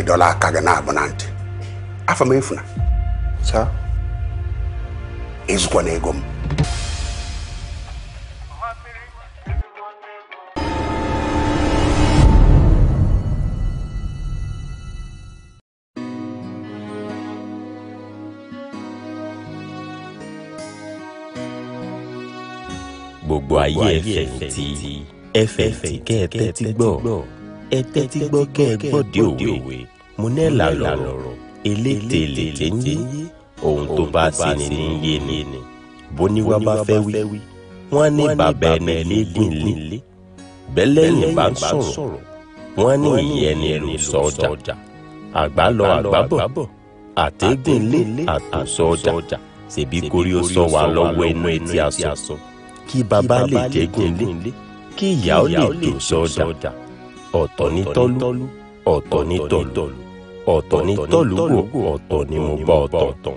ịdọla aka gị na-abụ na ntị afọ m efuna ịzụkwana ego m gbogbo ayé ẹ̀fẹ̀ tí ẹ̀fẹ̀ tí kẹ́ẹ̀tẹ́ ti gbọ́ ẹ tẹ́tí gbọ́ kẹ́ ẹ gbọ́dé òwe mo náà là lọ́rọ̀ eléte lète ń yé ohun tó bá ṣe ni ní yé ni bó ní wá bá fẹ́ wí wọ́n ní bàbá ẹni lẹ́gbìn lílé bẹ́lẹ́yìn bá sọ̀rọ̀ wọ́n ní ìyẹn ni ẹnu sọ ọjà àgbà lọ àgbàbọ̀ àtẹ́gùn lé ọjà ṣèbí kórí ó sọ wà lọ́wọ́ ẹnu etí aṣọ kí bàbá lè jẹ́gùn lé kí ìyá ó lè dùn sọ ọjà ọ̀tọ̀ ní tọ́lú ọ̀tọ̀ ní tọ̀lú ọ̀tọ̀ ní tọ́lú wò ọ̀tọ̀ ní mo bá ọ̀tọ̀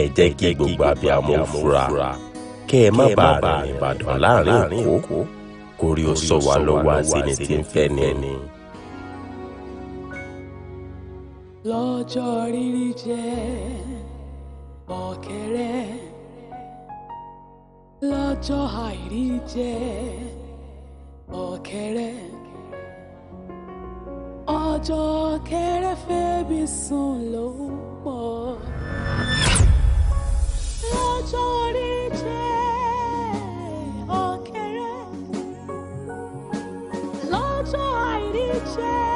ẹ jẹ́ kí gbogbo abiyamọ fura kẹ́ ẹ má bàa rìn Ìbàdàn láàrin Èkó kórí ó sọ wá lọ́wọ́ àzẹni tí ń fẹ́ ni ẹni. lọ́jọ́ rírí jẹ́ mọ̀kẹ́rẹ́ lọ́jọ́ àìrí jẹ́ mọ̀kẹ́rẹ́ ọjọ́ kẹrẹfẹ́ bí sùn ló pọ̀. lọ́jọ́ orí jẹ́ ọ̀kẹ́rẹ́ lọ́jọ́ àìrí jẹ́.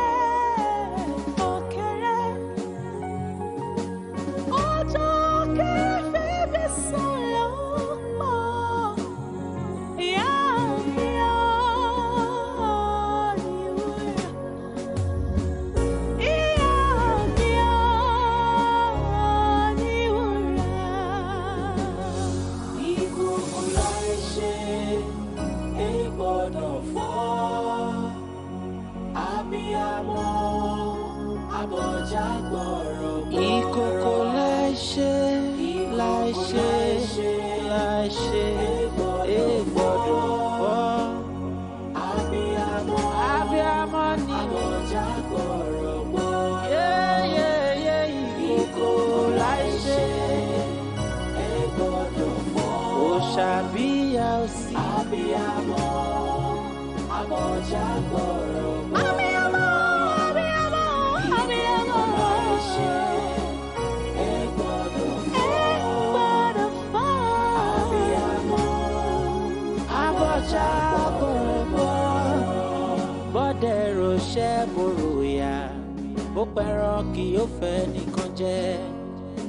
pẹ̀rọ kì yóò fẹ́ nìkan jẹ́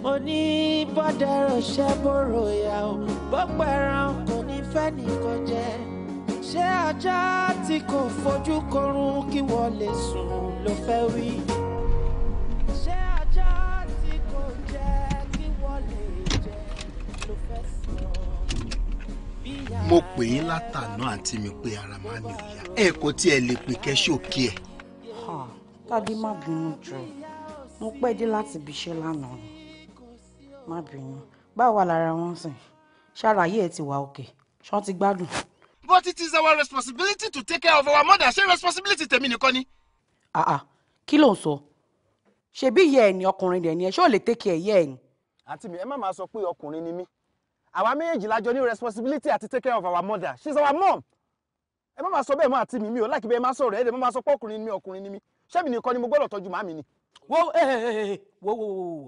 mo ní bọ́dẹ̀rọ̀ ṣẹ́ bòrò o bó pẹ̀ràn kò ní fẹ́ nìkan jẹ́ ṣé ajá tí kò fojú korun kí wọ́n lè sùn ló fẹ́ wí. mo pè é látàná àǹtí mi pé ara máa mi ò yá ẹ kò tiẹ̀ lè pè kẹ́ ṣókí ẹ̀. Tádé má bínú jọ mo pẹ́ dé láti ibi lánàá má bínú báwo wà lára wọn sìn ṣàlàyé ẹ ti wà òkè ṣán ti gbádùn. But it is our responsibility to take care of our mother ṣé responsibility tèmi nìkan ni. àà kí ló ń sọ ṣebí ìyá ẹ ni ọkùnrin rẹ ni ẹ ṣé lè take care ìyá ẹ ni. àǹtí mi ẹ má máa sọ pé ọkùnrin ni mí àwa méjèèjì la ní responsibility àti take care of our mother she is our mom ẹ má máa sọ bẹ́ẹ̀ mọ́ àǹtí mi mi ò láìpẹ́ ẹ má sọ̀rọ̀ ẹ dẹ̀ má máa sọ pé ọkùnrin ni mí ọkùnrin ni mí ṣé nìkan ni mo gbọ́dọ̀ tọ́jú màmí ni. Eh, eh, eh, wo wo wo wo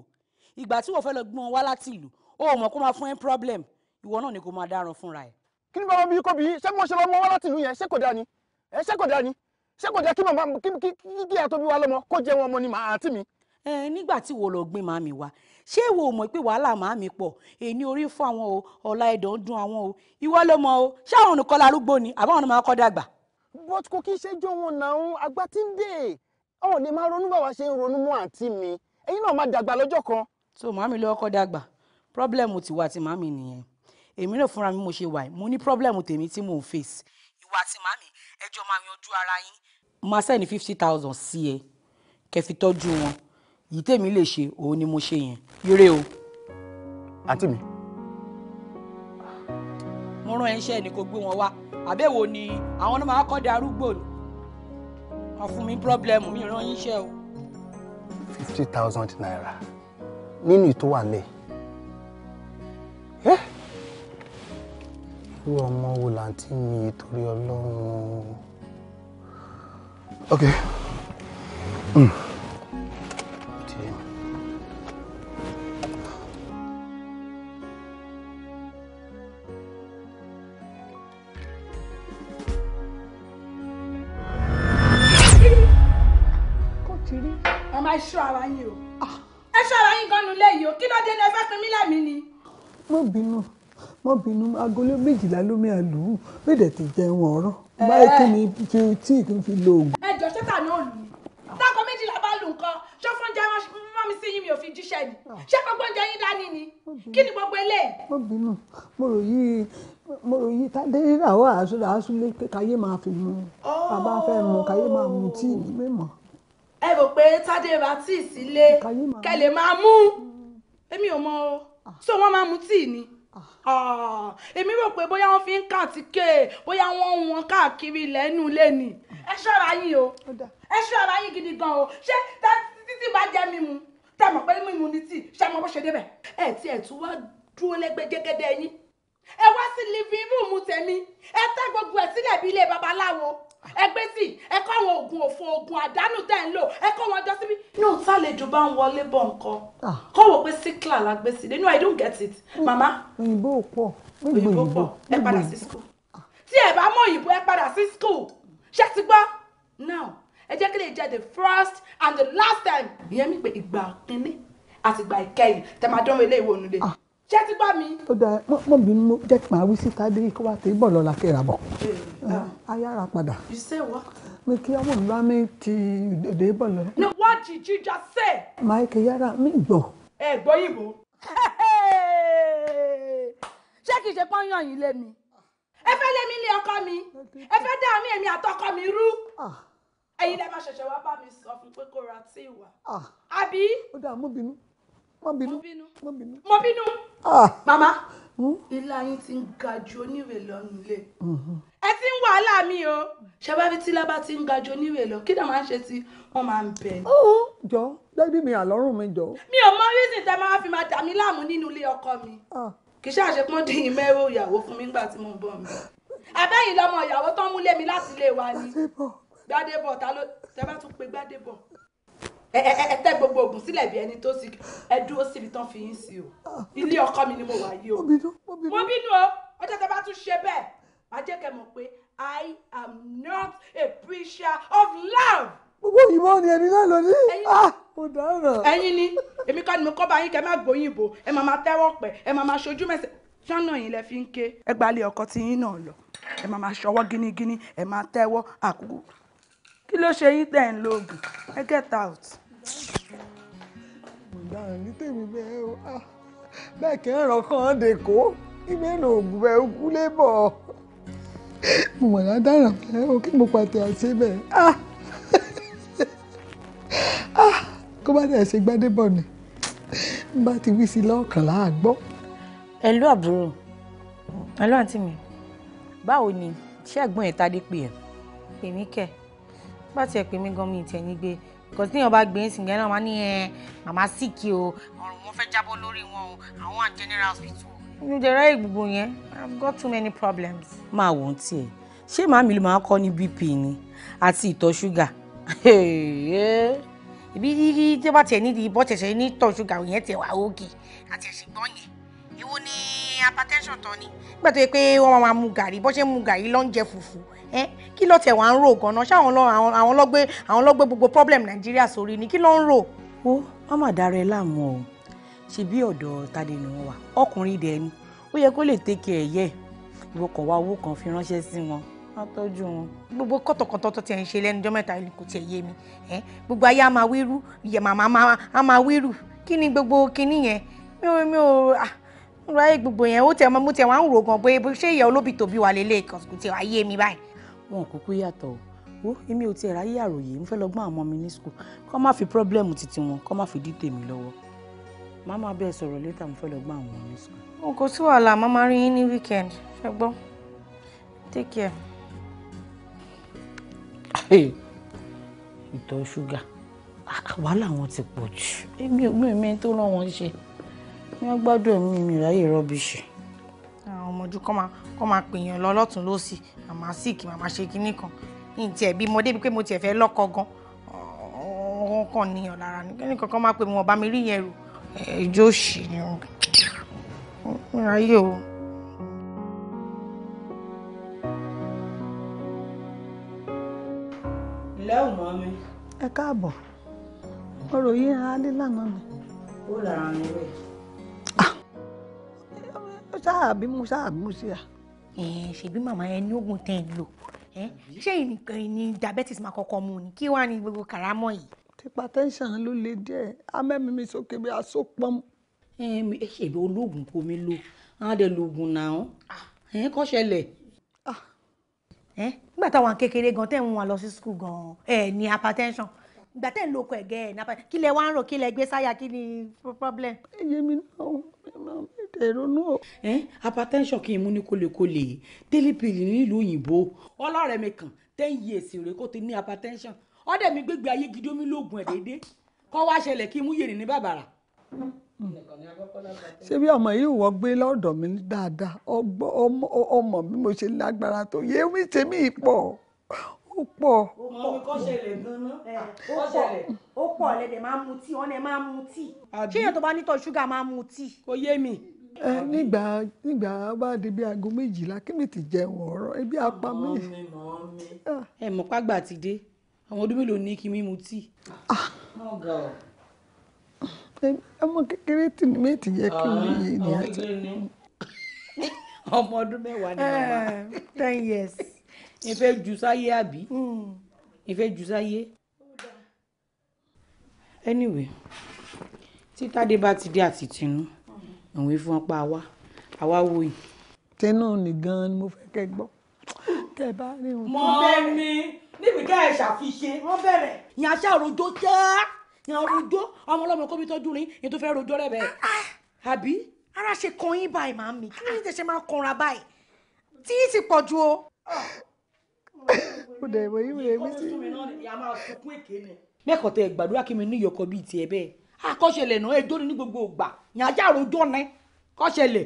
ìgbà tí wọ́n fẹ́ lọ gbọ́n wá láti ìlú o mọ̀ kó máa fún ẹ problem ìwọ náà ni kò máa dáràn fúnra ẹ. kí ni bàbá mi kò bí ṣé mo ṣe lọ mọ wá láti ìlú yẹn ṣé kò dáa ni ẹ ṣé kò dáa ni ṣé kò dáa kí màmá kí kí kí ìyá tó bí wa lọ́mọ kó jẹ́ wọn ọmọ ni màá àti mi. ẹ nígbà tí wo lọ gbé màmí wa ṣé wo mọ̀ pé wàhálà màmí pọ̀ èyí orí fún àwọn o ọ̀la ẹ̀dọ̀ ń dun àwọn o ìwọ ló mọ o ṣé àwọn olùkọ́ larúgbó ni àbáwọn máa kọ́ dàgbà. bọ́t kò kí ṣe jó wọn náà àgbà ń dè ọ̀ lè máa ronú báwa ṣe ń ronú mú àǹtí mi ẹ̀yin náà máa dàgbà lọ́jọ́ kan. so màámi ló kọ́ dàgbà pírọ́blẹ́mù tiwa ti màámi nìyẹn èmi náà fúnra mi mo ṣe wà yìí mo ní pírọ́blẹ́mù tèmi tí mò ń face ìwà ti màámi ẹjọ́ máa yanjú ara yín. máa sẹ́ni fifty thousand sí ẹ kẹ́ fi tọ́jú wọn yìí tèmi lè ṣe òun ni mo ṣe yẹn yéré o. àǹtí mi. mo rán ẹ iṣẹ́ ni kò gbé wọn wá àbẹ̀wò ni àwọn náà máa kọ́ de arúgbó ni wọn fún mi pírọ́blẹ́mù mi ràn yín iṣẹ́ o. fifty thousand naira nínú ìtò wà lẹ̀ eh? irú ọmọ wo làǹtí mi torí ọlọ́run ok. Mm. ṣọ́ ara yín o ah. ẹ ṣọ́ ara yín gan-an nulẹ̀ yìí o kí ló dé ní ẹ fẹ́ pin ni. mo bínú mo bínú agolo méjìlá lómi àlù bẹ́ẹ̀ ti jẹun ọ̀rọ̀ báyìí kí ni fi tí kì í fi lo oògùn. ẹ jọ ṣẹ́tà náà lù mí táko méjìlá bá lù nǹkan ṣọ́ fún oúnjẹ mọ́ mi sí yín mi ò fi jíṣẹ́ ni ah. ṣé gbogbo oúnjẹ yín dání ni kí ni gbogbo eléyìí. mo bínú mo rò yí mo rò yí tádé rírà wà á súlé káyé máa fi mu oh. bàbá fẹ́ mu káyé máa mu tíì mímọ́ ẹ rò pé tádé ra tíì sílé kẹlẹ̀ máa mú mm. èmi ò mọ o ah. so wọ́n máa mu tíì ni ah. Ah. èmi rò pé bóyá wọ́n fi ń kà tí ké bóyá wọ́n ń wọn káàkiri lẹ́nu lẹ́ni ẹ ṣọ́ra yín o ẹ ṣọ́ra yín gidi gan o ṣé títí bá jẹ́ mímu tẹ́ mọ̀ pé mímu ni tíì ṣé mo bó ṣe débẹ̀ ẹ tí ẹ tún wá dúró lẹ́gbẹ́ jẹ́gẹ́dẹ́ yín ẹ wá sí living room tèmi ẹ tẹ́ gbogbo ẹ̀ sílẹ̀ bí ilé babaláwo ẹgbẹ́ sì ẹ àwọn oògùn òfò oògùn àdánù tẹ́ ń lò ẹ wọn jọ síbí. inú tálejò bá ń wọlé bọ̀ nǹkan kọ́ wò pé síkìlà la gbé sílé no i don't get it mama. òyìnbó pọ̀ òyìnbó pọ̀ ẹ padà sí school tí ẹ bá mọ òyìnbó ẹ padà sí school ṣé ti gbọ́ now ẹ jẹ́ kí lè jẹ́ the first and the last time ìyẹn mi pé ìgbà kínní àti ìgbà ìkẹyìn tẹ máa dánwò eléyìí wò nílé ṣé ti bá mi. ó dáa mọ̀ bí mo jẹ́ kí màá wí sí tábìlì kó wá tó bọ̀ lọ́la kí ra bọ̀. ayára padà. you say what? mi kí ọmọ mi bá mi ti dé bọ̀ lọ. no what did you just say? máìkì yára mi gbọ́. ẹ gbọ́ yìnbó. ṣé kìí ṣe pọ́nyàn yìí lé mi ẹ fẹ́ lé mi ní ọkọ mi ẹ fẹ́ dá mi èmi àtọkọ mi rú ah. ẹ̀yin lẹ́ẹ̀ bá ṣẹ̀ṣẹ̀ wá bá mi sọ fún pé kó ra tí ì wá. Ah. àbí. ó dáa mú bínú má bínú má bínú. mo bínú ah. màmá hmm? ilé ayé ti ń ga ju oníwèé lọ nílé mm-hmm. ẹ ti ń wàhálà mi o ṣàbábí tí lábá ti ń ga ju oníwèé lọ kí ni màá ṣe tí wọn máa ń bẹ. Oh, jọ dádì mi àlọ́rùn mi jọ. mi ò mọ rísìn tẹ máa fi máa dà mí láàmú nínú ilé ọkọ mi ah. kì í ṣàṣepọ́n dín in mẹ́rọ ìyàwó fún mi nígbà tí mo ń bọ̀ mi. àbẹ́yìn lọmọ ìyàwó tó ń múlé mi láti ilé wa ni gbádébọ̀ ta ló tẹ bá tún pe gbádébọ̀ ẹ tẹ gbogbo oògùn sílẹ̀ bí ẹni tó sì ẹ dúró síbi tán fi yín sí o ah, ilé ọkọ mi ni mo wà yìí o mo bínú o ọjọ́ tẹ bá tún ṣe bẹ́ẹ̀ má jẹ́ kẹ́ mọ̀ pé I am not a preacher of love. gbogbo òyìnbó ni ẹni náà lọ ní ah, mo dáràn. ẹ̀yin ni èmi kọ́ ni mo kọ́ bá yín kẹ́ má gbóyìnbó ẹ máa máa tẹ́wọ́ pẹ̀ ẹ máa máa ṣojú mẹ́sẹ̀ jọ́nà yìí lẹ fi ń ké ẹ gbalẹ̀ ọkọ tí yín náà lọ ẹ máa máa ṣọwọ́ gínígíní ẹ máa tẹ́wọ́ àkókò kí ló ṣe yín tẹ̀ ń lo oògùn ẹ get out ọ̀daràn ní tèmi bẹ́ẹ̀ o ah, bẹ́ẹ̀ kí ẹ̀rọ kan dè kó ìmẹ́nu ògùn bẹ́ẹ̀ ó kú lébọ̀ mo mọ̀ ládàrà bẹ́ẹ̀ o kí mo pàtẹ àti bẹ́ẹ̀ ah, ah, kó bá tẹ̀ ṣe gbádébọ̀ ni bá ti wí sí lọ́ọ̀kan láàgbọ́. ẹ̀lú àbúrò ẹ̀lú àǹtí mi báwo ni ṣé ẹ̀gbọ́n ẹ̀ tádé pè ẹ́ pè mí kẹ́ bá tiẹ̀ pè mí gan mi ìtẹ̀ gbé e because téèyàn bá gbé ẹ̀sìn yẹn náà máa ní ẹ màmá sick o ọ̀rùn wọn fẹ́ jábọ́ lórí wọn o àwọn à general hospital. inú jẹrẹ ìgbogbo yẹn i've got too many problems. máa wò ó tiẹ̀ ṣé màmí ló máa kọ́ ní bp ni àti ìtọ̀ ṣúgà eh. ibi yíyí tí wọ́n bá tiẹ̀ nídìí bọ́ tẹ̀sẹ̀ ní tọ̀ ṣúgà yẹn tiẹ̀ wà òkè àti ẹ̀sìn gbọ́n yẹn ìwọ ni hypertension tán ni nígbà tó yẹ pé wọ́n máa mu gàrí bọ́ mu gàrí ló ń ẹ kí ló tẹ̀ wá ń rò gan-an ṣáwọn àwọn lọ́gbé àwọn lọ́gbé gbogbo problem nàìjíríà sórí ni kí ló ń rò. ó wọn mà dára ẹ láàmú o ṣe bí ọ̀dọ̀ tade ni wọ́n wà ọkùnrin dẹ̀ ni ó yẹ kó lè take care ẹ̀ ìwọ kọ̀ wá owó kan fi ránṣẹ́ sí wọn á tọ́jú wọn. gbogbo kọ̀tọ̀kọ̀tọ̀ tó tiẹ̀ ń ṣe lẹ́nu ọjọ́ mẹ́ta kò tiẹ̀ yé mi gbogbo ayé á máa wíru ìyẹ̀ màmá á máa wíru kí ni gbogbo kinní yẹn mi ò mi ò ráyè gbogbo yẹn ó tẹ̀ mo tẹ̀ wá ń rò pé ṣé ìyá olóbì tóbi wà lélẹ̀ kò tiẹ̀ wá yé mi báyìí wọn kúkú yàtọ̀ o wo èmi ò tiẹ̀ ráyè àròyé mo fẹ́ lọ gbọ́n àwọn ọmọ mi ní school kọ́ má fi pírọ́blẹ́mù títí wọn kọ́ má fi dí tèmi lọ́wọ́ màmá bẹ́ẹ̀ sọ̀rọ̀ létà mo fẹ́ lọ gbọ́n àwọn ọmọ mi ní school. o kò sí wàhálà màmá rí yín ní weekend ṣe gbọ́ take care. ìtọ̀ ṣúgà ah, wàhálà wọn ti pọ̀ jù èmi ò mú ìmẹ́ tó rán wọn ṣe wọ́n gbádùn ẹ̀mí mi ráyè rọ́bìṣì àwọn ọmọ ojú kọ́ máa pè yàn lọ lọ́tún lọ́sì màmá síìkì màmá ṣe kinní kan ní tiẹ̀ bí mo débi pé mo tiẹ̀ fẹ́ lọ́kọ gan wọn kàn níyàn lára ní kíní kankan máa pè wọn bá mi rí yẹn rò ìjọ òṣì ni o ráyè o. ilé ò mọ mi. ẹ káàbọ̀ ọ̀rọ̀ yìí ń hálé lánàá mi. ó lára mi rẹ̀ ó sáà bímú sáà bímú síra. ṣèbí màmá yẹn ní oògùn tẹ́ ẹ lò ṣé nǹkan ni diabetes máa kọ́kọ́ mú ni kí wàá ní gbogbo kàrámọ́ yìí. tipa tẹ́ńsán ló le díẹ̀ amẹ́mi mi sókè bí aṣọ pọ́n. ẹ ẹ ṣèbí olóògùn kò mí lò á dẹ lóògùn náà ẹ kọ́ ṣẹlẹ̀. nígbà táwọn kékeré gan tẹ̀ ń wọn lọ sí skul gan ẹ ní hypertension ìgbà tẹ̀ ń lo ọkọ̀ ẹ̀gẹ́ ẹ̀ ní hypertension kí lẹ wá ń rò kí lẹ gbé sáyà kí ni problem. ẹ yé mi náà ìrònú o. ẹ hypertension kì í mú ní kólekóle daily pill nílùú òyìnbó ọlọ́rẹ̀ mi kàn ten years rẹ̀ kó ti ní hypertension ọ̀dẹ̀ mi gbégbé ayé gidi omi lóògùn ẹ̀ déédéé kọ́ wá ṣẹlẹ̀ kí n mú yèrè ní bàbàrà. ṣé bí ọmọ yìí wọ́n gbé lọ́dọ̀ mi dáadáa ọmọ bí mo ṣe lágbára tó yé mi tèmi pọ̀ Eh, ó pọ̀. ó mọ omi kọ́ ṣẹlẹ̀ gan-an. ó pọ̀ ó pọ̀ lẹ́dẹ̀ máa ń mu tíì ọ̀nà ẹ̀ máa ń mu tíì. kí èèyàn tó bá nítọ̀ ṣúgà máa ń mu tíì. kò yé mi. ẹ eh, nígbà nígbà bá di bí aago méjìlá kí mi ti jẹun ọ̀rọ̀ ebi apá mi. Ah. ẹ mọ̀ pàgbà ti dé àwọn ọdún mélòó ní kí mímu tíì. Ah. Eh, ọmọ kékeré tì ní méjì yẹ kí mi ah. yé ni ọmọ ọdún mẹ́wàá ni màmá. ten years ìfẹ́ jù sáyé àbí ìfẹ́ hmm. anyway tí tádé bá ti dé àti tinú àwọn ìfún ọpá wa àwa wò yìí. tinú ni gan-an ni mo fẹ́ kẹ́ gbọ́ tẹ bá rí ohun tó bẹ̀rẹ̀. mọ mi níbi ká ẹ ṣàfiṣe wọn bẹ̀rẹ̀. ìyá aṣá rojọ́ tẹ́ ìyá rojọ́ ọmọ ọlọ́mọ kó mi tọ́jú rin ní tó fẹ́ rojọ́ rẹ̀ bẹ́ẹ̀. Ah, ah. àbí. ara ṣe kan yín báyìí màmí kí ni tẹ ṣe máa kanra báyìí tí yìí ti pọ̀ ju o. Ah ó dẹ̀ ìwé ìwé ìwé sí. mẹ́kọ̀ọ́ tẹ gbàdúrà kí mi ní ìyọkọ̀ bíi tiẹ̀ bẹ́ẹ̀ àkọ́ṣẹlẹ̀ ah, náà ẹjọ́ ni ní gbogbo ògbà yàn ajá àròjọ́ náà kọ́ṣẹlẹ̀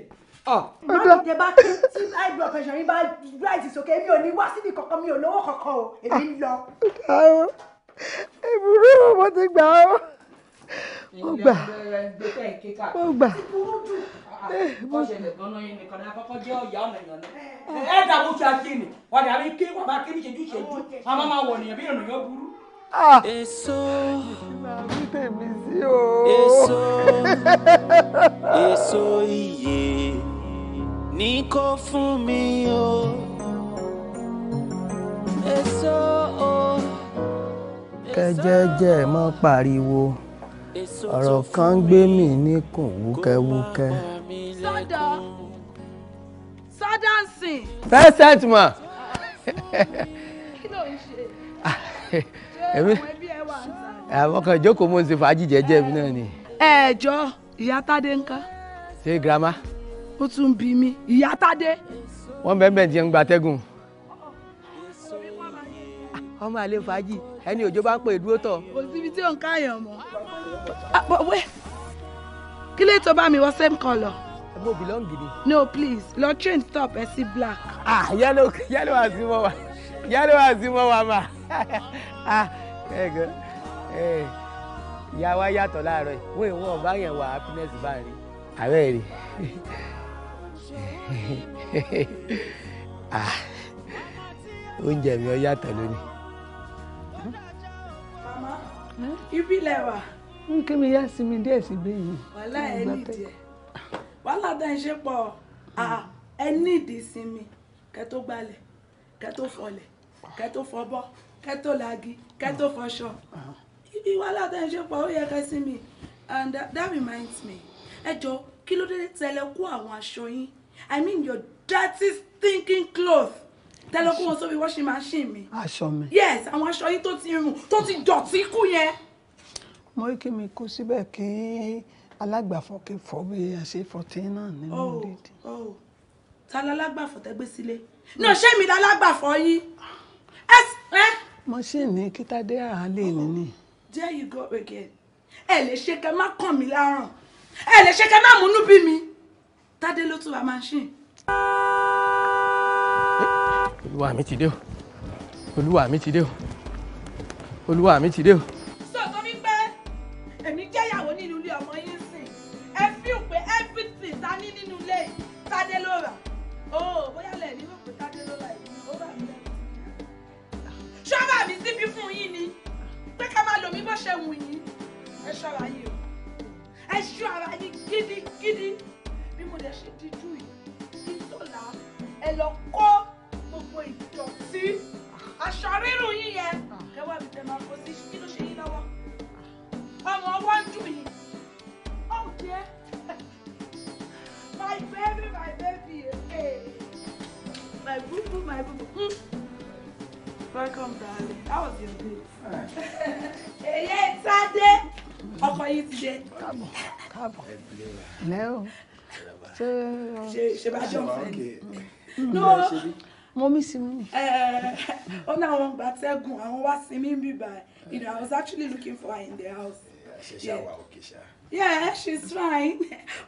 ah. máa tẹ bá tí high blood pressure yín bá rise sókè mi ò ní wá síbi kankan mi ò lówó kankan o èmi ń lọ. ìbúrú mo ti gbà ó ó gbà ó gbà bó ṣẹlẹ̀ gan yín nìkan náà kọ́kọ́ jẹ́ ọ̀yà ọ̀nà ìyànnà eh, eh, ẹ dàbò kí a kí ni wà dàbí kí wà kí ní ṣẹ́jú ṣẹ́jú a máa máa wọ̀ nìyẹn bí ìrìnà yóò burú. Ah! èso iye ní kò fún mi o èso o. kẹjẹ mọ pariwo ọ̀rọ̀ kan gbé mi ní kùn wúkẹ́wúkẹ́. sọdọ sọdọ nsìn. present ma. kí ló ń ṣe. èmi àwọn kan ìjókòó mo ń ṣe fàájì jẹ́jẹ́ mi náà ni. ẹ jọ ìyá Tádé ń ká. ṣé girama. ó tún bí mi ìyá Tádé. wọ́n bẹ́ẹ̀ bẹ́ẹ̀ ti ń gbatẹ́gùn ọmọ àlè fàájì ẹni òjò bá ń pè dúró tọ. kò síbi tí ò ń káyàn mọ́. Ah, but kí lè tó bá mi wọ same colour. mo belong gidi. no please Lord change top ẹ see black. ah yellow yellow àti mọ wa yellow àti mọ wa ma ah ẹ hey. ẹ ìyá wa yàtọ̀ láàárọ̀ yìí wọ́n ìwọ̀n bá yẹn wà happiness bá I ààrẹ rí ah oúnjẹ mi ọ yàtọ̀ lónìí. mama ibi lẹ wà n kí mi yá sí mi díẹ̀ sí bẹ́ẹ̀ yìí. wàhálà ẹ nídìí ẹ wàhálà dá iṣẹ́ pọ̀ ẹ nídìí sinmi kẹ́ tó gbalẹ̀ kẹ́ tó fọlẹ̀ kẹ́ tó fọbọ́ kẹ́ tó lagi kẹ́ tó fọṣọ wàhálà dá iṣẹ́ pọ̀ ó yẹ kẹ́ sinmi and that, reminds me ẹ jọ kí ló dé tẹ́lẹ̀ kó àwọn aṣọ yín i mean your dirty thinking clothes tẹ́lẹ̀ kó wọn sóbi washing machine mi. aṣọ mi. yes àwọn aṣọ yín tó ti rùn tó ti dọ̀tí kú yẹn mo rí kí mi kó síbẹ̀ kí alágbàfọ̀kẹ́ fọ́ bí a ṣe fọ̀tí náà nínú oh, dídì. Oh. ta lálágbàfọ̀ tẹ́gbẹ́ sílé náà ṣé mi lálágbàfọ̀ yín ẹ. mọ́ṣíìnì kítádé àhálẹ̀ ni oh, there you go again ẹ lè ṣe kẹ má kàn mí láràn ẹ lè ṣe kẹ má múnú bí mi tádé ló tún wa machine. olúwa mi ti dé o olúwa mi ti dé o olúwa mi ti dé o. Oh, bóyá lẹ̀ ní òkú tádé ló la ìlú ó bà mí lẹ́nu. ṣọ́ọ̀bà mi síbi fún yín ni pé ká máa lò mí bó ṣe wù yín ẹ ṣọ́ra yín o ẹ ṣọ́ra yín gidigidi bí mo lè ṣe díjú yìí sí tòlá ẹ lọ kó gbogbo ìdọ̀tí aṣọ rírun yín yẹn ẹ wá mi tẹ máa kó sí kí ló ṣe yín lọ́wọ́ ọmọ ọwọ́ ń dùn yín ó jẹ́ my baby, my baby. Hey. My boo boo, my boo boo. Mm. Welcome, darling. How was your day? Right. hey, yeah, Sunday. Ọkọ yìí ti dé. Káàbọ̀, Come on, come on. bá jọ̀ hmm. No. Mo mí sí mú. Ó ní àwọn gbàtẹ́gùn, àwọn wá sí mi bíbá. You know, I was actually looking for her in the house. Ṣé ṣe àwa òkè ṣáà? yeah she's fine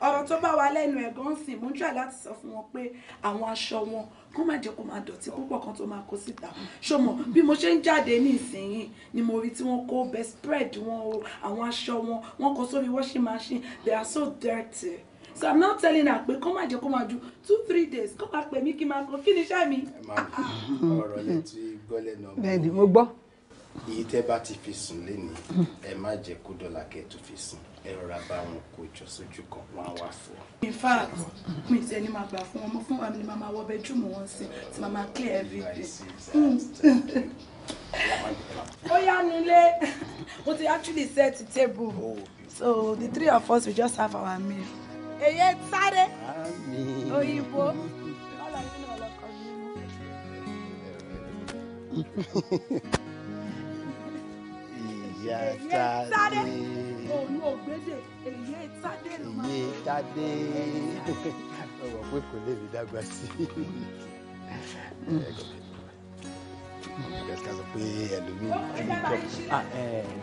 ọ̀rọ̀ tó bá wa lẹ́nu ẹ̀ gan sìn mo ń try láti sọ fún wọn pé àwọn aṣọ wọn kó má jẹ́ kó máa dọ̀tí púpọ̀ kan tó máa kó síta ṣọmọ bí mo ṣe ń jáde ní ìsinyìí ni mo rí tí wọ́n kó best spread wọn o àwọn aṣọ wọn wọ́n kó sórí washing machine they are so dirty so i'm not telling her pé kó má jẹ́ kó máa ju two three days kó máa pè mí kí n máa kó kí ni iṣẹ́ mi. ọ̀rọ̀ lè ti gbọ́lẹ̀ mo gbọ́. iye tẹ́ bá ti fi sùn lénìí ẹ má jẹ́ kó dọ̀là kẹ́ẹ̀ tó fi sùn ẹ bá wọn kó jọ sójú kan wọn á wà fún ọ. in fact mi ti ẹni máa gbà fún ọmọ fún àmì ni màmá wọ bẹjúmọ wọn sí tí màmá clear everything. Hmm. ó yá nílé mo ti actually set the table oh, so the three of us we just have our meal. èyí sáré òyìnbó. Ha ha ha èyí tádé òun ògbédè èyí tádé ló máa ń èyí tádé ọwọ́ pé kò lè rí dàgbà sí i ẹ ká sọ pé ẹlòmíì ah,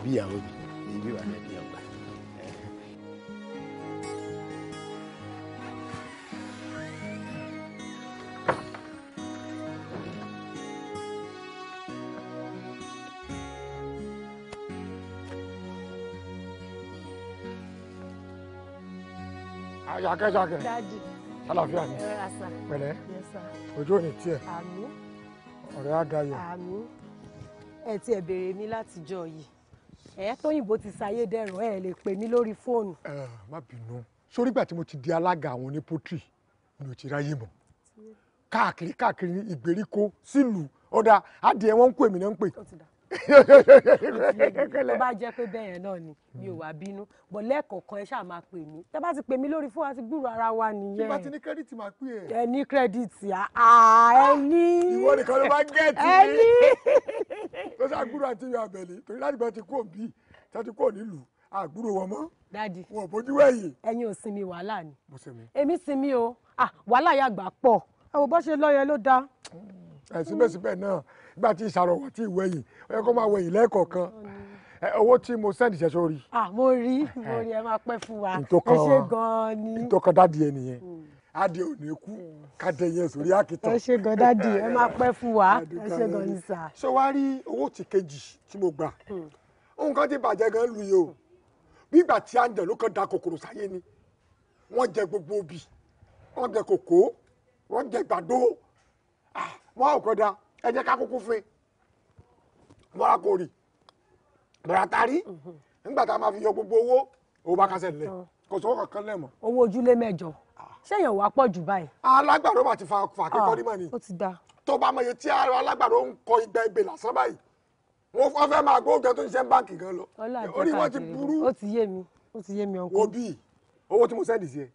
bí ìyàwó mi ìbí wà lẹ́nu ìyàwó. ìyá kẹjà kẹ àlàáfíà ni pẹ̀lẹ́ ojú òní tiẹ ọ̀rẹ́ àdáyọ. ẹ ti ẹ béèrè mi látijọ́ yìí ẹ tóyìnbó ti ṣayé dẹ̀rùn ẹ lè pè mí lórí fóònù. ẹ má bínú sórí ìgbà tí mo ti di alága àwọn ní pọtìrì mi ò ti ráyè mọ́ káàkiri káàkiri ìgbèríko sílùú ọ̀dà adìẹ wọn ń pè mí náà ń pè. tó bá jẹ́ pé bẹ́ẹ̀ yẹn náà ni mi ò hmm. wá bínú bọ̀ lẹ́ẹ̀kọ̀ọ̀kan ẹ ṣáà máa pè mí tẹ́ bá ti pè mí lórí fún wa ti gbúrò ara wa nìyẹn. tí bá ti ní kírẹ́dìtì máa pè é. ẹ ní kírẹ́dìtì ẹ ní. ìwọ nìkan ló bá gẹ̀ẹ́tì mi. ẹ ní. tó ṣáà gbúrò àti ìyá abẹ́lé torí láti gbọ́ ti kú òbí tó ti kú òní lù àgbúrò wọn mọ́. dadi wọn ò bójú wẹ̀yìn. ẹ̀yin ò sinmi wàhálà ni. mo sinmi. èmi sinmi o ah, wàhálà yàgbà pọ̀ ẹ gbà tí ìṣàrọ̀wọ̀ tí ìwẹ̀yìn ó yẹ kó máa wẹ̀yìn lẹ́ẹ̀kọ̀ọ̀kan owó tí mo sẹ́ndì ṣe sórí. mo rí mo rí ẹ máa pẹ́ fún wa ẹ ṣe gan-an ni. ìtọ́kọ dádìí ẹ nìyẹn adìẹ mm. ò ní kú mm. kádẹ yẹn sórí àkìtàn. ẹ ṣe gan dádìí ẹ máa pẹ́ fún wa ẹ ṣe gan ni sà. ṣé wàá rí owó tí kejì tí mo gbà mm. nǹkan ti bàjẹ́ gan lu yìí o bí ìgbà tí à ń jẹ ló kàn da kòkòrò sáyé ni wọ́n jẹ gbogbo obì wọ́n jẹ kòkó wọ́n jẹ gbàdo wọ́n á kọ́ da ẹ jẹ́ ká kúkú fún bọ́ra kò rì bọ́ra tarí nígbà tá a máa fi yọ gbogbo owó owó bá kásẹ̀ lẹ̀ kò sówó kankan lẹ̀ mọ́. owó ojúlé mẹ́jọ ṣéyàn wàá pọ̀ jù báyìí. alágbàdo bá ti fa àkẹ́kọ̀ọ́ ah, ní mọ̀ni tó bá mọye tí alágbàdo ń kọ igba ebè lásán báyìí wọ́n fẹ́ máa gbọ́ oúnjẹ tó ń ṣe báǹkì gan lọ orí wọn ti burú. ó ti yé mi ó ti yé mi ọkọ. wo bí owó tí mo sẹ́ndì sí ẹ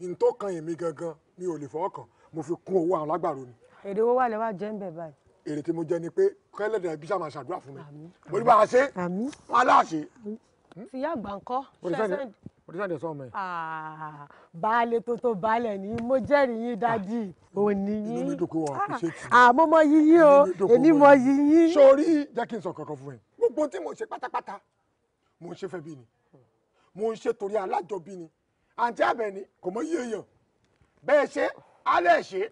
ntọ́ kan èmi gangan mi ò lè fọwọ́ kàn mo fi kún owó àwọn alágbàdo ni èrè owó wà lẹ́wà jẹ́ ń bẹ̀ báyìí. èrè tí mo jẹ ni pé kẹ́lẹ́dẹ̀ bí sáà máa ṣàdúrà fún mi mo ní bá a ṣe wọn aláàṣe. fìyà àgbà ńkọ́ ṣẹ́sẹ́ òdìsàdì sọ ọmọ ẹ. baálé tó tó baálé ni mo jẹ́rìí yín dádì ah, òní yín. Ah, inú mi dùn kó wọn kò tì. àmọ́ mo yí yín o èmi mo yí yín. sórí jẹ́ kí n sọ kankan fún ẹ gbogbo tí mo ṣe pátápátá mo ń ṣe fẹ́ bí ni mo ń ṣe torí alájọbí ni àǹtí Àbẹ̀ní kò mọ iye èèyàn bẹ́ẹ̀ ṣe alẹ́ ṣe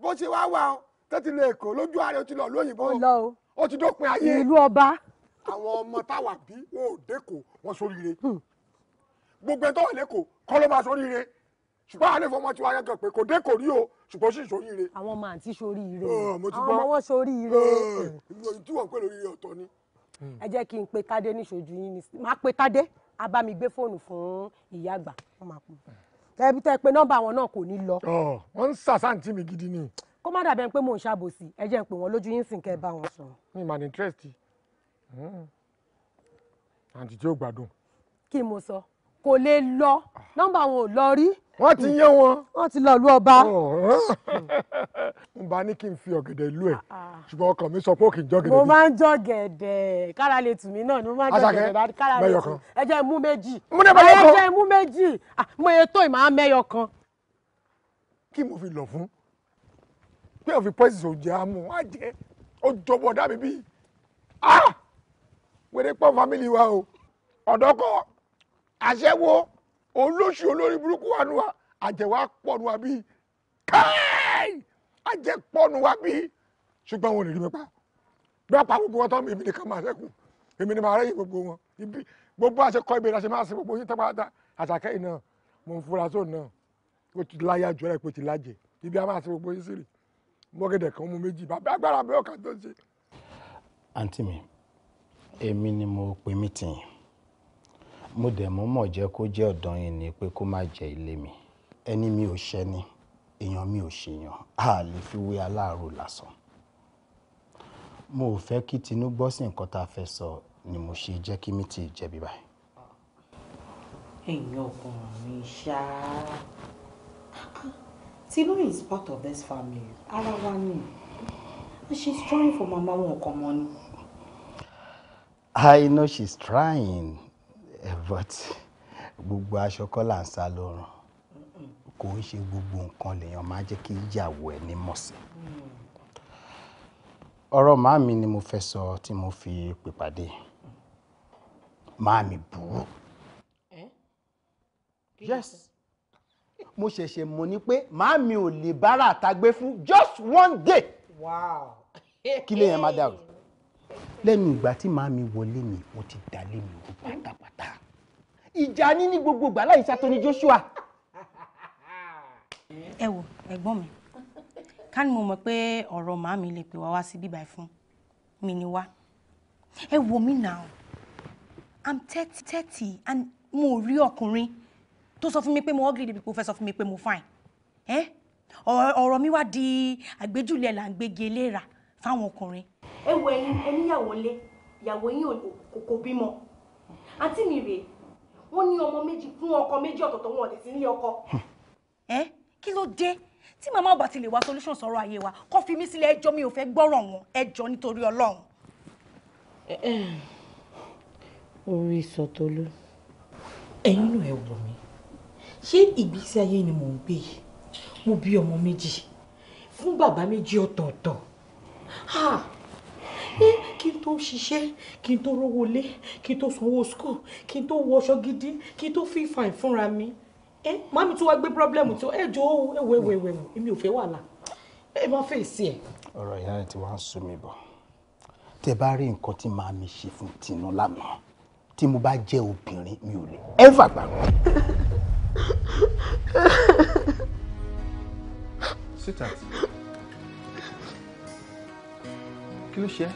bó ṣe wá wà tó ti lọ èkó lójú ààrẹ ó ti lọ lóyìnbó ó ti dópin ayé ìlú ọba àwọn ọmọ táwa bí wọn ò dẹ́kọ̀ wọn sóríire hmm. gbogbo ẹni tó wà lẹ́kọ̀ọ́ kọ́ ló máa sóríire ṣùgbọ́n àlẹ́ fọmọ tí wàá yẹ kàn pé kò dẹ́kọ̀ rí o ṣùgbọ́n sì sóríire. àwọn ọmọ àǹtí sóríire àwọn ọmọ wọn sóríire. tí wọn ń pè lóríire ọ̀tọ̀ ni. Hmm. ẹ jẹ́ kí n pe tádé níṣojú yín ni máa pe tádé abámigbé fóònù fún ìyá àgbà tẹ́bí tẹ́ pé nọ́mbà wọn náà kò ní lọ. wọ́n ń sàṣàǹtì mi gidi ni. kó má dàbẹ̀ pé mò ń ṣàbòsí ẹ jẹ́ ń pè wọ́n lójú yín sìn kẹ́ ẹ bá wọn sọ. mi mà ní interest hmm. àǹtí tí ó gbádùn. kí mo sọ kò lè lọ nọ́mbà wọn ò lọ rí. wọ́n ti yán wọn. wọ́n ti lọ lu ọba. Oh, eh. n bá ní kí n fi ọ̀gẹ̀dẹ̀ lú ẹ̀ ah, ah. ṣùgbọ́n ọkàn mi sọ pé ó kì í jọ gẹ̀dẹ̀. mo máa ń jọ gẹ̀dẹ̀ kára lè tù mí náà ni mo máa ń jọ gẹ̀dẹ̀ kára lè tù ẹ jẹ́ mú méjì ẹ jẹ́ mú méjì ah, mo yẹ tó ìmọ̀ mẹ́yọ kan. kí mo fi lọ fún pé òfin pọ́ìsì ò jẹ́ àmú á ó jọ̀bọ̀ dàbí wẹ́rẹ́ pọ́n fámìlì wa o ọ̀dọ́kọ̀ àṣẹwó olóṣù olórí burúkú wà nù wa àjẹwà pọ̀ wa bíi káì àjẹ pọ̀ wa bíi ṣùgbọ́n wọn ò lè rí mi pa bí pa gbogbo wọn tán èmi nìkan máa ṣẹ́kù èmi ni màá rẹ́yìn gbogbo wọn ibi gbogbo àṣẹ kọ́ ìbéèrè àṣẹ máa ṣe gbogbo yín tẹ́ pátá àṣàkẹ́ iná mò ń fura sóun náà ó ti láyà jù ẹ́ pé ti lájẹ ibi a máa ṣe gbogbo yín sí mọ́gẹ́dẹ̀ kan mú méjì bàbá agbára bẹ́ẹ̀ ọ̀kan tó ṣe. àǹtí mi èmi ni mo pe mítìn yìí mo dẹ̀ mọ́ mọ̀ jẹ́ kó jẹ́ ọ̀dọ̀ yín ni pé kó má jẹ ilé mi ẹni mi ò ṣẹni èèyàn mi ò ṣèyàn a lè fi wé aláàárò lásán mo ò fẹ́ kí tinú gbọ́ sí nǹkan tá a fẹ́ sọ ni mo ṣe jẹ́ kí mi ti jẹ̀bi báyìí. ẹ̀yin ọkùnrin ṣáá Tinu is part of this family ara wa ni she is trying for mama wọn ọkọ mọ ni. I know she is trying Eh, but gbogbo aṣọ kọ́ là ń sá lọ́rùn. Kò ń ṣe gbogbo nǹkan lèèyàn máa jẹ́ kí ìyàwó ẹni mọ̀ sí. Ọ̀rọ̀ màámi ni mo fẹ́ sọ tí mo fi pè pàdé. Màámi burú. Yes. Mo ṣẹ̀ṣẹ̀ mọ̀ ní pé màámi ò lè bára àtagbé fún just one day. Wow. Kí lèèyàn máa dàrú? lẹ́nu ìgbà tí màá mi wọlé mi mo ti dalé mi wò pátápátá ìjà ní ní gbogbo ìgbà láì sátọ́ni Joshua. ẹ wo ẹ̀gbọ́n mi ká ní mo mọ̀ pé ọ̀rọ̀ màá mi lè pè wá wá sí bíbáyìí fún mi ni wá ẹ wo mi now i'm thirty thirty and mo rí ọkùnrin tó sọ fún mi pé mo ugly the people fẹ́ sọ fún mi pé mo fine ọ̀rọ̀ mi wá di àgbéjúlẹ̀ là ń gbégi eléra fáwọn ọkùnrin. ẹ wo ẹyin ẹníyàwó lé ìyàwó yín kò bímọ àǹtí mi rèé wọn ní ọmọ méjì fún ọkọ méjì ọ̀tọ̀ọ̀tọ̀ wọn ọ̀dẹ̀ sí ilé ọkọ. ẹ kí ló dé tí màmá ọba ti lè wá solution sọ̀rọ̀ ayé wa kó fi mí sílẹ̀ ẹjọ́ mi ò fẹ́ gbọ́rọ̀ wọn ẹjọ́ nítorí Ọlọ́run. orí sọtolú ẹ̀yin náà ẹ wò mi. ṣé ìgbésí ayé ni mò ń gbé yìí mo bí ọmọ méjì fún bàbá méjì ọ̀tọ̀ọ̀tọ̀ kí n tó ṣiṣẹ́ kí n tó rówó lé kí n tó sanwó school kí n tó wọṣọ gidi kí n tó fi fàìn fúnra mi ẹ màmí tó wá gbé pírọ́blẹ́mù tó ẹ jọ ohun ẹwẹ ẹwẹ ẹwẹ èmi ò fẹ́ wàhálà ẹ má fẹ́ sí ẹ. ọ̀rọ̀ ìyá rẹ̀ ti wá ń sún mi bọ̀ tẹ bá rí nǹkan tí màá mi ṣe fún tinú lánàá tí mo bá jẹ́ obìnrin mi ò lè ẹ fàgbà. sit down. kí ló ṣe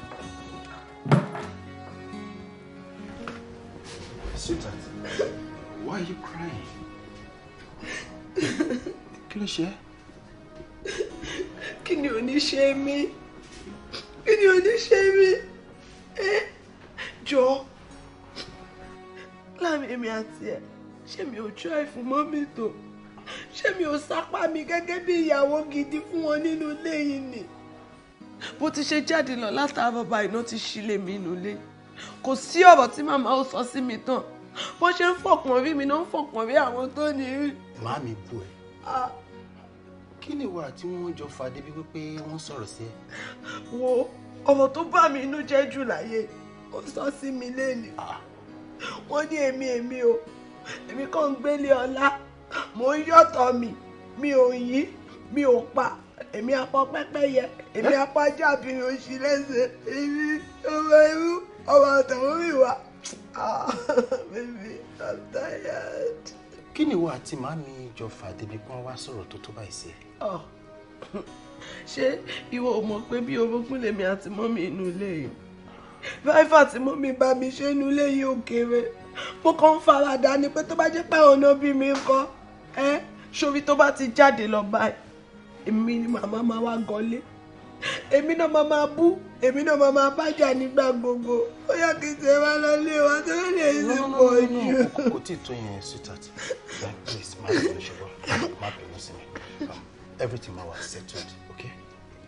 why are you crying kí ló ṣe é. kí ni ò ní ṣe mí kí ni ò ní ṣe mí ẹ jọ láàmì èmi àti ẹ ṣé mi ò try fún mọ́mì tó ṣé mi ò sápá mi gẹ́gẹ́ bí ìyàwó gidi fún wọn nínú ilé yìí bó ti ṣe jáde lọ látàárọ̀ báyìí ló ti ṣílẹ̀ mi nulẹ̀ kò sí ọ̀rọ̀ tí màmá ó sọ sí mi tán bó ṣe ń fọkàn rí mi ló ń fọkàn rí àwọn tó ní rí. màá mi bú ẹ kí ni ìwà tí wọn jọ fà débi wípé wọn sọ̀rọ̀ sí ẹ. wo ọ̀rọ̀ tó bá mi inú jẹ́ jù láyé ó sọ sí mi lẹ́nu wọ́n ní èmi èmi o èmi kàn ń gbélé ọlá mò ń yọ̀tọ̀ mi mi ò yí mi ò pa èmi apá pẹ́pẹ́yẹ èmi apá jábìrin oṣù lẹ́sẹ̀ èmi ọmọ irú ọmọ àtàwọn mi wá ah, baby i'm tired. kí ni ìwọ àti màmí jọ fà débi kí wọ́n wá sọ̀rọ̀ tó tó báyìí sí ẹ. Ah, ṣé ìwọ ò mọ̀ pé bí orogún lèmi àti mọ́mí inú ilé yìí fáífà tí mọ́mí bá mi ṣe inú ilé yìí ò kéré mo kàn ń faradà ni pé tó bá jẹ́ pé àwọn ọ̀nà bí mi ń kọ́ ẹ́ ṣòrí tó bá ti jáde lọ báyìí èmi ni màmá máa wá gọlé èmi náà máa máa bú èmi náà máa máa bájà nígbà gbogbo ó yà kí n ṣe máa lọ lé wa tó lè ṣe pọ̀ jù. kò tí ì tó yẹn sweetheart like please má bínú ṣùgbọ́n má bínú sí mi um, everything máa wà settled okay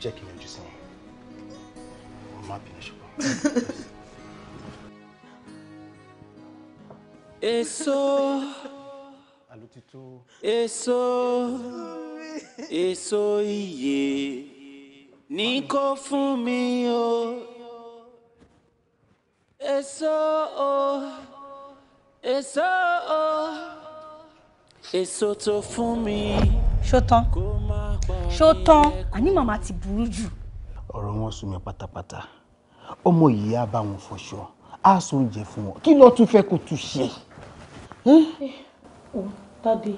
jẹ́ kí n yọjú sí wọn má bínú ṣùgbọ́n. èso èso èso ìyè ní kó fún mi o èso o èso o èso tó fún mi. ṣó tán ṣó tán àní màmá ti burú jù. ọ̀rọ̀ wọn sú mi pátápátá ọmọ yìí á bá wọn fọṣọ á sọ oúnjẹ fún wọn kí ló tún fẹ́ kó tún ṣe. ó eh, dádì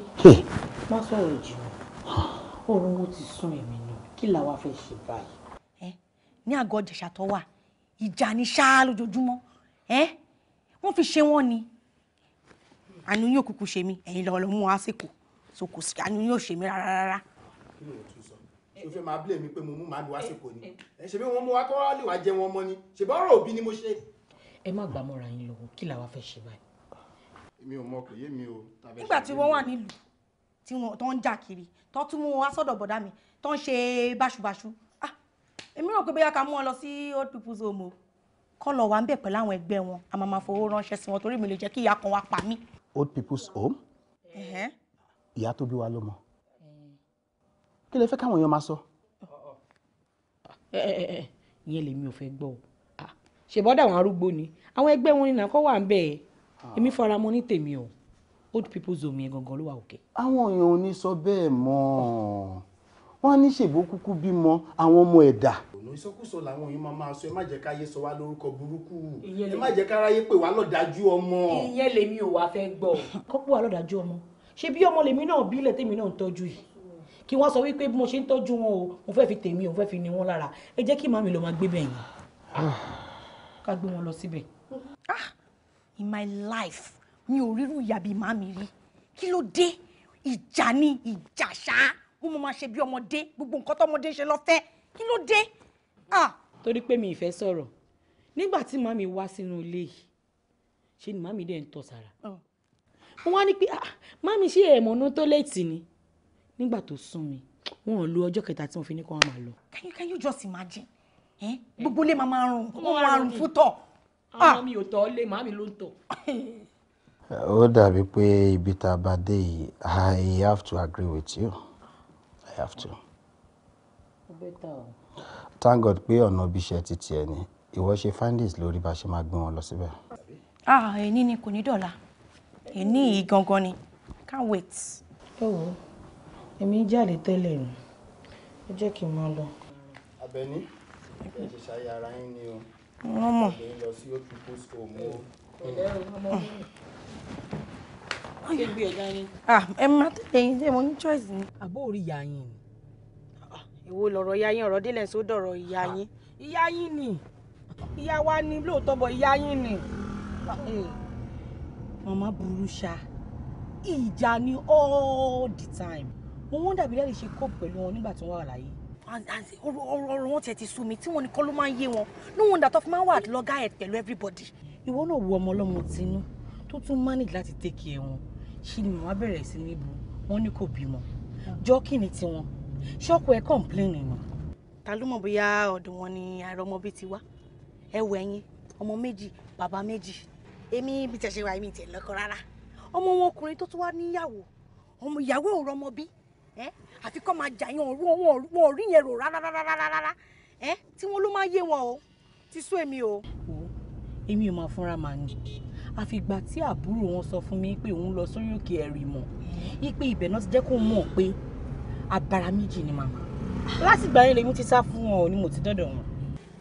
má sọ̀rọ̀ jù oorun wo ti sún èmi náà kí làwa fẹ́ ṣe báyìí. ẹ ní àgọ́ ọjàṣà tó wà ìjà ni ṣáá lójoojúmọ́ ẹ wọ́n fi ṣe wọ́n ni àánú yóò kúkú ṣe mí ẹ̀yin lọ́wọ́ ló mú wa sí so kò sí àánú yóò ṣe mí rárá rárá. fẹ́ máa blame mi pé mo mú màálù wá sípò ni ṣe bí wọ́n mú wa kọ́ lè wá jẹ wọn mọ́ ni ṣe bá òbí ni mo ṣe. ẹ má gbà mọ́ra yín lọ́wọ́ kí làwa fẹ́ ṣe báyìí. èmi ò mọ kò yé mi o. nígbà tí wọ́n wà nílùú tí wọ́n ń jà kiri tán tún mú wá sọ́dọ̀ bọ̀dá mi tán ṣe báṣubàṣu ah èmi rò pé bóyá ká mú ọ lọ sí old people's home o kọ́ lọ wà ń bẹ̀ pẹ̀lú àwọn ẹgbẹ́ wọn a máa ma fowó ránṣẹ́ sí wọn torí mi lè jẹ́ kí ìyá kan wá pa mí. old people's home. ìyá tó bí wa lọ́mọ kí lẹ fẹ́ káwọn èèyàn máa sọ. ìyẹn lèmi ò fẹ́ gbọ́ o ah, ṣèbọ́dà àwọn arúgbó ni àwọn ẹgbẹ́ wọn ni nàkọ́ wà ń bẹ̀ ah. èmi fara mọ́ ní tèmi o old people's home yẹn gangan ló wà òkè. àwọn èèyàn ò ní sọ bẹ́ẹ̀ mọ́ wọ́n á ní ṣèbó kúkú bímọ àwọn ọmọ ẹ̀dá. ọ̀nà ìsọkúsọ làwọn èèyàn máa máa sọ ẹ má jẹ́ káyé sọ wá lórúkọ burúkú ẹ má jẹ́ káráyé pè wá lọ́dájú ọmọ. ìyẹn lèmi ò wá fẹ́ gbọ́. kọ́pọ̀ wà lọ́dájú ọmọ ṣé bí ọmọ lèmi náà bí tèmi náà ń tọ́jú yìí kí wọ́n sọ wípé bí mo ṣe ń tọ́jú wọn o mo fẹ́ fi tèmi o mo fẹ́ fi ni wọn lára ẹ jẹ́ kí màmí lọ máa gbé bẹ́ẹ̀ yẹn ah. ká gbé wọn lọ síbẹ̀. ah in my life mi ò rírú ìyà bíi màmí rí kí ló dé ìjà ni ìjà ṣá mo mọ máa ṣe bí ọmọdé gbogbo nǹkan tọmọdé ṣe lọ́fẹ́ kí ló dé. torí pé mi ìfẹ́ sọ̀rọ̀ nígbà tí màmí wá sínú ilé yìí ṣe ni màmí dẹ̀ ń tọ̀ sára mo wá ní pé ah, màmí ṣe ẹ̀mọ́nú tó léètì ni nígbà tó sún mi wọn ò lo ọjọ́ kẹta tí wọ́n fi ní kó wọn máa lọ. can you can you just imagine gbogbo lé màmá máa rùn fún tọ̀. àwọn mi ò tọ́ lé màmí ló ń tọ̀. Ó dàbí pé ibi ta bá dé yìí, I have to agree with you. I have to. Thank God pé ọ̀nà ibi iṣẹ́ titi ẹ ni. Ìwọ ṣe findings lórí bá ṣe máa gbé wọn lọ síbẹ̀. Ah, èní ni kò ní dọ̀la. Èní yìí gangan ni. Can't wait. Ẹ wo, èmi jáde tẹ́lẹ̀ ni. Ẹ jẹ́ kí n máa lọ. Abẹ́ni, ẹ ṣe ṣàyàrá yín ni o. Wọ́n mọ̀. Ẹ lọ sí òkú post home o wọ́n ṣe gbé ẹ̀dá yín. ẹ má tẹ̀lé yín ṣé mo ní choice ni. àbó orí ìyá yín ni. Ah, èwo lọ̀rọ̀ ìyá yín ọ̀rọ̀ délẹ̀ sódò ọ̀rọ̀ ìyá ah, yín ìyá yín ni ìyá wa ni lóòótọ́ bọ̀ ìyá yín ni. Eh, màmá burú ṣá ìjà ni all the time mo wọ́n dàbí láti ṣe kó pẹ̀lú wọn nígbà tí wọ́n wà láyé ọ̀rọ̀ wọn tiẹ̀ ti sú mi tí wọ́n ní kọ́ ló máa ń yé wọn ní wọn dàtọ́ fi máa ń wà lọ́gá ẹ̀ pẹ̀lú everybody. ìwọ náà wo ọmọ ọlọ́mọ tinú tó tún manage láti take care wọn ṣì ni màmá bẹ̀rẹ̀ sí ní bu wọn ní kò bímọ jọ́kì ni tiwọn ṣọ́ọ̀kù ẹ̀ complain ni. ta ló mọ̀ bóyá ọ̀dọ̀ wọn ni àìrọ́mọ bí ti wá ẹ wọ ẹyin ọmọ méjì bàbá méjì èmi bí tẹ̀ ṣe wà èmi tẹ̀ lọ́kọ rárá ọmọ wọn ọkùnrin tó tún wá níyàwó ọmọ ìyàwó ò rọmọ bí àfi kọ́ máa jàyàn ọ̀rọ̀ wọn ò rí yẹn rò rárá tí wọ́n ló máa yé wọn o ti sú èmi o. èmi ò máa fúnra màá ní àfìgbà tí àbúrò wọn sọ fún mi pé òun lọ sórí òkè ẹ̀rì mọ̀ ipe ibẹ̀ náà ti jẹ́ kó mọ̀ pé abara méjì ni màmá látìgbà yẹn lèmi ti sá fún wọn ò ní mo ti dọ́dọ̀ wọn.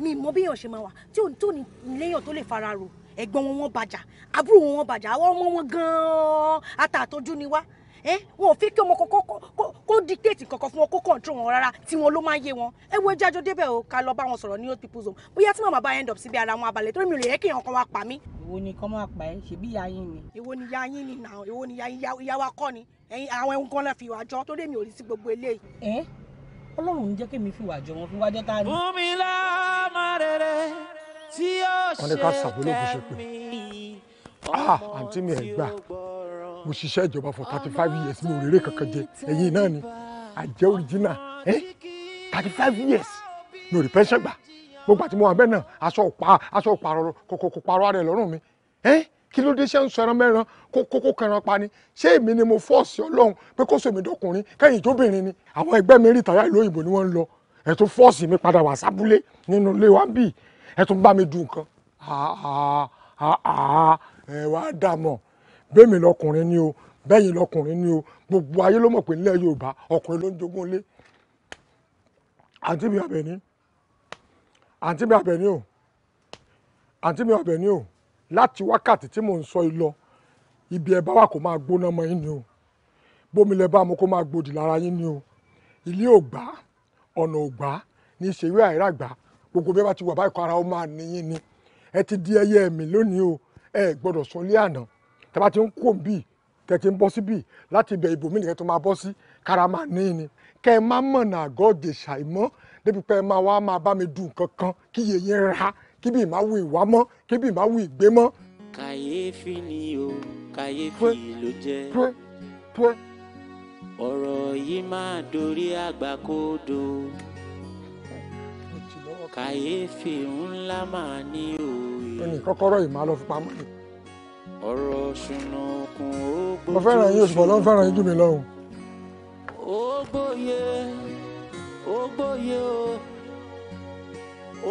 mi mọ bí èèyàn ṣe máa wà tí òun tó ní léèyàn tó lè fara rò ẹ̀gbọ́n wọn bàjá àbúrò wọn bàjá àwọn ọmọ wọn gan-an àtàtọ́jú ni wá ẹ wọn ò fi kí ọmọ kọ́kọ́ kó dictate kankan fún wọn kó control wọn rárá tí wọn ló máa yé wọn ẹ wo jájọ débẹ̀ o ká lọ bá wọn sọ̀rọ̀ ní old people's home bóyá tí màmá bá end up síbi ara wọn abalẹ̀ torí mi ò lè kí èèyàn kan pa mí. èwo ni kán máa pa ẹ ṣebí ìyá ni. èwo ni ìyá ni nà èwo ni ìyá wa kọ́ ni ẹ̀yin àwọn ẹ̀hún kan náà fi wà jọ torí mi ò rí sí gbogbo eléyìí. ẹ Ọlọ́run ń jẹ́ kí mi fi wà jọ wọn fi wá tá a rí. bùnmi lámà mo ṣiṣẹ́ ìjọba for thirty five years mi ò rèrè kankan jẹ ẹ̀yin náà ni àjẹ́ original thirty five years mi rí pension gbà gbogbo àti mo wà bẹ́ẹ̀ náà aṣọ ọ̀pá aṣọ ọ̀pá kòkòkò parọ́ ara ẹ̀ lọ́rùn mi kí ló dé ṣe ń sọ ẹran mẹ́ran kókó kẹran pa ni ṣé èmi ni mo fọ́ọ̀sì ọlọ́run pé kó sọ èmi dọkùnrin kẹ́yìn tóbìnrin ni àwọn ẹgbẹ́ mi rí ìtàyà ìlú òyìnbó ni wọ́n ń lọ ẹ̀ fọ́ọ̀sì mi padà wá sábúlé nínú ilé wa bíi ẹ̀ bá mi dùn nǹkan ẹ wá dà bẹ́ẹ̀mì lọkùnrin ni o bẹ́yìn lọkùnrin ni o gbogbo ayé ló mọ̀ pé nílẹ̀ Yorùbá ọkùnrin ló ń jogún ilé àǹtí mi Àbẹ̀ní àǹtí mi Àbẹ̀ní o àǹtí mi Àbẹ̀ní o láti wákàtí tí mò ń sọ yìí lọ ibi ẹ bá wà kó máa gbóná mọ́ yín ni o bómi lẹ bá mu kó máa gbòdì lára yín ni o ilé ò ọ̀nà ò ní ìṣèwé àìrà gbogbo bí ẹ bá ti wà báyìí kó ara ó máa níyín ni ẹ ti di ẹyẹ ẹ̀mí lónìí o ẹ gbọ́dọ̀ sọ ilé àná tẹ́bá ti ń kó bí tẹ́ ti ń bọ́ sí bí láti ibẹ̀ ibòmí nìkan tó máa bọ́ sí kára ní ni kẹ́ ẹ má mọ̀nà àgọ́ dèṣà ìmọ́ débi pé ẹ máa wá máa bá mi dùn kankan kí yeye ń ra kí bí ìmáwù ìwà mọ́ kí bí ìmáwù ìgbé mọ́. kàyéfì ni o kàyéfì ló jẹ́ ọ̀rọ̀ yìí máa dorí àgbà kodò kàyéfì ńlá máa ní òye. kọ́kọ́rọ́ yìí máa lọ fi ni ọ̀rọ̀ ṣùnùkùn ó gbójú mo fẹ́ràn yín òṣùpọ̀ lọ́n fẹ́ràn yín jù mí lọ́hùn. ó gbóyè ó gbóyè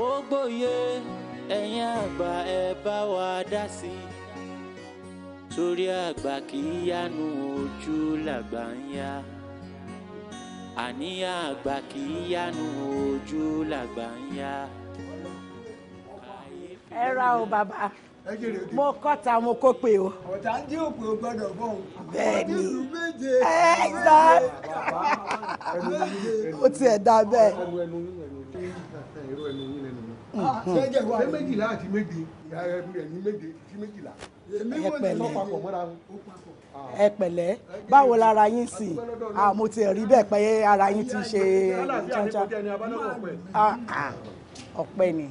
ó gbóyè ẹ̀yin àgbà ẹ bá wa dá sí torí àgbà kì í yánu ojú làgbà ń yá àníyàn àgbà kì í yánu ojú làgbà ń yá. ẹ ra o bàbá mo kọta mo kó pe o. ọ̀tá ń dín òpè o gbọ́dọ̀ bọ̀ o. bẹ́ẹ̀ni ẹ gbà ó tiẹ̀ dá bẹ́ẹ̀. ṣé jẹ́ wa ṣé méjìlá àti méje ẹ̀mí méje sí méjìlá. ẹpẹ̀lẹ́ ah. ẹpẹ̀lẹ́ báwo lára yín sì ah, mo ti rí bẹ́ẹ̀ pé ara yín ti ṣe ọpẹ́ ni.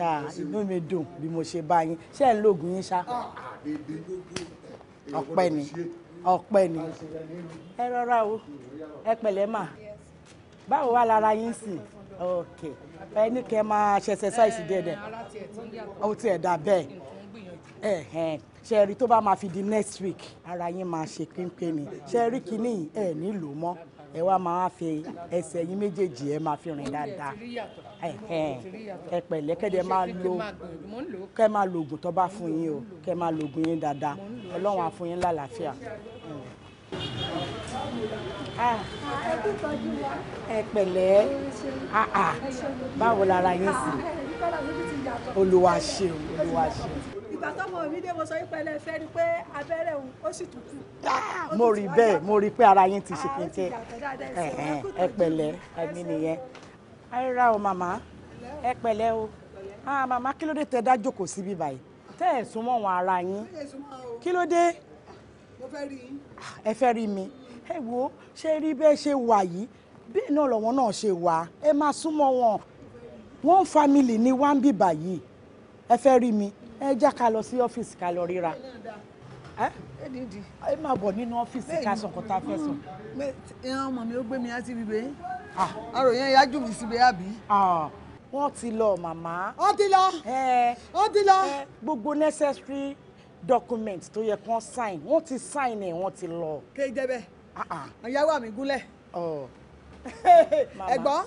Ah, inú mi dùn bí mo ṣe bá yín ṣé ẹ̀ ń lo oògùn yín ṣá. ọpẹ́ ni ọpẹ́ ni ẹ rọra o ẹ pẹ̀lẹ́ mà báwo wà lára yín sí ok ẹ ní kẹ́ máa ṣe exercise déédéé ó tiẹ̀ dà bẹ́ẹ̀ ṣe rí tó bá máa fi di next week ara yín máa ṣe pínpín ni ṣe rí ẹ nílò mọ́ ẹ wá máa fi ẹsẹ̀ yín méjèèjì ẹ máa fi rìn dáadáa ẹ pẹ̀lẹ́ kẹ́dẹ̀ máa lo kẹ́ máa lo oògùn tó bá fún yín o kẹ́ máa lo oògùn yín dáadáa ọlọ́run á fún yín lálàáfíà. Ah, ẹ pẹ̀lẹ́ ah, ah, báwo lára yín sí olúwa ṣeun ìgbà tọ́mọ mi dé mo sọ pé ẹ fẹ́ ni pé abẹ́rẹ́ òun ó sì tútù. Ah, mo rí bẹ́ẹ̀ mo rí pé ara yín ti ṣe ah, kéńté ẹ pẹ̀lẹ́ ẹ̀mí nìyẹn ẹ ra o màmá ẹ pẹ̀lẹ́ o ah, màmá kí ló dé tẹ dá jókòó síbí báyìí tẹ́ ẹ̀ súnmọ́ wọn ara yín kí ló dé ẹ fẹ́ rí mi ẹ wo ṣe rí bẹ́ẹ̀ ṣe wà yìí bẹ́ẹ̀ náà lọ́wọ́ náà ṣe wà ẹ máa súnmọ́ wọn one family ni wá ń bì báyìí ẹ fẹ́ rí mi ẹ já ká lọ sí ọ́fíìsì ká lọ ríra ẹ máa bọ̀ nínú ọ́fíìsì ká sọ nǹkan tá a fẹ́ sọ. ìran ọmọ mi ó gbé mi láti ibibẹ ọ̀rọ̀ yẹn yájú mi síbẹ̀ àbí. wọ́n ti lọ màmá. wọ́n ti lọ. wọ́n ti lọ. gbogbo necessary document tó yẹ kán sign wọ́n ti sign ẹ̀ wọ́n ti lọ. kéde bẹ́ẹ̀ ìyàwó mi gúnlẹ̀. ẹ̀gbọ́n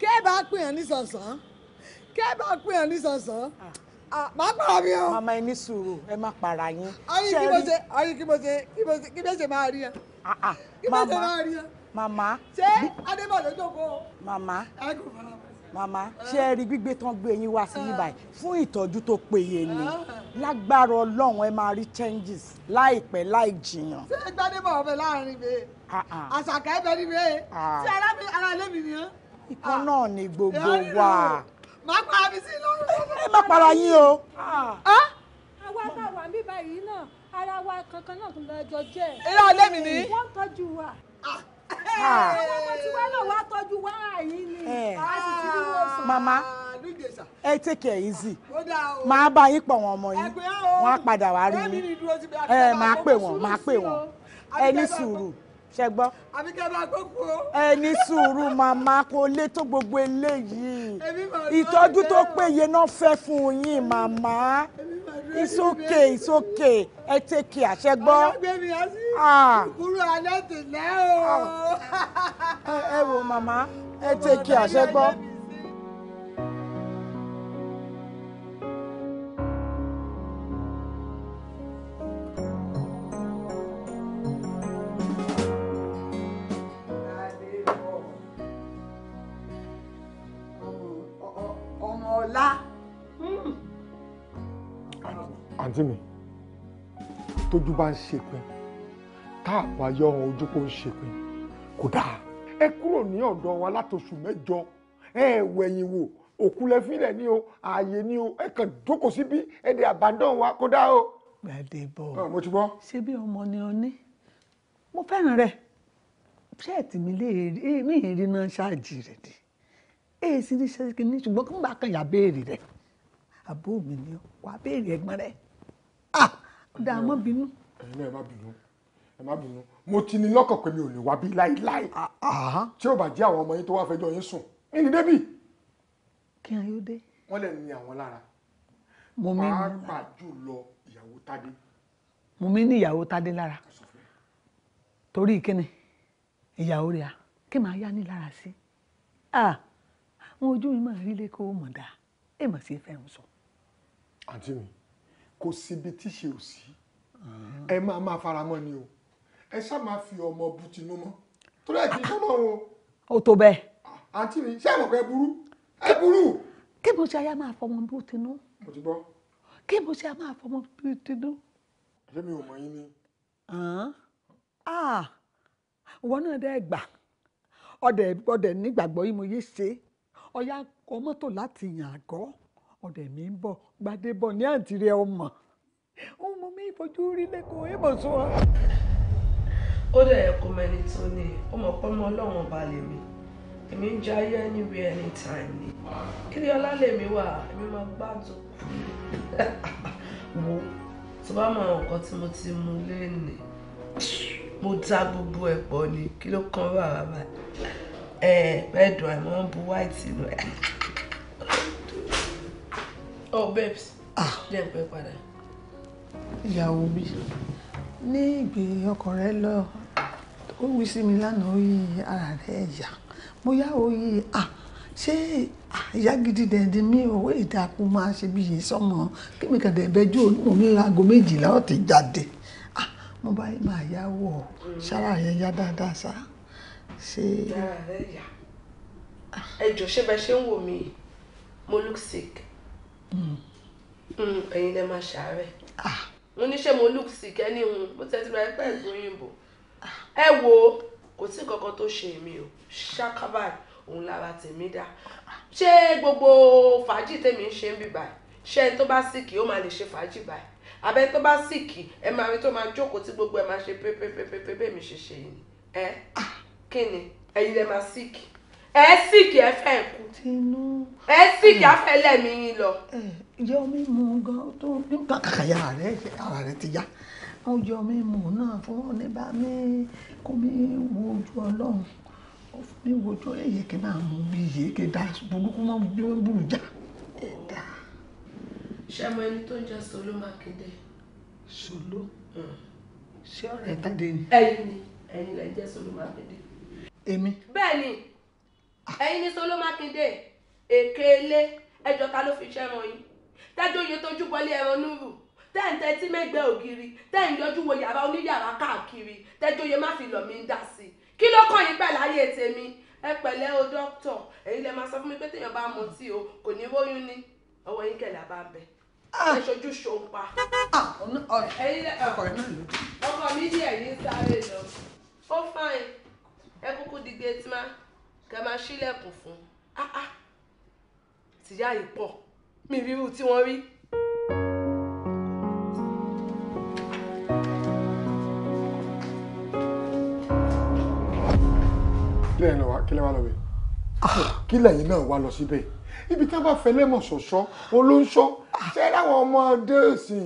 kẹ́ ẹ bá pè hàn ní sànsán kẹ́ ẹ bá pè hàn ní sànsán Ah, má para mi o. màmá ẹ ní sùúrù ẹ má para yín. ọyìn kí mo ṣe ọyìn kí mo ṣe kí mo ṣe kí mo ṣe máa rí ẹ. Ah, ah, kí mo ṣe máa rí ẹ. màmá. ṣé adébọ̀lẹ̀ jókòó. màmá. ẹ kò fara mọ́ màmá ṣé ẹ rí gbígbé tán gbé yín wá sí yíbàá fún ìtọ́jú tó péye ni lágbára ọlọ́run ẹ máa rí changes láìpẹ́ láì jiyàn. ṣé gbadébọ̀ ọbẹ̀ láàrin mi àṣàkà ẹbẹ̀ ni mi ṣé ara mi ara lé mi nìyẹn. ikán náà ni gbogbo wa máa pa mi sí lọ́rùn. ẹ má para yín o. Ah. Ah. àwa tá wà ń báyìí náà ara wa kankan náà tún lọ́jọ́ jẹ́. eré ọlẹ́ mi ni. wọ́n tọ́jú wa. àwọn ah. eh. ọmọ tí náà wá tọ́jú wa yìí ni. Eh. a ẹ take it easy máa bá yín pọ̀ wọn ọmọ yín wọ́n á padà wá rí yín eh, máa pè wọ́n máa pè wọ́n ẹ ní sùúrù ṣe gbọ́. àbí kẹ́ bá gbókù o. ẹ ní sùúrù màmá kò lè tó gbogbo eléyìí ìtọ́jú tó péye náà fẹ́ fún yín màmá it's okay it's okay ẹ take care ṣe gbọ́. ọlọ́gbẹ́ mi á sí ah. kúrò alẹ́ tẹ̀lé o. Ah. ẹ wo màmá ẹ take care ṣe gbọ́. àǹtí mi tójú bá ń ṣèpin táàpù ayọ́hàn ojú kò ń ṣèpin kò dáa. ẹ kúrò ní ọ̀dọ̀ wa látòṣù mẹ́jọ ẹ wẹ̀yìn wò òkú lẹ fílẹ̀ ní o ààyè ní o ẹ kàn jókòó síbí ẹ dẹ̀ àbádọ́n wa kó dáa o. Gbádébọ̀ ah, mo ti gbọ́. ṣé bí ọmọ ni o ní mo fẹ́ràn rẹ̀ ṣẹ́ẹ̀tì mi lè mí ìrìnà ṣáàjì rẹ̀ dé èyí sì ní ṣẹ́ẹ̀kì ní ṣùgbọ́n kí n bá kàn yà béèrè rẹ̀ àbó mi ni wàá béèrè ẹ̀gbọ́n rẹ̀ ah dààmú bínú. ẹ̀yin náà ẹ má bínú ẹ má bínú mo ti ní lọ́kàn pé mi ò lè wá bí láíláí ah, ah. tí ò bá jẹ́ àwọn ọmọ yín tó wá fẹjọ́ yín sùn ní ní débì. kí ayé dé. wọ́n lè ní àwọn lára. mo mi ní lára pàápàá jùlọ ìyàwó Tádé. mo mi ní ìyàwó Tádé lára torí kíni ìyàwó rẹ̀ kí màá yá ní lára sí ah wọn ojú mi máa rí lé kó mọ̀ dáa sí fẹ́ràn sọ. àǹtí mi kò síbi tíṣe ò sí ẹ máa máa faramọ́ ni o ẹ ṣá máa fi ọmọ bu tinú mọ́ torí ẹ kì í sọ́nà o. ó tó bẹ́ẹ̀. àǹtí mi ṣé àwọn ọ̀gá ẹ burú ẹ burú. kí mo ṣe aya máa fọmọ bu tinú. mo ti gbọ́. kí mo ṣe aya máa fọmọ bu tinú. ṣé mi ò mọ yín ni. Ah! ìwọ náà dẹ́ gbà ọ̀dẹ̀ ọ̀dẹ̀ nígbàgbọ́ yìí mo yé ṣe ọ̀ya ọmọ tó láti yàn àgọ́ ọ̀dẹ̀ mi ń bọ̀ gbadébọ̀ ní àǹtí rẹ ọmọ ọmọ mi fojú rí lẹ́kọ̀ọ́ ẹ̀ mọ̀ sọ́ọ́. ó dẹ̀ ẹ̀kọ́ mẹ́ni tó ní ó mọ̀ pé ọmọ ọlọ́run ọba lèmi èmi ń jayé anywhere anytime ni ilé ọlá lèmi wà èmi máa gbádùn wo tó bá mọ nǹkan tí mo ti mu léèní mo dá gbogbo ẹ̀ pọ̀ ni kí ló kàn wà wà báyìí ẹ̀ẹ́dùn àìmọ́ ń bu white nù ẹ̀ oh babes ah jẹ́ pẹ́ padà. ìyàwó mi ní ìgbé ọkọ rẹ lọ ó wí sí mi lánàá ó yí ara rẹ yá mo yá ó yí ah ṣé ah, ìyá gidi dẹ̀ndín mi ò ìdàkùn máa ṣe bí yìí sọmọ kí mi kàn dẹ̀ bẹjú òun ní aago méjìlá ó ti jáde ah, mo bá yín máa yáwó ọ mm. sára yẹn yá dáadáa sá ṣe. dára rẹ yá ẹ jọ ṣé bẹ ṣe ń wò mí mo look sick Mm. Mm, ẹ̀yin lẹ máa ṣàárẹ̀ ah. mo ní ṣé mo look sick ẹni hun mo tẹ́ ti ra ẹgbẹ́ òyìnbó ah. ẹ wo kò sí kankan tó ṣe mí o ṣàkàbà òun lára tèmi dá ṣé gbogbo fàájì tèmi ń ṣe ń bì báyìí ṣé ẹni tó bá síkì ó máa lè ṣe fàájì báyìí abẹ tó bá síkì ẹ máa rí tó máa jókòó tí gbogbo ẹ máa ṣe pépépépépé bẹ́ẹ̀ mi ṣe ṣe yìí ẹ ah. kí ni ẹ̀yin lẹ máa síkì ẹ sì kí ẹ fẹ́ kú ẹ sì kí a fẹ́ lẹ́mí yín lọ. ìyá omi mu gan tó nígbà kàkàyà rẹ ara rẹ ti yá wọn yọ omi mu náà fún wọn ní bá mi kó mi wo ojú Ọlọ́run ó fún mi wo ojú ẹyẹ kí n máa mú bí iye kí n dá burúkú mọ bí wọn bùrù já. ṣé ọmọ ẹni tó ń jẹ solo mákindé. solo ṣé ọ̀rẹ́ tàdé ni. ẹ̀yin ni ẹ̀yin lẹ jẹ solo mákindé. èmi. bẹ́ẹ̀ ẹ̀yin ní Solo Makinde èké ilé ẹjọ́ ta ló fi ṣẹ́ran yín tẹ́jọ́ iye tójú bọ́lé ẹran núrù tẹ́ǹtẹ́ tí mẹ́gbẹ́ ògiri tẹ́ǹ yọjú wo yàrá oníyàrá káàkiri tẹ́jọ́ iye má fi lọ̀ mí dá sí i kí ló kàn yín pẹ̀lú ayé tèmi ẹ pẹ̀lẹ́ o dókítọ̀ èyí lè máa sọ fún mi pé téèyàn bá mutí o kò ní róyún ní ọwọ́ yín kẹlẹ́ àbá bẹ̀ ah! ẹ ṣojú ṣòun pa. Ah! ọkọ mi ní ẹ̀yìn sáré lọ ó fáìn ẹ kúkú dìgbé tí máa kẹ́ máa ṣílẹ̀kùn fún ah ah tìyá yìí pọ̀ mi ríru tí wọ́n rí. kí lẹ́yìn náà wá kí lẹ́yìn wá lọ bẹ̀. Ah. kí lẹ́yìn náà wá lọ síbẹ̀ ibi tí wọ́n bá fẹ́ lẹ́mọ̀ ṣọ̀ṣọ́ wọn ló ń ṣọ́ ṣé láwọn ọmọdé sí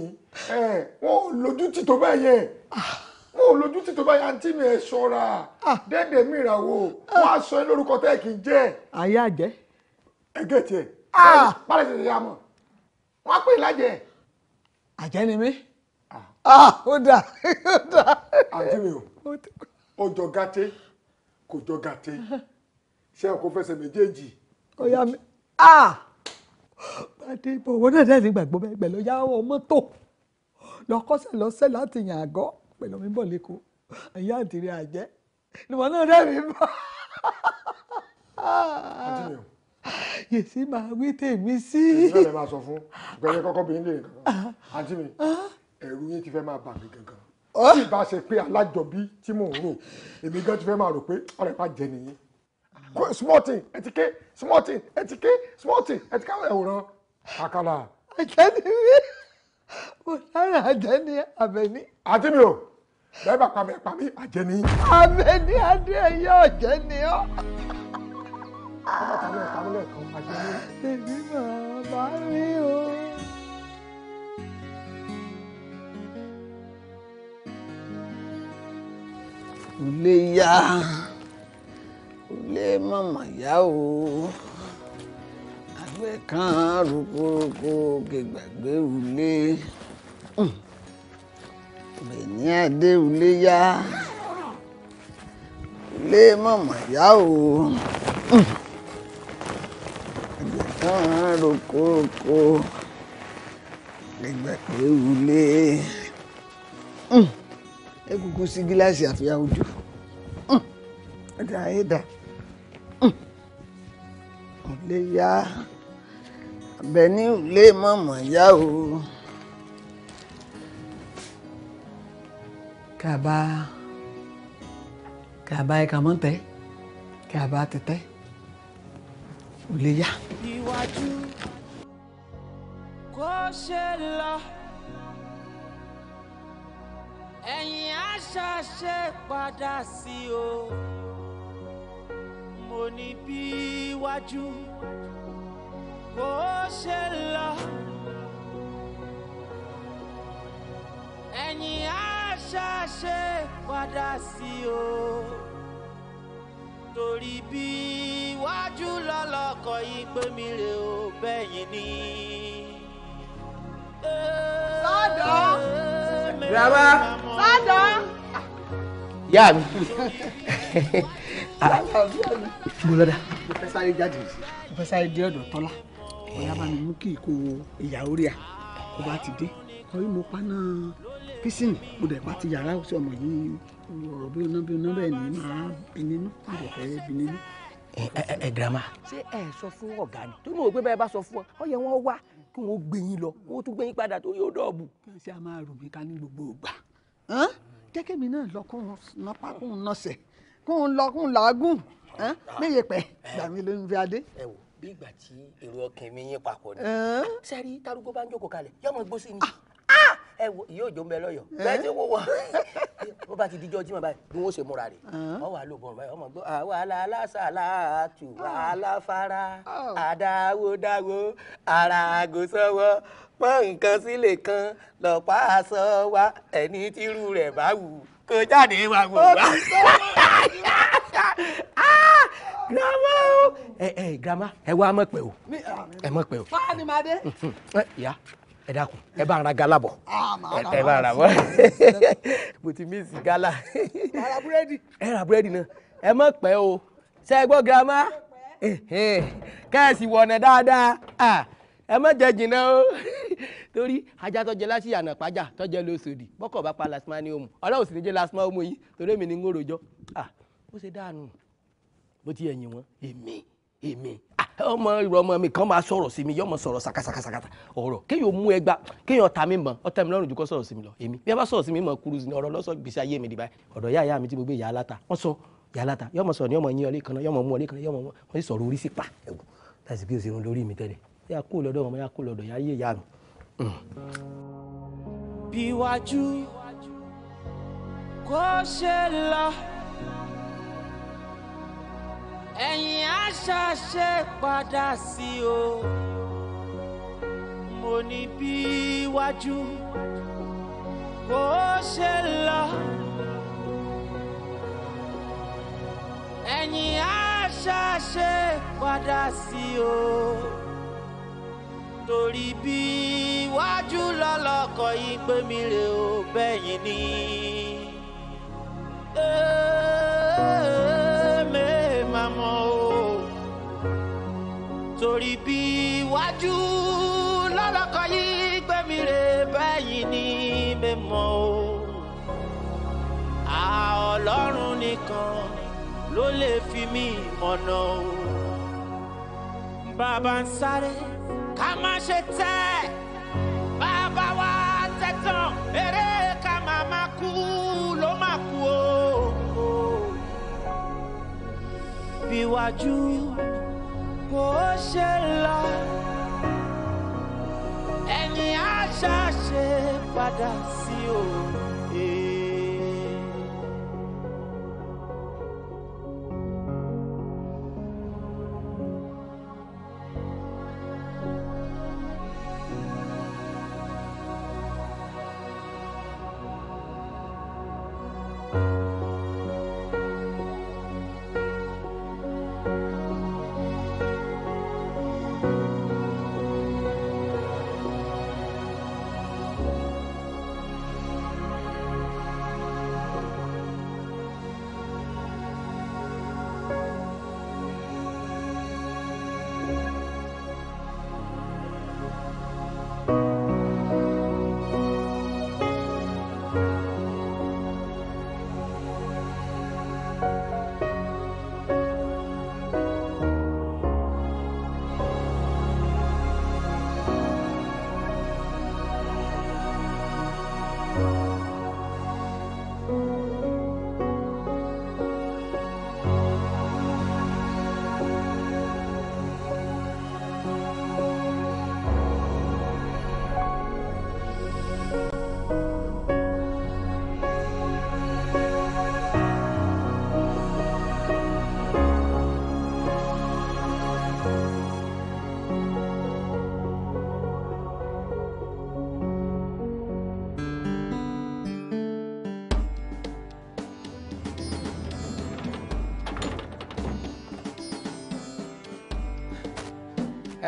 i wọ́n lójú tì tó bẹ́ẹ̀ yẹn. Ah mo lójú tí tó bá yá àǹtí mi ẹ̀ ṣọ́ra ah. dédé mi ìràwọ̀ wọ́n ah. á sọ ẹ́ lórúkọ tẹ́ ẹ̀ kì í jẹ́. àyà jẹ́. ẹ gẹ̀tì ẹ̀ pálẹ̀ tètè yá mọ̀ wọ́n á pè lájẹ̀. àjẹ́ ni mí. Ah. ó dà ó dà. àǹtí mi o ó jọ gàtẹ́ kò jọ gàtẹ́ ṣé ọkọ fẹsẹ̀ méjèèjì. ó yá mi pàdé ìbọ̀wọ́ náà dẹ́ni gbàgbọ́ bẹ́ẹ̀ gbẹ̀ ló yá ọmọ tó lọ́kọ́sẹ̀ lọ́sẹ̀ láti yàn àgọ́ pẹ̀lú mi bọ̀ lẹ́kọ̀ọ́ àyà àtìrí àjẹ́ ìwọ náà rẹ́ mi bọ̀. yèsí máa wí tèmi sí. ìṣẹ̀lẹ̀ máa sọ fún gbẹ̀yẹ kọ́kọ́ bí nílé kankan àǹtí mi ah. ẹ̀rù yín ti fẹ́ máa bà mí gangan ah. tí ìbá ṣe pé alájọbí tí mò ń rò èmi gan ti fẹ́ máa rò pé ọ̀rẹ́ bá jẹ nìyí small thing etike small thing etike small thing etike ẹ̀wòrán kàkàlà. àjẹ́ ni mí mo lára àjẹ́ ní àbẹ̀ní. àti mi ò bẹ́ẹ̀ bá pàmì pàmì àjẹ́ ní. àbẹ̀ní adé ẹ̀yẹ ọ̀jẹ́ ni ọ́. èmi màá bá rí o. ulé yá ulé màmá yá o fẹ́ kàn rokoroko kẹgbàgbé wulé bẹ̀ni hmm. adé wulé yá wulé mọ̀mọ̀ yá o hmm. kàn rokoroko kẹgbàgbé wulé hmm. ekunkun sí gíláàsì àfihàn ojú ẹ̀dá ẹ̀dá ọ̀lẹ́yà bẹ́ẹ̀ni lè mọ̀mọ́ yá o. kaba kaba ẹ mọ́ tẹ́ kaba tẹ́tẹ́ ò lè yá. iwájú kò ṣe lọ ẹ̀yìn àṣà ṣe padà sí o mo ní bí iwájú bó ṣe lọ ẹ̀yìn àṣàṣe padà sí o torí bí iwájú lọ́lọ́kọ̀ yìí pé mi rè ó bẹ́yìn ni. sọ́dọ̀ bàbá sọ́dọ̀. yá mi mo lọ dá. mo fẹ́ sáré jáde mo fẹ́ sáré dé ọ̀dọ̀ tọ́lá ọ̀yá bá mi mú kí ìkó ìyàwó rẹ̀ kó bá ti dé ọyún mo paná písìnì mo dẹ̀ bá ti yàrá sí ọmọ yìí ọ̀rọ̀ bí oná bí oná bẹ́ẹ̀ ni màá bí nínú mo dẹ̀ fẹ́ bí nínú. ẹ ẹ girama. ṣé ẹ sọ fún ọ̀gá ni tó ní mo gbé bẹ́ẹ̀ bá sọ fún ọ ọ yẹ wọ́n wá kí wọ́n gbé lọ wọ́n tún gbé yín padà torí ó dọ̀ọ̀bù. ṣé a máa rù mí ká ní gbogbo ìgbà jẹ́kẹ́mi náà lọ kó ń napá kó ń nọ̀sẹ̀ kó ń lọ kó ń làágùn mẹ́yẹ̀pẹ̀ gbàmí fi adé. ẹ wò bí ìgbà tí èrò ọkàn mi yín papọ̀ ni sẹ́rí tarúgbó bá ń jókòó kalẹ̀ yọmọ gbó sí ni ah. ẹ wo ìyá òjò ń bẹ lọ́yọ̀ bẹ́ẹ̀ tí wọ́n wà bó bá ti dijọ́ jí màbá bí wọ́n ṣe múra rẹ̀ wọ́n wà lóògùn ọ̀rọ̀ báyìí ọmọ gbọ́ àwàlà aláṣàlátù aláfara ah. oh. àdáwódáwó ara àgòsọ́wọ́ pọ́n nǹkan sílẹ̀ kan lọ́pàá aṣọ wa ẹni tírú rẹ̀ bá wù kó jáde wà wò wá. Ah, grandma o ẹ ẹ grandma ẹ wá mọ̀ pé o ah, ẹ mọ̀ pé o. fáànì máa dé. Mm, mm, mm. Eh, ìyá ẹ dákun ẹ bá ara gala bọ ah, ẹ bá ara bọ mo ti mí sí gala. ẹ ra búrẹ́dì. ẹ ra búrẹ́dì náà ẹ mọ̀ pé o ṣe é gbọ́ grandma eh, eh, kẹ́ẹ̀sì wọ̀nà dáadáa ẹ má jẹ jìnnà o torí ajá tọjẹ láti yànnà pàjá tọjẹ lóṣòdì bọ́kọ̀ bá pa lasmanium ọlọ́run sì ní jẹ́ lasmanium yìí torí èmi ní ń gòròjọ́ bó ṣe dànù bó ti ẹ̀yìn wọn èmi èmi ah, ọmọ ìrọ̀ ọmọ mi kan máa sọ̀rọ̀ sí mi yọ ọmọ sọ̀rọ̀ sakasakasakata ọ̀rọ̀ kéèyàn mú ẹ gbà kéèyàn ta mi mọ̀ ọ̀tá mi lọ́rùn jù kọ́ sí mi lọ èmi bí a bá sọ̀rọ̀ sí mi mọ̀ kúrú sí ni ọ̀rọ̀ lọ́sọ̀ gbèsè ayé mi dìbà ọ̀dọ̀ yá ìyá mi tí mo gbé yà á láta wọ́n sọ yà á láta yọmọ sọ̀rọ̀ ni yọmọ yín ọlé kan yọmọ mú ọlé kan yọmọ wọ́n sì sọ̀rọ̀ orí sí pa ẹ̀wù láti bí òṣèré lórí mi tẹ́lẹ̀ yà á kó ẹ̀yin aṣàṣe padà sí o mo ní bí iwájú kò ṣe lọ ẹ̀yin aṣàṣe padà sí o torí bí iwájú lọ́lọ́kọ̀ yìí gbé mi rè ó bẹ́yìn ni. Hey mọ́ o torí bí iwájú lọ́lọ́kọ̀ yìí gbẹ̀mí rè báyìí ní mímọ́ o a ọlọ́run nìkan ló lè fi mí mọ̀nà o bàbá ń sáré ká má ṣe tẹ́ bàbá wa tẹ̀tàn eré ká má má kú ló má kú o. síwájú kò ṣe lọ ẹni á ṣàṣe padà sí òun.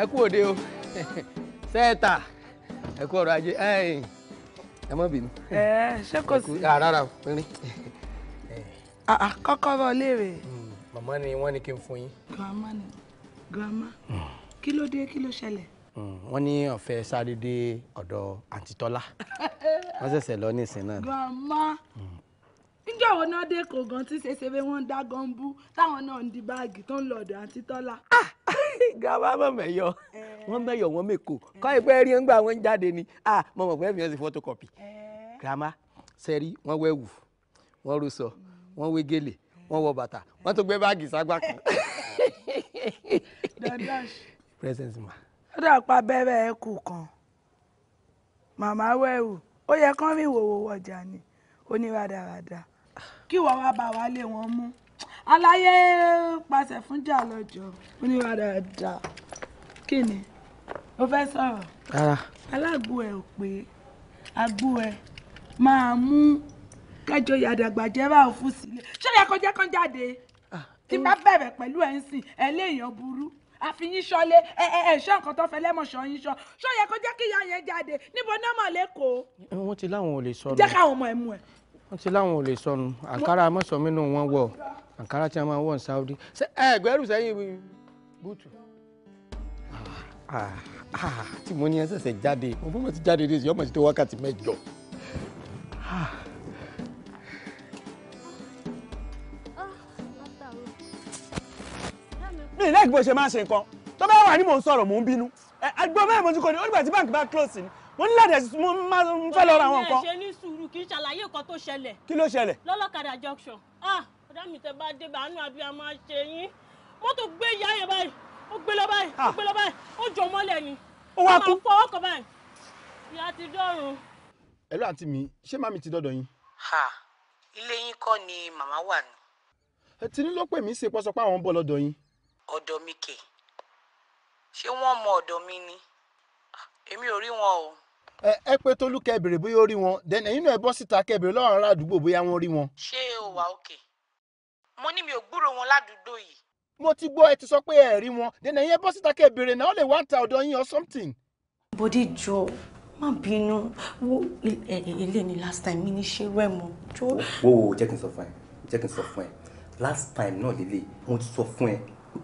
ẹ kú òde o sẹẹta ẹ kú ọ̀rọ̀ ajé ẹ ẹ mọ bínú. ẹ ṣé kò sí. rárá o rin. kọ́kọ́rọ́ léèrè. Hmm, màmá ni wọ́n ní kí n fún yín. grandma ni grandma hmm. kí ló dé kí ló ṣẹlẹ̀. Hmm, wọ́n ní ọ̀fẹ́ sáré dé ọ̀dọ̀ àǹtí Tọ́lá wọ́n ṣẹ̀ṣẹ̀ lọ nísìn náà. grandma. Mm níjọ́ wo náà dé kò gan tí ṣeṣe pé wọ́n ń dá gọ́ńbú táwọn náà ń di báàgì tó ń lọ ọ̀dọ̀ àǹtí Tọ́lá. gàmá mọ̀ mẹ́yọ wọ́n mẹ́yọ wọ́n mẹ́kọ kọ́ ẹgbẹ́ rí ń gbà wọ́n ń jáde ni mo mọ̀ pé ẹ̀mí ṣe photocopy. gàmá sẹ́rí wọ́n wẹ̀wù wọ́n rúṣọ wọ́n wé gèlè wọ́n wọ bàtà wọ́n tó gbé báàgì ságbá kan. presence ma. ó dà pa ẹ kù kan màmá wẹ̀wù ó yẹ kán mi wòwò wọ̀jà ni oníradàradà kí wàá wá bá wa lé wọn mú aláyé pàṣẹ fún jà lọ́jọ́ oníwà dáadáa kí ni o fẹ́ sọ̀rọ̀ alágbo ẹ̀ ò pé agbo ẹ̀ máa mú kẹjọ yàdàgbàjẹ́ bá òfú sílẹ̀ ṣé yẹ kọjá kan jáde ah, tí bá bẹ̀rẹ̀ pẹ̀lú ẹ̀ ń sìn ẹ̀ léèyàn burú àfihàn ṣọlé ẹ ẹ ẹ ṣọ nǹkan tó fẹ́ lẹ́mọ̀ṣọ́ yín ṣọ ṣọ yẹ kí ìyá yẹn jáde níbo náà mọ̀ lẹ́kọ̀ọ́. wọ́n ti láwọn ò lè sọ lọ. jẹ́ káwọn ọmọ ẹ̀ mú ẹ̀ wọ́n ti láwọn ò lè sọnù àǹkárá mọ́sànmínú wọn wọ̀ àǹkárá tí wọ́n máa wọ̀ ní Saudi ẹgbẹ́rù sẹ́yìn bùtù. Ah, ah, ah, tí mo ní ẹsẹ̀sẹ̀ jáde mo fún mi ti jáde dé sí ọmọ ti tó wákàtí mẹ́jọ. mi lẹ́gbẹ̀ẹ́ ṣe máa ṣe nǹkan tó bá wà ní mò ń sọ̀rọ̀ mò ń bínú ẹ̀ẹ́dùn mẹ́rin mo ti kọ́ ni ó nígbà tí báńkì bá close ni mo ń lẹ̀dẹ̀ mo máa ń fẹ́ lọ ra àwọn nǹkan. òye ṣe ní sùúrù kì í ṣàlàyé nǹkan tó ṣẹlẹ̀. kí ló ṣẹlẹ̀. lọ́lọ́kadà junction ah ọ̀dà mi tẹ bá dé bàánú àbí a máa ṣe yín mọ́tò gbé ìyá yẹn báyìí ó gbé lọ báyìí ó ah. gbé lọ báyìí ó jọ mọ́lẹ̀ ni. ó wá kú ó máa fọwọ́ kọ báyìí ìyá ti dọ́rùn. ẹ̀lú àǹtí mi ṣé màmí ti dọ́dọ̀ yín. ha ilé yín kọ́ ni màmá ti ní ló pè mí ṣe pọ́sọpá àwọn bọ́ lọ́dọ̀ yín. ọ̀dọ̀ mi kè ṣé wọ́n mọ ọ̀dọ̀ mi ni ah, èmi ò ẹ pé tolú kẹ́ bóyá ó rí wọn then ẹ̀yin náà ẹ bọ́ síta kẹ́ bèrè lọ́wọ́ àdúgbò bóyá wọ́n rí wọn. ṣé o wà òkè mo ní mi ò gbúrò wọn ládùúgbò yìí. mo ti gbọ́ ẹ ti sọ pé ẹ rí wọn then ẹ̀yin ẹ bọ́ síta kẹ́ náà ó lè wá ta ọ̀dọ̀ yín or something. bọ́dí jọ má bínú wo ilé ni last time mi ní ṣe rẹ mọ. wo wo jẹ́ kí n sọ fún ẹ jẹ́ kí n sọ fún ẹ last time náà lélẹ̀ mo ti sọ fún ẹ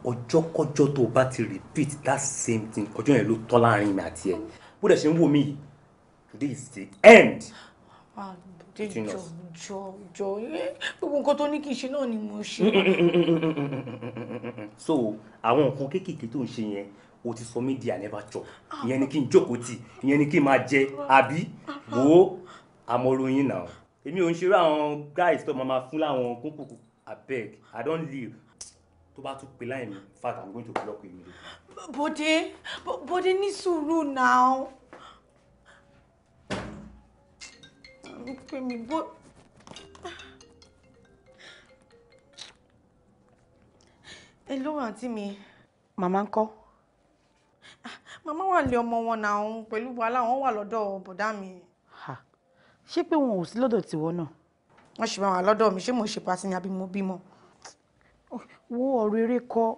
ọjọ́kọ́jọ́ tó o bá ti repeat that same thing ọjọ́ yẹn ló tọ́ láàrin mi àti ẹ bó dẹ̀ ṣe ń wò mí yìí This is the end. Ah, jọ jọ jọ eh, gbogbo nǹkan tó ní kí n ṣe náà ni mo ṣe. so àwọn nǹkan kéékèèké tó ń ṣe yẹn o ti sọ mí di ànẹ́bàjọ ah. ìyẹn ni kí n jókòó tì ìyẹn ni kí n máa jẹ ah. àbí wo amọ̀ròyìn náà èmi ò ń ṣeré àwọn guys tó máa fún láwọn kúnkùnkùn abeg i don leave tó bá tún pe láì mi in fact i'm going to block you. bọ́dé bọ́dé ní sùúrù náà. mi pé mi bó. ẹ ló àǹtí mi màmá ń kọ́ ah, màmá wà lé ọmọ wọn náà òun pẹ̀lú wàhálà wọn wà lọ́dọ̀ bọ̀dá mi. ṣé pé wọn ò sí lọ́dọ̀ tiwọ náà. wọ́n ṣì máa wà lọ́dọ̀ mi ṣé mo ṣe pa sí ni àbí mo bímọ. wo ọ̀rọ̀ eré kọ́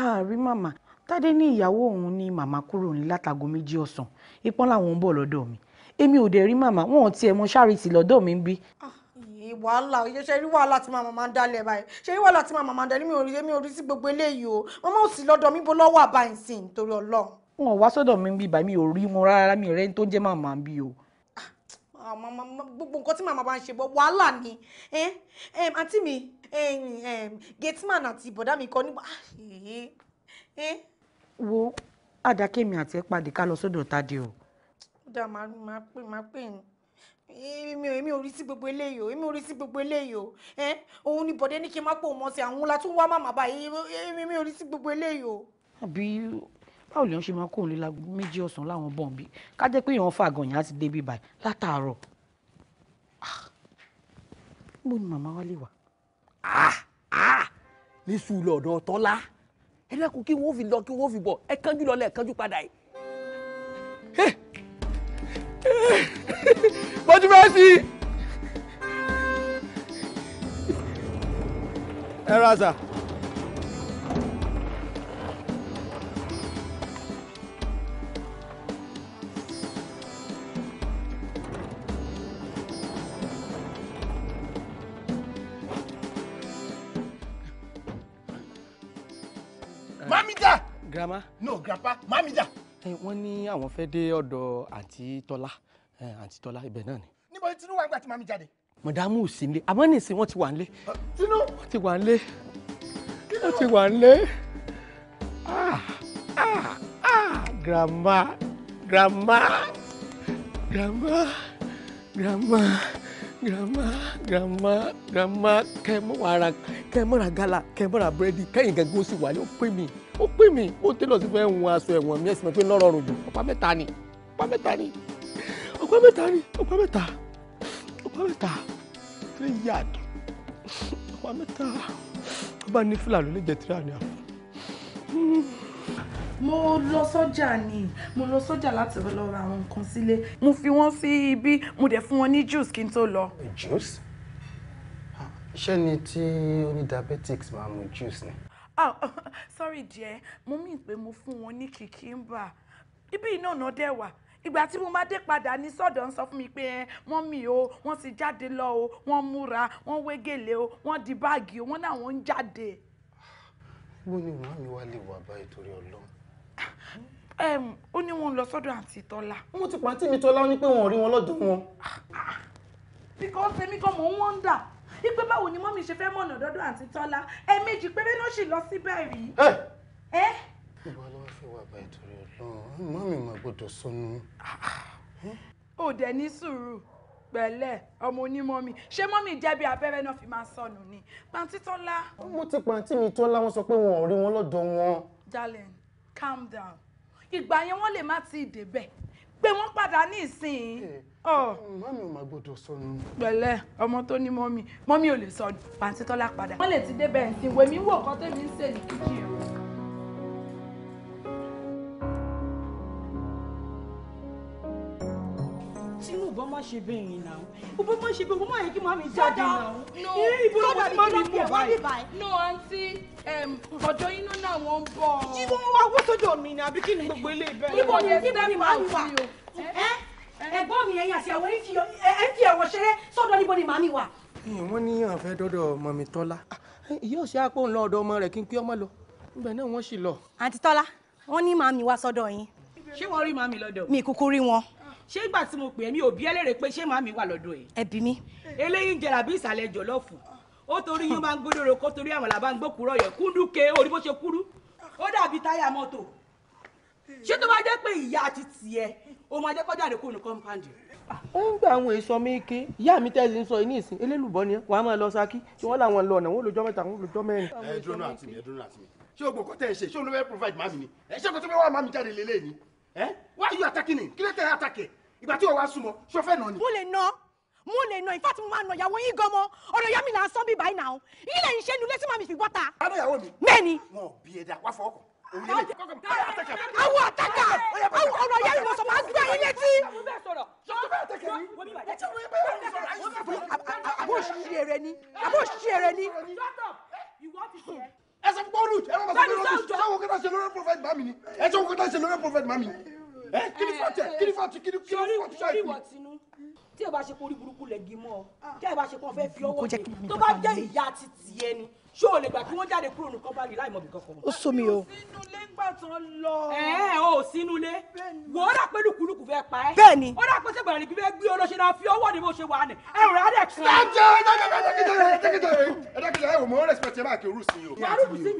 ààrí màmá tádé ní ìyàwó òun ní màmá kúrò ní látago méjì ọ̀sán ipọ́n làwọn ń bọ̀ lọ́dọ̀ mi èmi ò dẹ̀ rí màmá wọn ò tiẹ̀ mọ charity lọ́dọ̀ mi ń bí. Ah, wàhálà oye ṣe rí wàhálà tí màmá máa ń dálẹ̀ báyìí ṣe rí wàhálà tí màmá máa ń dálẹ̀ mi ò rí èmi ò rí sí gbogbo eléyìí o màmá ò sí lọ́dọ̀ mi bó lọ́wọ́ àbáyìn sí nítorí ọlọ́run. wọn ò wá sọ́dọ̀ mi ń bí bàmí ò rí wọn rárá mi rẹ tó jẹ́ màmá ń bí o ah, gbogbo nǹkan tí màmá bá ń ṣe bọ wàhálà ni eh, àǹtí mi gateman àti bọ̀dá mi kọ́ nígbà. Ah, eh, eh. wo àdàkẹ́mi àti ẹ̀ pàdé ká lọ sọ́dọ̀ tádé o dá máa máa pè máa pè ní èmi ò èmi ò rí sí gbogbo eléyìí o èmi ò rí sí gbogbo eléyìí o ẹ òun ni bọ̀dé ní kí n má pò mọ́ sí àwọn la tún wá màmá báyìí èmi èmi ò rí sí gbogbo eléyìí o. àbí báwo lèèyàn ṣe máa kó òun lé láago méjì ọ̀sán láwọn bọ̀n bí ká jẹ́ pé èèyàn fàgàn yẹn á ti débi báyìí látàárọ̀ níbo ah, ni màmá wa lè wà. Ah, ah, ní sùúrù ọ̀dọ̀ tọ́lá ẹ lẹ́kùn kí wọ́n fi lọ kí wọ́n fi bọ̀ ẹ kánjú lọ lẹ́ẹ̀kánjú padà yìí mo ti fẹ́ sí i. Mamida. Grandma. No, grandpa. Mamida wọ́n ní àwọn fẹ́ dé ọ̀dọ̀ àǹtí tọ́lá àǹtí tọ́lá ibẹ̀ náà ni. níbo ni tinú wà nígbà tí màmí jáde. mọ̀dàmú ò sí nílé àmọ́ nìsín wọ́n ti wà nílé. tinú. wọ́n ti wà nílé. wọ́n ti wà nílé. ah ah ah grandma grandma grandma grandma grandma grandma grandma kẹ́ mọ́ wàrà kẹ́ mọ́ra gala kẹ́ mọ́ra búrẹ́dì kẹ́yìn gẹ́gẹ́ ó sì wà ní pè mí ó pè mí mo tẹ́lọ̀ sí fẹ́ hun aṣọ ẹ̀wọ̀n mi ẹ̀sìn pé lọ́rọ̀ rùn ọ̀pá mẹ́ta ni ọ̀pá mẹ́ta ni ọ̀pá mẹ́ta ni ọ̀pá mẹ́ta ọ̀pá mẹ́ta three yard ọ̀pá mẹ́ta ọba ní fúlàní ló lè jẹ mo lọ sọ́jà ni mo lọ sọ́jà láti lọ ra àwọn nǹkan sílé mo fi wọ́n sí ibí mo dẹ̀ fún wọn ní juice kí n tó lọ. juice ah, ṣé ni tí ó ní diabetics máa mu juice ni oh sorry dear mo mí pé mo fún wọn ní kìkìmbà ibi iná náà dẹ̀ wà ìgbà tí mo máa dé padà ní sọ́dọ̀ ń sọ fún mi pé ẹ wọ́n mi o wọ́n ti jáde lọ o wọ́n múra wọ́n wé gèlè o wọ́n di báàgì o wọ́n náà wọ́n ń jáde. ni màá mi wá lè wà báyìí torí ọlọ́run. ó ní wọn lọ sọ́dọ̀ àǹtí tọ́lá. wọ́n ti pàǹtí mi tọ́lá ó ní pé wọn ò rí wọn lọ́dọ̀ wọn. bíkọ́ sẹ́mi kan mò ipe báwo ni mọ́mí ṣe fẹ́ mọ̀nà dọ́dọ̀ àǹtí tọ́lá ẹ̀ẹ̀mejì péré ló sì lọ síbẹ̀ rí. ìwà ló wá fi wà bá ìtòrí ọlọ́run mọ́mí mà gbọ́dọ̀ sọnù. ó dẹ̀ ní sùúrù pẹ̀lẹ́ ọmọ onímọ̀mí ṣé mọ́mí jẹ̀bi abẹ́rẹ́ náà fi máa sọnù ni pàǹtí tọ́lá. mo ti pàǹtí mi tọ́lá wọn sọ pé wọn ò rí wọn lọ́dọ̀ wọn. darling calm down ìgbà yẹn wọ́n lè má ti débẹ̀ pé wọ́n padà ní ìsìn. Eh, eh, mọ́mí ò máa gbọ́dọ̀ sọnù. pẹ̀lẹ́ ọmọ tó ní mọ́mí mọ́mí ò lè sọnù pàǹtí tọ́lá padà. wọ́n lè ti débẹ̀ ǹsìn wèmí wò kán tèmi ń sè ní kíjì rẹ̀. Tinu ò bá má ṣe bẹ́ẹ̀ yìí náà. Ò bá má ṣe bẹ́ẹ̀, ò bá má yẹ kí màmí jáde náà. No, sọ́dọ̀ ni màmí mú báyìí. No, àǹtí, ọ̀dọ̀ inú náà wọ́n ń bọ̀. Kí ló ń wá wọ́ sọ́dọ̀ mi ni àbí kí ni gbogbo ilé ìbẹ̀rẹ̀? Níbo ni ẹgbẹ́ mi máa ń wà? Ẹ̀gbọ́n mi ẹ̀yìn àti àwọn ẹ̀fì ẹ̀wọ̀ ṣeré sọ́dọ̀ níbo ni màmí wà? Wọ́n ní àfẹ́ dọ́dọ̀ mọ̀mí Tọ́lá. Ah, ìyá òṣè àpò ńlọ ọ̀dọ̀ ọmọ rẹ̀ kí n pé ọmọ lọ. Ibẹ̀ náà wọ́n sì lọ. Àǹtí Tọ́lá, wọ́n ní màmí wá sọ́dọ̀ yín. Ṣé wọ́n rí màmí lọ́dọ̀? Mi kúkú rí wọn ṣé ìgbà tí mo pè é mi ò bí ẹlẹ́rìí pé ṣé màmí wà lọ́dọ̀ yìí. ẹ mi. eléyìí ń jẹ àbí ìsàlẹ̀ jọ̀lọ́fù ó torí yín máa ń gbódòrò kó torí àwọn làbá ń gbókùrọ̀ yẹ kúndú ke orí bó ṣe kúrú ó dàbí táyà mọ́tò ṣé tó bá jẹ́ pé ìyá àti tiẹ̀ o máa jẹ́ kọjá àdékù ní compound. ó ń gba àwọn èso ọmọ ike ìyá mi tẹ́sí ń sọ iní ìsìn elélùbọ́ ni wàá máa lọ Ṣakí tí wọ́n làwọn lọ ọ̀nà wọn lójọ́ mẹ́ta wọn lójọ́ mẹ́rin. ẹ dúró àti mi ẹ dúró àti mi ṣé o gbọ́ kọ́ ẹ ṣe ṣé olú fẹ́ provide màmí ni ẹ ṣé kò tó fẹ́ wá màmí jáde lélẹ́ẹ̀ ni ẹ why you attacking him kí ló ìgbà tí o wá súnmọ́ ṣọfẹ́ nà ni. mo lè nà mo lè nà in fact mo máa nà ìyàwó yín gan mọ ọ̀rọ̀ ìyá mi là ń sọ bí báyìí náà ilé yìí ṣe nulẹ̀ tí màmí fi bọ́ta. báwo ìyàwó mi. mẹ́ni. wọn ò bí ẹ̀dá wá fọwọ́ kàn òun lè. awo ataka ọ̀rọ̀ ìyá mi lọ́sọ̀ máa gbá yín létí. àbó ṣí ere ni àbó ṣí ere ni. ẹ sọ fún pọ́ọ̀lù ẹ má ma sọ fún pọ́ọ̀lù ẹ sọ fún kọ́tà ṣe lórí prophet mami ni ẹ sọ fún kọ́tà ṣe lórí prophet mami ni ẹ kí ni fàtẹ tí ẹ bá ṣe kórí burúkú lẹ́gí mọ́ ọ tí ẹ bá ṣe kó fẹ́ fi ọwọ́ mi tó bá jẹ́ ìyá ti tì ṣé o lè gbà kí wọ́n jáde kúrò ní kọ́bálì láì mọ̀bì kankan. ó sún mi o. sínú ń gbà lọ. ẹ ẹ o sínú wò ó dàpé lùkùlùkù fẹ́ pa ẹ́. bẹ́ẹ̀ ó dàpé sẹ́gbàrà níbi fẹ́ gbé olóṣè náà fi ọwọ́ ni mo ṣe wà ní. ẹ rẹ̀ á dẹ̀ kí. ẹ jẹ́ ẹ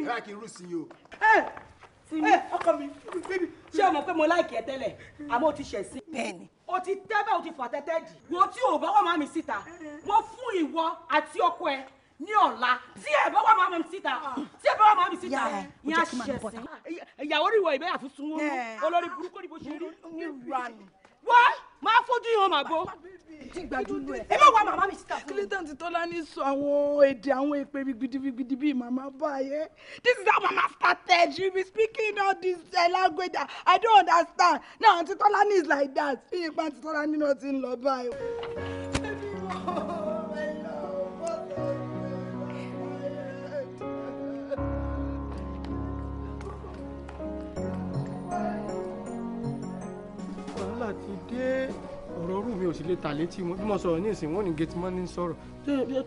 jẹ́ ẹ jẹ́ ẹ sí mi. Eh, ọkọ mi bíbí. ṣé o mọ̀ pé mo láìkì ẹ tẹ́lẹ̀ àmọ́ o ti ṣẹ̀ sí. bẹ́ẹ̀ni. o ti tẹ́bẹ̀ o ti fà tẹ́tẹ́ jì. wo tí o bá wà máa mi síta wọ́n fún ìwọ àti ọkọ ẹ ní ọ̀la tí ẹ bá wà máa mi síta ah. tí ẹ bá wà máa mi síta ní àṣẹ sí. ìyàwó rí ìwọ ìbẹ́yà fún sunwó olórí burúkú ni bó ṣe rí máa fojú yan màgbó. ẹ má wá màmá mi síta fún mi. Clayton ti tọ́lá ní sọ àwọn èdè àwọn èpè gidigidi bíi màmá báyẹn this is how my master started she be speaking all this uh, language i don't understand now aunty tọ́lá ní is like that iye pa aunty tọ́lá ní náà ti ń lọ báyìí. ò sì lè tà létí bí mo sọ̀rọ̀ ní ìsìn wọn ò ní gẹtí mọ́ni sọ̀rọ̀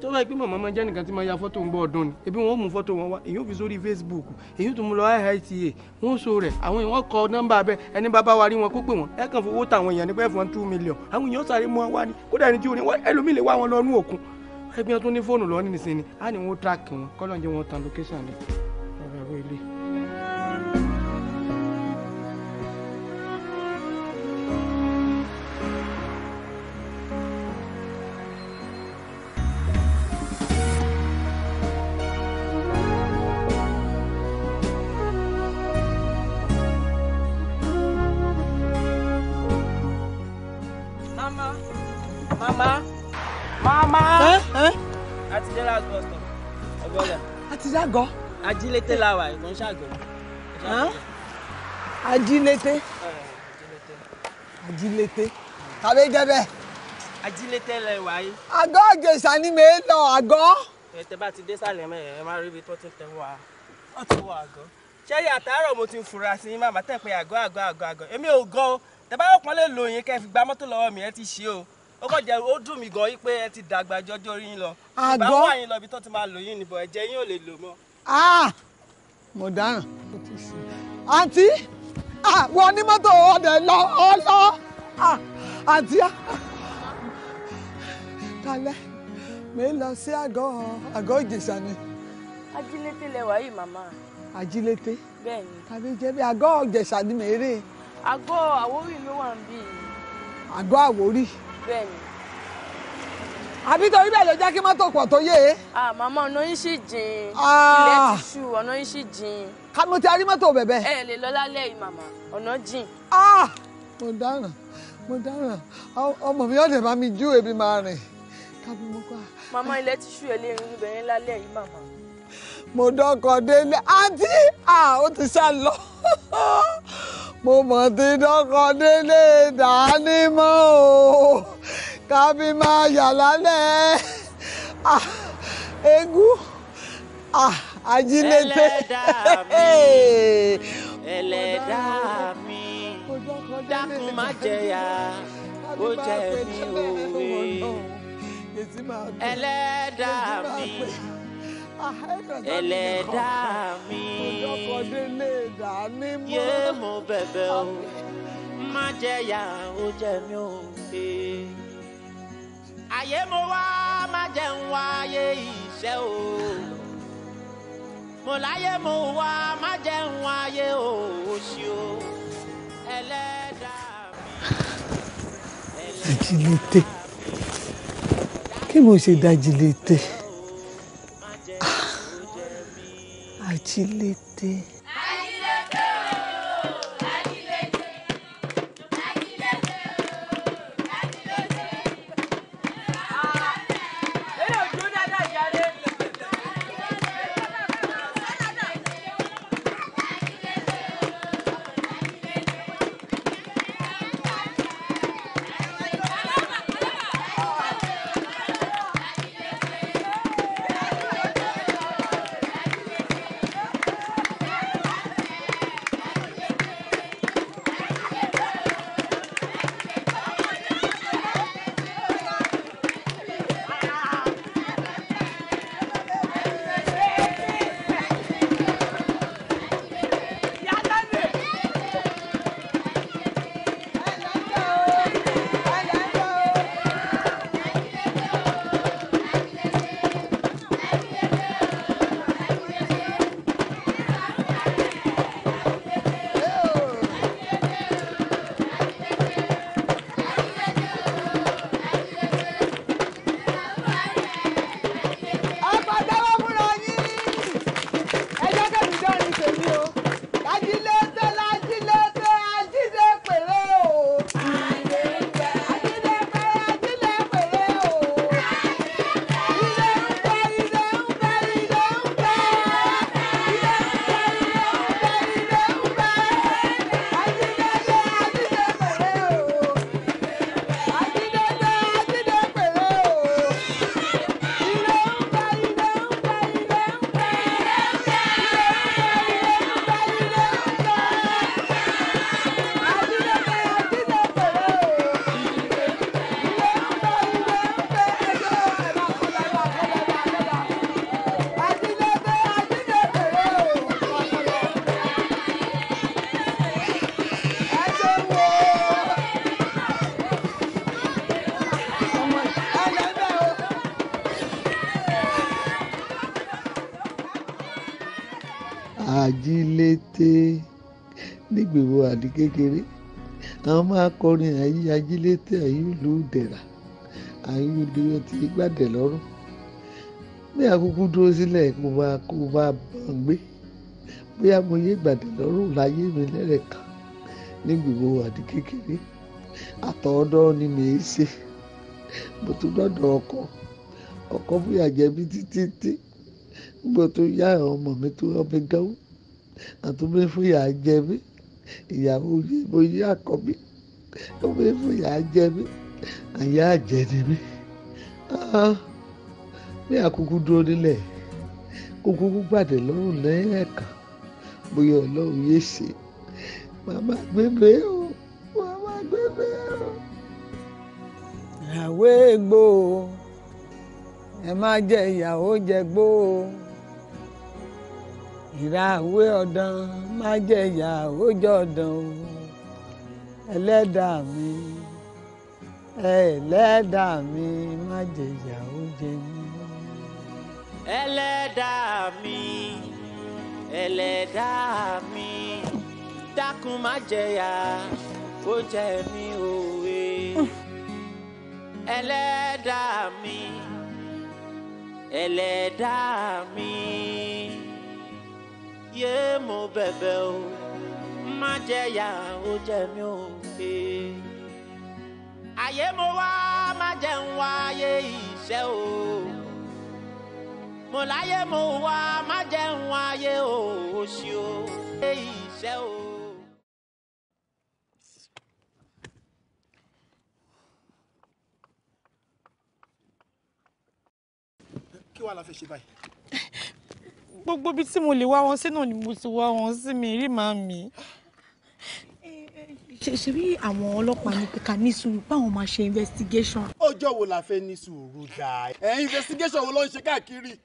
tó bá yẹ pé màmá máa jẹ́ nìkan tí máa ya fọ́tò ń bọ̀ ọdún ni ebi wọn ò mú fọ́tò wọn wá èyí ò fi sórí Facebook èyí tó mú lọ IITA wọn ò so rẹ̀ àwọn èèyàn kọ nọ́mbà abẹ ẹni bá wa rí wọn kó pè wọn ẹ kàn fowó tàwọn èèyàn nípa ẹ̀fọn two million àwọn èèyàn sáré mú wọn wá kódà ẹni tí ò ní wá ẹlòmíì lè wá wọn lọ òkun ẹgbẹ́ tó ní fóònù lọ́ọ́ ajílété la wà ìkàn ṣàgọ́. ajílété ajílété tàbí jẹ́bẹ̀. ajílété lẹ wà yìí. àgọ́ ìjẹsà ni mi ń lọ àgọ́. ẹ bá ti dé sàlẹ̀ mẹ́rin ẹ má rí ibi tó ti tẹ wá ọ wọ àgọ́. ṣẹ́yìn àtàárọ̀ mo ti fura sí i màmá tẹ̀ pé àgọ́ àgọ́ àgọ́ àgọ́ èmi ò gọ́ ọ tẹ bá ọ̀pọ̀ lè lò yín kẹ́ fi gba mọ́tò lọ́wọ́ mi ẹ ti ṣe o ó kọ́ jẹ́ ó dùn mí gan yí pé ẹ ti dàgbà jọjọ́ orí yín lọ. àgọ́ ìbáwọ̀ yín lọ ibi tó ti máa lò yín nìbọn ẹ̀jẹ̀ yín ò lè lò mọ́. Ah! mo dáràn. àǹtí wọ ní mọ́tò ọ̀dẹ̀ lọ ọlọ́ àǹtí kalẹ̀ mi lọ sí àgọ́ àgọ́ ìjẹ̀ṣà ni. ajílété lẹwà yìí màmá. ajílété. bẹ́ẹ̀ni. tàbí jẹbi àgọ́ ìjẹ̀ṣà ni mèrè. àgọ́ àwórì ló wà ń bí. àgọ́ àwórì. bẹ́ẹ̀ni àbí torí bẹ́ẹ̀ ló jẹ́ kí mọ́tò pọ̀ tó yé. màmá ọ̀nà yín sì jìn ilé ti ṣù ọ̀nà yín sì jìn. kánú ti arí mọ́tò bẹ̀bẹ̀. ẹ lè lọ lálẹ́ yìí màmá ọ̀nà jìn. mo dáràn mo dáràn ọmọ mi ọ̀dẹ̀ bá mi jú ebi máa rìn kábí mo pa. màmá ilé ti ṣù ẹlẹ́ irun ibẹ̀ yẹn lálẹ́ yìí màmá. mo dọkọ̀ délé àǹtí ó ti sá lọ mo mọ̀ ti dọkọ̀ délé dání mọ́ o kábí máa yà lálẹ́ egun ah, ah, ajínigbé ẹlẹ́dà mi dákun má jẹ̀yà kó jẹ́ mi òwe ẹlẹ́dà mi ẹlẹ́dà mi yé mo bẹ̀bẹ̀ o má jẹ̀yà ó jẹ́ mi òwe àyè mo wá má jẹ́ ń wáyé ìṣẹ́ o mo láyé mo wá má jẹ́ ń wáyé òṣì o ẹlẹ́dàá mi. dajilete kí mo ṣe dajilete àjilete. Ah, kékeré àwọn máa kọrin àyè ajílétẹ àyè ìlú dẹ̀ra àyè olùyọ ti gbàdẹ lọ́rùn ní àkókò dúró sílẹ̀ kó bá kó bá bàn gbé bóyá mo yé gbàdẹ lọ́rùn láyé mi lẹrẹ àdí kékeré àtọ̀ọ́dọ́ ni ọkọ ọkọ tó yá ọmọ mi tó ìyàwó mi mo yí àkọ́bí ó fẹ́ fún ìyá jẹ mí àyà àjẹni mi ah, ní àkókò dúró nílẹ̀ kókó gbàdé lọ́rùn lẹ́ẹ̀kan bóyá ọlọ́run yé ṣe màmá gbégbé o màmá gbégbé o. ìyàwó ègbò ẹ má jẹ ìyàwó jẹ gbó ìràwé ọ̀dàn má jẹ̀yà òjò ọ̀dàn o ẹlẹ́dàá mi ẹlẹ́dàá mi má òjò mi. ẹlẹ́dàá mi ẹlẹ́dàá mi dákun má òjò mi òwe ẹlẹ́dàá mi ẹlẹ́dàá mi yé mo bẹ̀bẹ̀ o má jẹ̀yà ó jẹ mí o he. àyè mo wá má jẹ́ ń wá ayé ìṣẹ́ o mo láyé mo wá má jẹ́ ń wá ayé òṣì o ayé ìṣẹ́ o. kí wàá la fẹ́ ṣe báyìí gbogbo ibi tí mo lè wá wọn sí náà ni mo ti wá wọn sí mi rí màmí. ṣe bí àwọn ọlọ́pàá ní pé ká ní sùúrù báwọn máa ṣe investigation. ọjọ́ wo la fẹ́ ní sùúrù dáa ẹ̀ investigation wo ló ń ṣe káàkiri.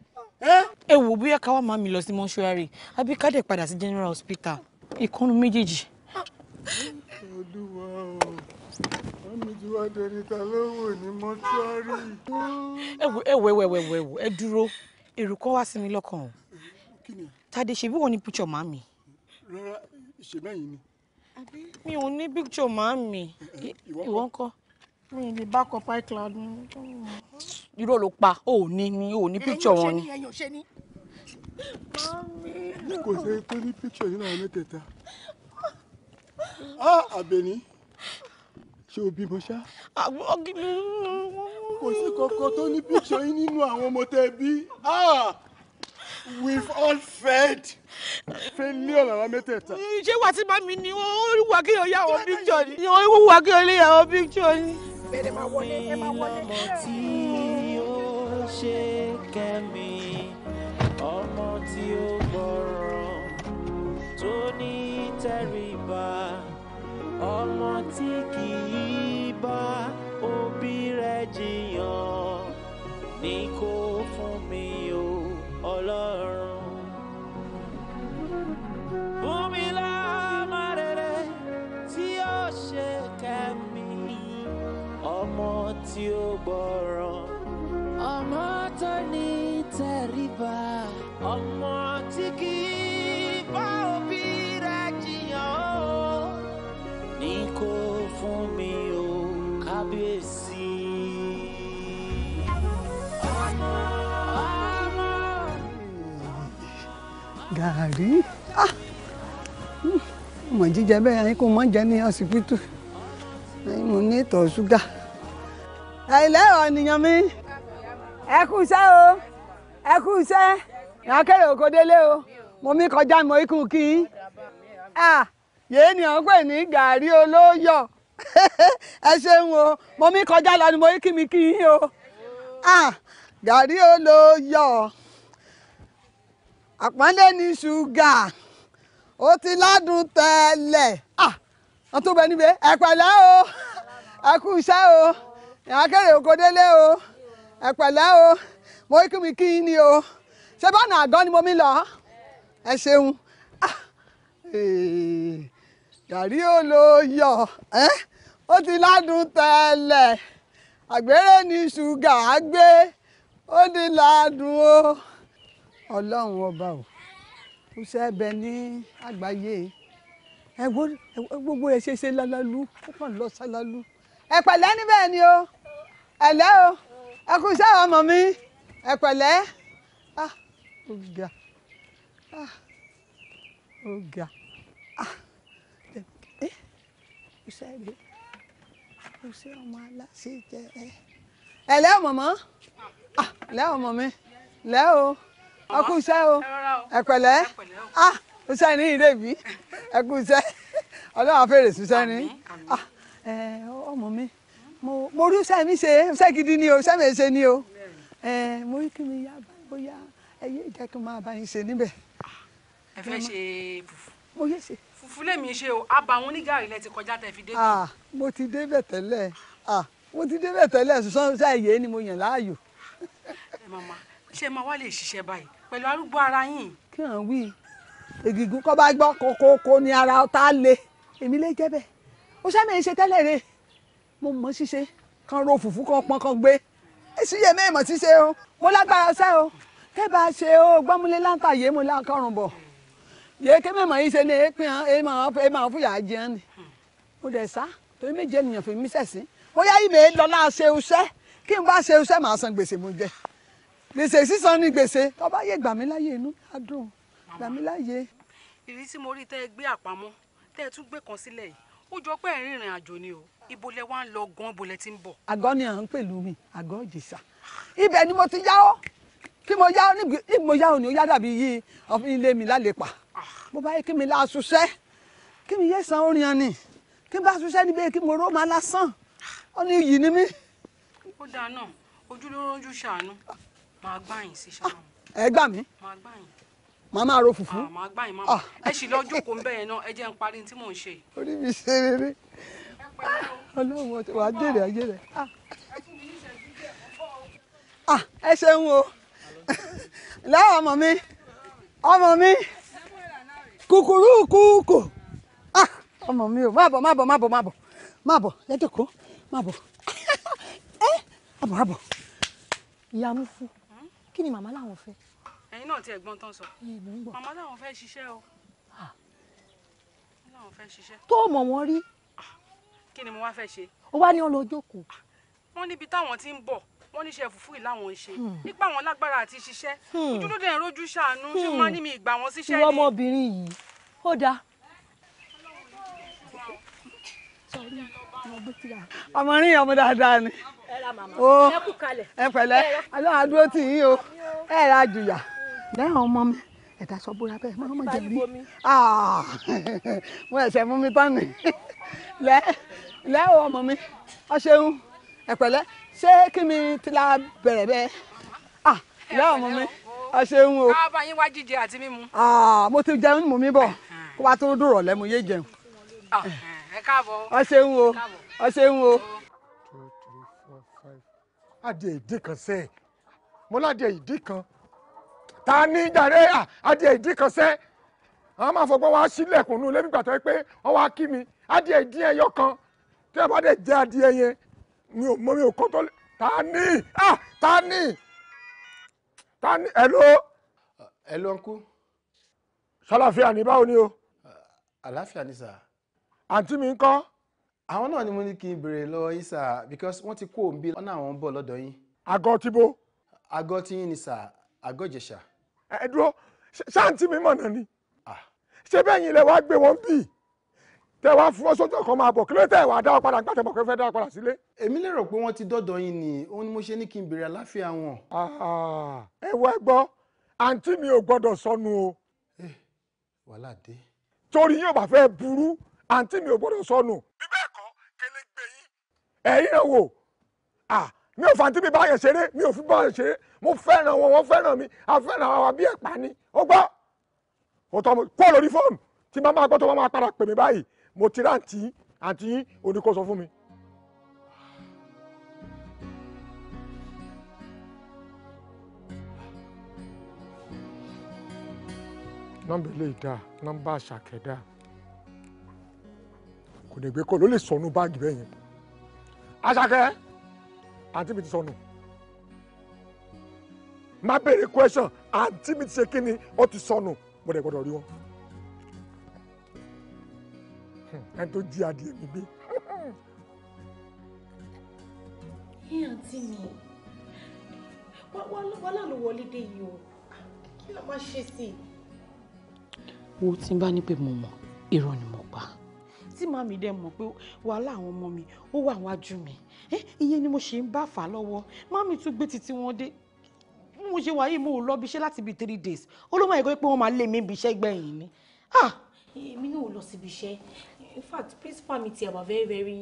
ẹ wò bóyá ká wá màmí lọ sí mọ́ṣúárì àbí ká dẹ̀ padà sí general hospital ìkọ́nu méjèèjì. olúwa o mi ti wá dẹni ta ló wò ní mọ́ṣúárì. ẹ wò ẹ wò ẹ wò ẹ wò ẹ dúró èrò kan wá sí mi lọ́kàn o kí ni. tade ṣebí wọn ní píkṣọ màmí. rárá ìṣèmẹ́yìn ni. mi ò ní píkṣọ màmí eh, eh, ìwọ ń kọ́ mi ì lè bá kọ pie cloud ni. irọ́ ló pa ò ní ni ò ní píkṣọ wọn ni. ẹyin ò ṣe ni ẹyin ò ṣe ni. kò sẹ́ni tó ní píkṣọ nínú àwọn mẹ́tẹ̀ẹ̀ta. a ah, àbẹ̀ní ṣé o bímọ ṣá. kò sí kankan tó ní píkṣọ yín nínú àwọn ọmọ tẹ́ bí. Ah! we've all failed failure làwa mẹ́tẹ̀ẹ̀ta. ṣé wàá ti máa mi ni ó wà kí ọ̀yà àwọn picture ni ó wà kí ọ̀lẹ́ àwọn picture ni. bẹ́ẹ̀ máa wọlé ẹ máa wọlé. ọmọ tí ó ṣe kẹ́mi ọmọ tí ó gbọ́ràn tó ní tẹríba ọmọ tí kì í bá òbí rẹ̀ jiyàn ni kò fún ọlọ́run. fún mi lọ́mọ rere tí ó ṣe kẹ́mi ọmọ tí ó gbọ́ràn. ọmọ tó ní tẹríba. ọmọ tí gàrí ah! hmm, mọ̀ jíjẹ bẹ́ẹ̀ ẹ̀yin kò mọ̀ jẹ ní ọsibítù ẹ̀yin mo ní ìtọ̀ ṣúgà. ẹ̀lẹ́ ọ̀nìyàn mi ẹ kú iṣẹ́ o ẹ kú iṣẹ́ ìyàkéré òkò délé o mo mi kọjá mọ ikú kí n ah! yéé ni ọ̀n pè ní gàrí olóyọ̀ ẹ ṣeun o mo mi kọjá lọ ni mo kí mi kí yín o ah! gàrí olóyọ̀ àpọ́nlé ni ṣúgà ó ti ládùn tẹ́lẹ̀ ah, wọ́n tún bẹ níbẹ̀ ẹ o ẹ iṣẹ́ o ìyá kéré o ẹ o mo kí mi kí ni o ṣé bọ́ọ̀nà àgọ́ ni mo mi lọ ẹ ṣeun ah, eh, gàrí olóyọ̀ ó ti ládùn tẹ́lẹ̀ àgbèrè ní ṣúgà á gbé ó ti ládùn o ọlọ́run ọba o kò sẹ́ẹ̀bẹ ní àgbáyé ẹ gbogbo ẹ ṣe ṣe lálálú ó kàn lọ sálálú ẹ pẹ̀lẹ́ níbẹ̀ ni o ẹ lẹ́ o ẹ kú iṣẹ́ àwọn ọmọ mi ẹ pẹ̀lẹ́ ah ó ga ah ó ga ah ẹ kò sẹ́ẹ̀bẹ kò sí ọmọ aláṣẹ jẹ ẹ ẹ lẹ́ o mọ̀mọ́ ah lẹ́ o mọ̀ mi o ọkù iṣẹ́ o ẹ̀pẹ̀lẹ́ ah iṣẹ́ ní ìrèbí ẹ̀kú iṣẹ́ ọlọ́run àfẹ́rẹ́ ṣiṣẹ́ ni ah, ọmọ mi mo rí iṣẹ́ mi ṣe iṣẹ́ gidi ni o iṣẹ́ mi ṣe ni o mo rí kí mi yá bóyá ẹyẹ ìjẹ́ kí n máa bá yín ṣe níbẹ̀. ẹ fẹ́ ṣe fùfú. mo yé ṣe. fùfú lèmi ṣe o àbá àwọn onígàrí lẹ ti kọjá tẹ fi dé. Ah, mo ti débẹ̀ tẹ́lẹ̀ ah, mo ti débẹ̀ tẹ́lẹ̀ ṣùgbọ́n iṣẹ́ ìyé ni mo yàn láàyò. ẹ màmá ṣé ẹ máa wá lè ṣiṣẹ́ báyìí pẹ̀lú arúgbó ara yín. kí hàn wí ègìgún kọ́ bá gbọ́ kókókó ni ara ọ̀tá le èmi lè jẹ́ bẹ́ẹ̀ ó ṣàmì ẹ̀ ṣe tẹ́lẹ̀ rẹ̀ mo mọ̀ ṣíṣe kan ro fùfú kan pọn kan gbé èsì yẹ mẹ́ẹ̀ mọ̀ ṣíṣe o mo lágbára ṣẹ́ o kẹ́ bá a ṣe o gbọ́múlé láǹtà yé mo láǹkọ̀rùn bọ̀ yé kí mẹ́mọ̀ yìí ṣe ni èèpin èèmọ̀ fúyà jẹun ni mo dẹ̀ sá torí méje ènìyàn fi mí sẹ̀sìn bóyá yìí mi lọ́la ṣe iṣẹ́ kí n bá ṣe iṣẹ́ màá san gbèsè mo jẹ gbèsè sísan ní gbèsè tó bá yé gbàmíláyè inú á dùn gbàmíláyè. ìrírí tí mo rí tẹ́ ẹ gbé àpamọ́ tẹ́ ẹ tún gbé kan sílẹ̀ yìí ó jọ pé ẹ̀ ń àjò ni o ibo lẹ wá ń lọ gan ibo lẹ ti ń bọ̀. àgọ́ ni à ń pèlú mi àgọ́ ìjèṣà ibẹ̀ ni mo ti yáwó kí mo yáwó ní mo yáwó ni ó yá dàbí yí ilé mi lálẹ́pà ah. mo bá yẹ kí mi lá aṣọṣẹ́ kí mi yé san orin ọ̀nì kí n bá aṣọṣẹ́ níbẹ̀ kí mo ró máa lásán ó ní iyì ni mí. ó dáa náà ojúlówó ojú ṣàánú máa gbà yín sí ṣáà. Ah, ẹ gbà mí. máa gbà yín. màá máa ro fùfú. Ah, màá gbà yín máa. Ah. ẹ sì lọ jókòó ń bẹ yẹn náà ẹ jẹ́ ń parí tí mò ń ṣe. orí mi ṣe rere ọlọ́run ọtí wàá jèrè àjèrè. ẹ ṣeun o láwọn ọmọ mi ọmọ mi kúkúrú kúkú ọmọ mi o má bọ̀ má bọ̀ má bọ̀ má bọ̀ má ẹ àbọ̀ àbọ̀ eh, ìyá mú fún kí ni màmá làwọn fẹ́. ẹ̀yin náà ti ẹ̀gbọ́n tán sọ màmá làwọn fẹ́ ṣiṣẹ́ o làwọn fẹ́ ṣiṣẹ́. tó mọ̀ wọ́n rí. kí ni mo wá fẹ́ ṣe. ó wá ní ọlọ jókòó. wọ́n níbi táwọn ti ń bọ̀ wọ́n níṣẹ́ fùfú yìí láwọn ń ṣe hmm. nípa àwọn lágbára àti ṣiṣẹ́ hmm. ìdúró dẹ̀ ń rojú ṣàánú ṣé máa hmm. ní mi ìgbà wọn síṣẹ́ ni. ìwọ ọmọbìnrin yìí ó dáa ọmọ rí ọmọ dáadáa ni o ẹ pẹ̀lẹ́ Ọlọ́run adúró tì yín o ẹ ra jùyà lẹ́yìn ọmọ mi ẹ̀dá sọ bóra bẹ́ẹ̀ máa mọ̀ jẹ̀bi ah, mo ẹ̀sẹ̀ mú mi tán ni lẹ́yìn ọmọ mi ọ ṣeun ẹ pẹ̀lẹ́ ṣé kí mi ti la bẹ̀rẹ̀ bẹ́ẹ̀ ah, lẹ́yìn ọmọ mi ọ ṣeun o. ká yín wá jíjẹ àti mímu. Ah, mo ti jẹun mú mi bọ̀ kó wa tó dùrọ̀ lẹ́mu yé jẹun ọ ṣeun o ọ ṣeun o. two three four five adìẹ ìdí kan sẹ́ẹ̀ mo ládìẹ ìdí kan ta ní jàre adìẹ ìdí kan sẹ́ẹ̀ àwọn máa fọgbọ́n wá sílẹ̀kùn nù lẹ́bí gbàtọ́ pé wọ́n wá kí mi adìẹ ìdí ẹyọ kan tí wọ́n bá dẹ̀ jẹ́ adìẹ yẹn mi ò mọ mi ò kọ́ tó lé ta ní ta ní ta ní hello. hello uncle. sálàfíà ní báwo ni o. àlàáfíà ni sà àǹtí mi ń kọ́. àwọn náà ni mo ní kí n béèrè lọ yìí sà because wọ́n ti kó òǹbí lọ́nà àwọn ń bọ̀ lọ́dọ̀ yín. àgọ́ ti bo. àgọ́ ti yín ni sà àgọ́ ìjẹ̀ṣà. ẹ dúró ṣé àǹtí mi mọ̀nà ni ṣé bẹ́ẹ̀ yín lẹ wá gbé wọn bíi tẹ wá fún ọsọjú ọkàn máa bọ̀ kí ló tẹ wàá dáwọ́ padà gbàtẹ mọkàn fẹ́ dáwọ́ padà sílé. èmi lérò pé wọ́n ti dọdọ yín ni òun ni mo ṣe ní kí n béèrè àláfíà wọn. ẹ wọ ẹ gbọ́ àǹtí mi ò gbọ́dọ̀ sọnù o. Eh, torí yóò bá fẹ́ burú àǹtí mi ò gbọ́dọ̀ sọnù bí bẹ́ẹ̀ kọ́ kẹlẹ́ gbé yín. ẹ̀yin náà wò mi ò fàǹtí mi báyẹn ṣeré mi ò fi báyẹn ṣeré mo fẹ́ràn wọn wọ́n fẹ́ràn mi a fẹ́ràn wa bí ẹ̀pá ni ó gbọ́ òtọ́ mo kó lórí fóònù tí màmá gbọ́ tó máa padà pè mí báyìí mo ti ráǹtí àǹtí oníkó sọ fún mi. nọ́mbà ilé ìdá nọ́mbà àṣàkẹ́dá kò lè gbé kọ́ ló lè sọnù báàgì bẹ́ẹ̀ yẹn Àṣàkẹ́ àǹtí mi ti sọnù má béèrè question àǹtí mi ti ṣe kí ni ó ti sọnù mo dẹ̀ gbọ́dọ̀ rí wọn ẹni tó jí adìẹ mi gbé. ẹ àǹtí mi wọ́n lálọ́ wọlé dé yìí o kí ló máa ṣe sí i. wo tí n bá ní pé mo mọ̀ irọ́ ni mo pa tí màmí dẹ̀ mọ̀ pé wàhálà àwọn ọmọ mi ó wà wájú mi ìyẹn ni mo ṣe ń bá fà lọ́wọ́ màmí tún gbé títí wọn dé mo ṣe wà yìí mo ò lọ bí láti bí three days ó ló máa yẹ pé wọ́n máa lé mi bí iṣẹ́ gbẹ̀yìn ni. Ah! èmi náà ò lọ síbi iṣẹ́ in fact principal mi ti àbá very very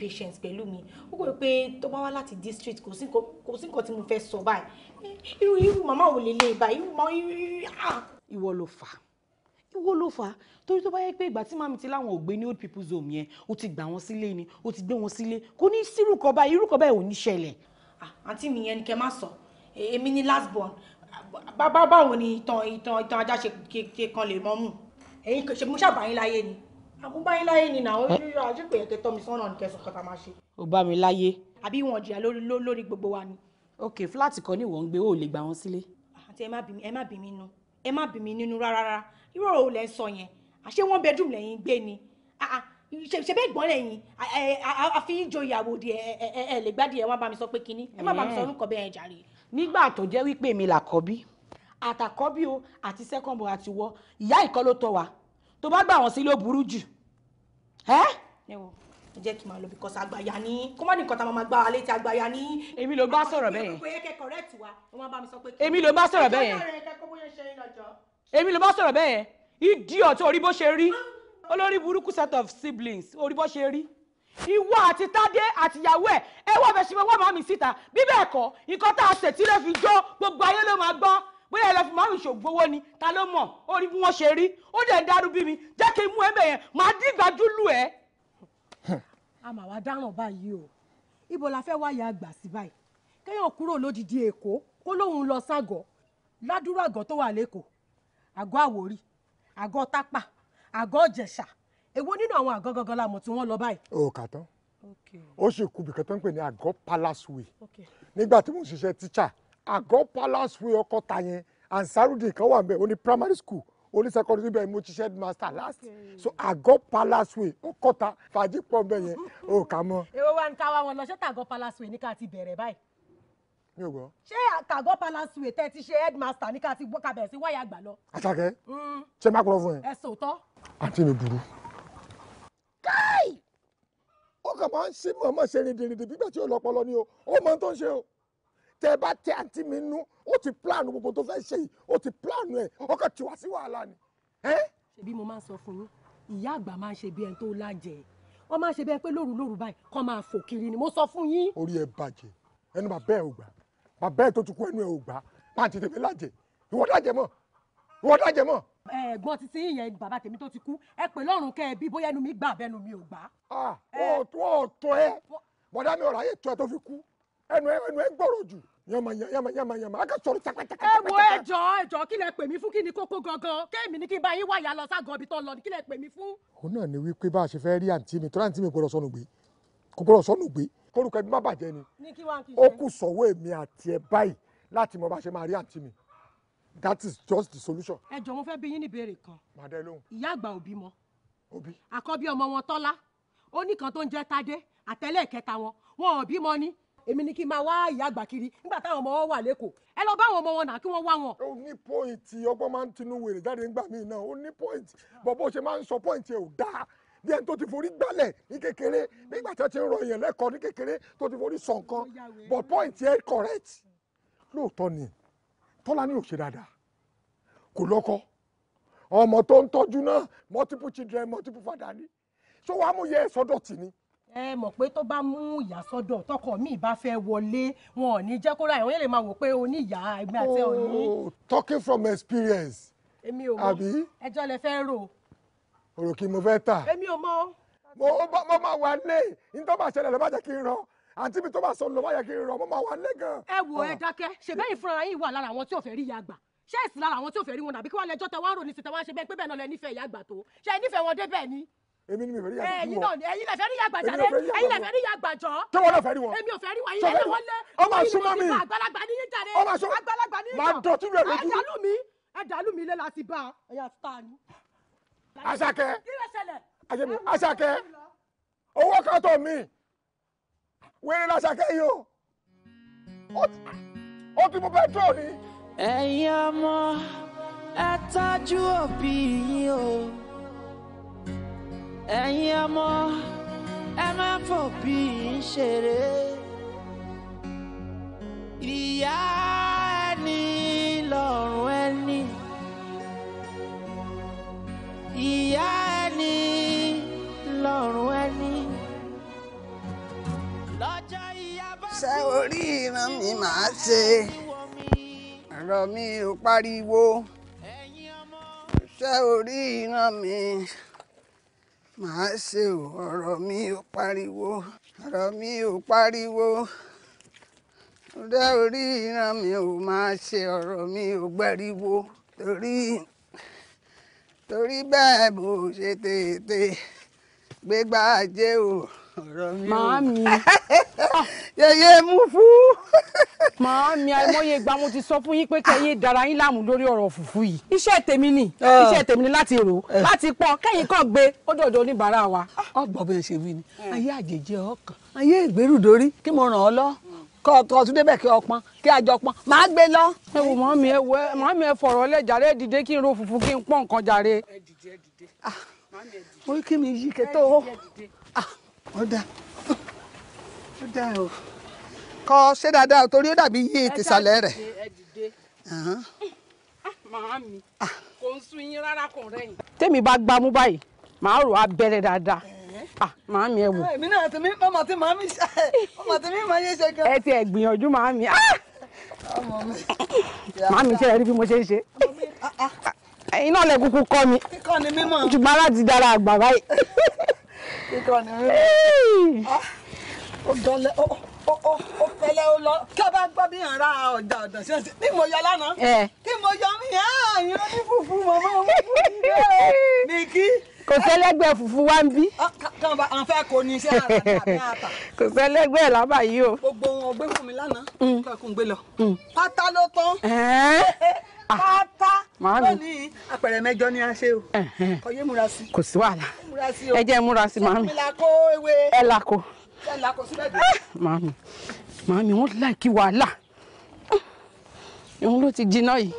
patient pẹ̀lú mi ó kò pé tó bá wá láti district kò sí nǹkan tí mo fẹ́ sọ báyìí irú irú màmá ò lè lè báyìí irú màmá irú ah, ìwọ ló fà á ìwọ ló fà á torí tó bá yẹ pé ìgbà tí màmí ti láwọn ò ní old people's home yẹn o ti gbà wọn sílé ni o ti gbé wọn sílé kò ní sírùkọ báyìí irúkọ báyìí ò ní ṣẹlẹ̀. Ah, àǹtí mi yẹn ni kẹ má sọ èmi ni last born bàbá báwo ni ìtàn ìtàn ìtàn ajá ṣe kan lè mọ mù èyí ṣe mú ṣàbàyín láyé ni àbúbáyín láyé ni náà ojú àjẹpẹ yẹn kẹtọ mi sọnà ní kẹsàn kọta máa ṣe. ò bá mi láyé. àbí wọn jìyà lórí gbogbo wa ni. ok fúláàtì kan ní ìwọ̀n ń gbé ó lè gbà wọn sílé. àti ẹ má bì mí nínú ẹ má bì mí nínú rárá irú ọ̀rọ̀ olè ń sọ yẹn àṣé one bedroom lẹ́yìn gbé ni ah, ah, ṣe bẹ́ẹ̀ gbọ́n lẹ́yìn àfi ìjọ ìyàwó di ẹ lè gbádìí ẹ wá bá mi sọ pé kinní ẹ má bá mi sọ orúkọ bẹ́ẹ̀ jàre. nígbà tó jẹ́ wípé mi làkọ́bí àtàkọ́bí o àti second born àti wọ ìyá ìkọ́ ló tọ́ wa tó bá gbà wọ́n sí ló burú jù. ẹ wo ẹ jẹ́ kí n máa lọ bíkọ́sì àgbàyà ní kó má ní nǹkan tá a máa gbà wá létí àgbàyà ní. èmi ló bá sọ̀rọ̀ bẹ́ẹ̀ yẹn èmi ló bá sọ̀rọ̀ bẹ́ẹ̀ yẹn èmi ló bá sọ̀rọ̀ bẹ́ẹ̀ yẹn idiot orí bó ṣe rí olórí burúkú set of siblings orí bó ṣe rí ìwọ àti tádé àtìyàwó ẹ ẹ wọ bẹ ṣe wọ màmí síta bí bẹ́ẹ̀ kọ́ nǹkan tá a ṣe tí lè fi jó gbogbo ayé ló máa gbọ́ bóyá ẹ lọ fi màmí ṣògbówó ni ta ló mọ̀ ó bí wọ́n ṣe rí ó dẹ̀ ń bí mi jẹ́ kí n mú ẹ̀mẹ̀ yẹn màá dìgbàjú lù ẹ́. a mà wá dáràn báyìí o ibo la fẹ́ wáyà àgbà sí báyìí kéèyàn kúrò lódìdí èkó kó lóun lọ ságọ̀ ládùúrà àgọ́ tó wà lẹ́kọ̀ọ́ àgọ́ àwórì àgọ́ tápà àgọ́ ìjẹ̀ṣà èwo nínú àwọn àgọ́ gangan la mọ̀ tí wọ́n lọ báyìí. o kà tán ó sì kú bìkan tó ń pè ní àgọ́ palace way nígbà tí mo ń ṣiṣẹ́ tíṣà àgọ́ palace way ọkọ̀ ta yẹn ansarudi kan wà ńbẹ̀ ó ní primary school ó ní secondary bẹ́ẹ̀ mo ti ṣe master last so àgọ́ palace way ọkọ̀ ta fàájì pọ̀ bẹ́ẹ̀ yẹn o kà mọ́. èwo wa ń ta wa wọn lọ ṣé tàgọ́ palace way ní ká ti bẹ̀rẹ̀ báyìí mi ò gbọ́. ṣé àkàgọ́ palace way tẹ́ ti ṣe headmaster ní ká ti gbọ́ kabẹ̀ sí wáyà àgbà lọ. àtàkẹ́ mm. ṣé má kúrò fún ẹ. ẹ sòótọ́. àǹtí mi buru. káì ó kàn máa ń ṣe mọ̀ọ́mọ̀ ṣe rìndìnrìndìn bí gbàtí ó lọ ni o ó mọ tó ń ṣe o tẹ bá tẹ àǹtí mi nú ó ti plan gbogbo tó fẹ́ ṣe yìí ó ti plan ẹ ó kàn tiwa sí wàhálà ni. ṣebí mo máa ń sọ fún yín ìyá àgbà máa ń ṣe bí ẹni tó lájẹ wọn máa ṣe bẹ́ẹ̀ pé lóru lóru báyìí kọ́ máa fò kiri ni mo sọ fún yín. orí ẹ bàjẹ́ ẹnu bàbá ẹ ò gbà bàbá ẹ̀ tó ti kú ẹnu ẹ̀ ò gbà pàǹtí tèmi lájẹ ìwọ dájẹ mọ́ ìwọ dájẹ mọ́. ẹ̀gbọ́n títí ìyẹn bàbá tèmi tó ti kú ẹ pè lọ́rùn kẹ́ ẹ bí bóyá ẹnu mi gbà abẹ́nu mi ò gbà. ọ̀tọ̀ ọ̀tọ̀ ẹ bọ̀dá mi ọ̀rọ̀ ayé tó ẹ tó fi kú ẹnu ẹ ẹnu ẹ gbọ́rọ̀ jù yàmà yàmà yàmà yàmà a kà sọ̀rọ̀ tàkàtàkà. ẹ wo ẹjọ ẹjọ kí lẹ pè mí fún kí ni kókó gangan kéèmí ni kí bá yín wáyà lọ ságọ ibi tó lọ ni kí lẹ pè mí fún. òun náà ni wípé bá a ṣe fẹ́ rí àǹtí mi tó ráǹtí mi gbọ́dọ̀ sọnù gbé kò gbọ́dọ̀ sọnù gbé kórúkọ ẹbí má bàjẹ́ ni ó kù sọ̀wọ́ èmi àti ẹ báyìí láti mọ bá ṣe máa rí àǹtí mi that is just the solution. ẹ jọ̀ọ́ mo fẹ́ bi yín ní ìbéèrè kan. ìyá àgbà ò bímọ. òbí. àkọ́bí ọmọ wọn tọ́lá ó ní kan tó ń jẹ́ tádé àtẹ́lẹ̀ kẹta wọn wọn ò bímọ ni èmi ni kí n máa wá ìyá àgbà kiri nígbà táwọn ọmọ wọn wà lẹ́kọ̀ọ́ ẹ lọ bá àwọn ọmọ wọn náà kí wọ́n wá wọn. ó ní pọ́ìntì ọgbọ́n máa ń tinú wèrè jáde nígbà míì náà ó ní pọ́ìntì bọ́ bó ṣe máa ń sọ pọ́ìntì ẹ̀ ò dáa bí ẹni tó ti forí gbálẹ̀ ní kékeré nígbà tí wọ́n ti ń rọ èèyàn lẹ́kọ̀ọ́ ní kékeré tó ti forí sọ nǹkan but point yẹn correct lóòótọ́ ni Tọ́lání ò ṣe dáadáa kò lọ́kọ ọmọ tó ń tọ́jú náà multiple children multiple father ni so wàá mú yẹ sọ́dọ̀tì ni ẹ mọ̀ pé tó bá mú ìyá sọ́dọ̀ tọkọ mi bá fẹ́ wọlé wọn ò ní jẹ́ kó ra ìwọ́n lè máa wò pé o ní ìyá ẹgbẹ́ àti òní. Oh, talking from experience. èmi ò mọ ẹjọ́ lẹ fẹ́ rò òròkì mo fẹ́ tà. èmi ò mọ. mo máa wà lé nítorí bá ṣẹlẹ̀ ló bá jẹ́ kí n rọ àǹtí mi tó bá sọ ló bá jẹ́ kí n rọ mo máa wà lé gan. ẹ wo ẹ dákẹ́ ṣèbẹ́yìn fúnra yín wà lára àwọn tí ò fẹ́ rí ìyá àgbà ṣé èsì lára àwọn tí ò fẹ́ rí wọn dàbí kí wọ́n lẹ́jọ́ tẹ wá ń ròní síta ṣe bẹ́ẹ̀ pé bẹ́ẹ̀ náà lẹ nífẹ̀ẹ́ ìyá àgbà tó ṣe é nífẹ̀ẹ́ wọn dé bẹ́ẹ̀ ni. èmi ni mi fẹ́ rí yàgbà jọ. ẹ̀yin Àṣàkẹ́ àjẹmí Àṣàkẹ́ owó kan tó mi wéré l'Àṣàkẹ́ yìí o ó ti mú pẹ́trọ̀ ni. ẹ̀yin ọmọ ẹ tọ́jú òbí yín o ẹ̀yin ọmọ ẹ má fòbí yín ṣeré ìyá ẹni lọ́rùn ẹ. ìyá ẹni lọ́rùn ẹni. lọ́jọ́ ìyá bá kú. ṣé orí mi máa ṣe ọ̀rọ̀ mi ò pariwo ṣé orí ìran mi màá ṣe ò ọ̀rọ̀ mi ò pariwo ọ̀rọ̀ mi ò pariwo ọ̀rẹ́ orí ìran mi ò máa ṣe ọ̀rọ̀ mi ò gbẹ́riwo torí torí bẹ́ẹ̀ mo ṣe tètè gbégbá ajé o ọ̀rọ̀ mi o. màámi. yẹyẹ mú fún. màámi àìmọye ìgbà mo ti sọ fún yín pé kẹyìn dára yín láàmú lórí ọ̀rọ̀ fùfú yìí iṣẹ́ tèmi ni ah. iṣẹ́ tèmi ni láti rò eh. láti pọ̀ kẹ́yìn kan gbé ó dọ̀dọ̀ oníbàárà wa. ọgbọ̀n ah, bẹ́ẹ̀ ṣe wí ni eh. ayé àjèjì ọkàn ayé ìgbérùdórí kí mo ràn ọ́ lọ́ kọ tún débẹ̀ kí ọpọn kí àjọ pọn màá gbé lọ. ẹ wò mọ́ mi ẹ wò ẹ mọ́ mi ẹ fọ̀rọ̀ lẹ̀ jàre ẹ dìde kí n ro fùfú kí n pọ́n nǹkan jàre. ẹ dìde ẹ dìde. Ah, mo kí mi yí kẹtọ o ah, ó dá ó dá o kọ ṣé dáadáa o torí ó dàbí yí ìtìsàlẹ̀ rẹ̀. ẹ dìde ẹ dìde. Ah, màá mi kò ń sún yín rárá kò rẹ̀yìn. tèmi bá gbámú báyìí màá rò á dáadáa. Ah, màámi ẹ wò. Ah, èmi náà tèmi ọmọ tí màámi ṣe ọmọ tèmi màá yé ṣe gan. ẹ ti ẹ gbìyànjú màámi. Ah! màámi ṣe ẹ rí bí mo ṣe ń ṣe. iná lẹ kúkú kọ́ mi. kíkọ́ ni mímọ́. ṣùgbọ́n aláti dára àgbà báyìí. kíkọ́ ni mímọ́. ó dọ́lẹ̀ ó ó pẹ̀lẹ́ ó lọ kí a bá gbọ́ bí yàn ra ọjà ọ̀dọ̀ sí ọ̀sẹ̀ tí mo yọ lánàá tí mo yọ mí yàn án yọ ní fùfú mọ̀mọ́ mi kí kò sẹ́lẹ́gbẹ́ fùfú wá ń bí. kàn bá àwọn fẹ́ kò ní iṣẹ́ àtàkùn àtà. kò sẹ́lẹ́gbẹ́ lábà yìí o. gbogbo wọn gbé fún mi lánàá mm. kọkùn gbé lọ. Mm. pátá ló tán. Eh, eh, ah. pátá lónìí apẹ̀rẹ̀ mẹ́jọ ni a ṣe o. kò yé múra sí. kò sí wàhálà ẹ jẹ́ múra sí màmí. ẹ lako. ẹ lako síbẹ̀ dé. màmí ah, màmí wọn láì kí wàhálà. òun ah, ló ti jiná yìí.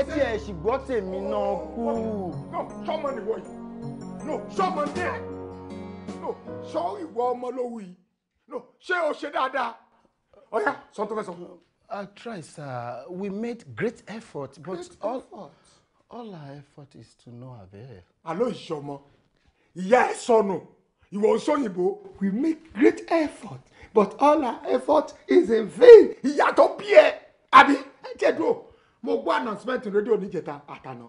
etí ẹ̀ ṣùgbọ́n tèmi náà kú. sọmọ nìwọ yìí no sọmọ ní no sọ ìwọ ọmọ lówù yìí no ṣé o ṣe dáadáa ọyá sọ tó fẹ́ sọ. I try sir we made great effort but great all effort. all our effort is to no avail. àlọ́ ìṣọmọ ìyá ẹ̀ sọnù ìwọ sọyìnbó. we make great effort but all our effort is in vain. ìyá tó bí ẹ àbí níjẹ̀dú mo gbọ́ announcement rédíò níjẹta àtànà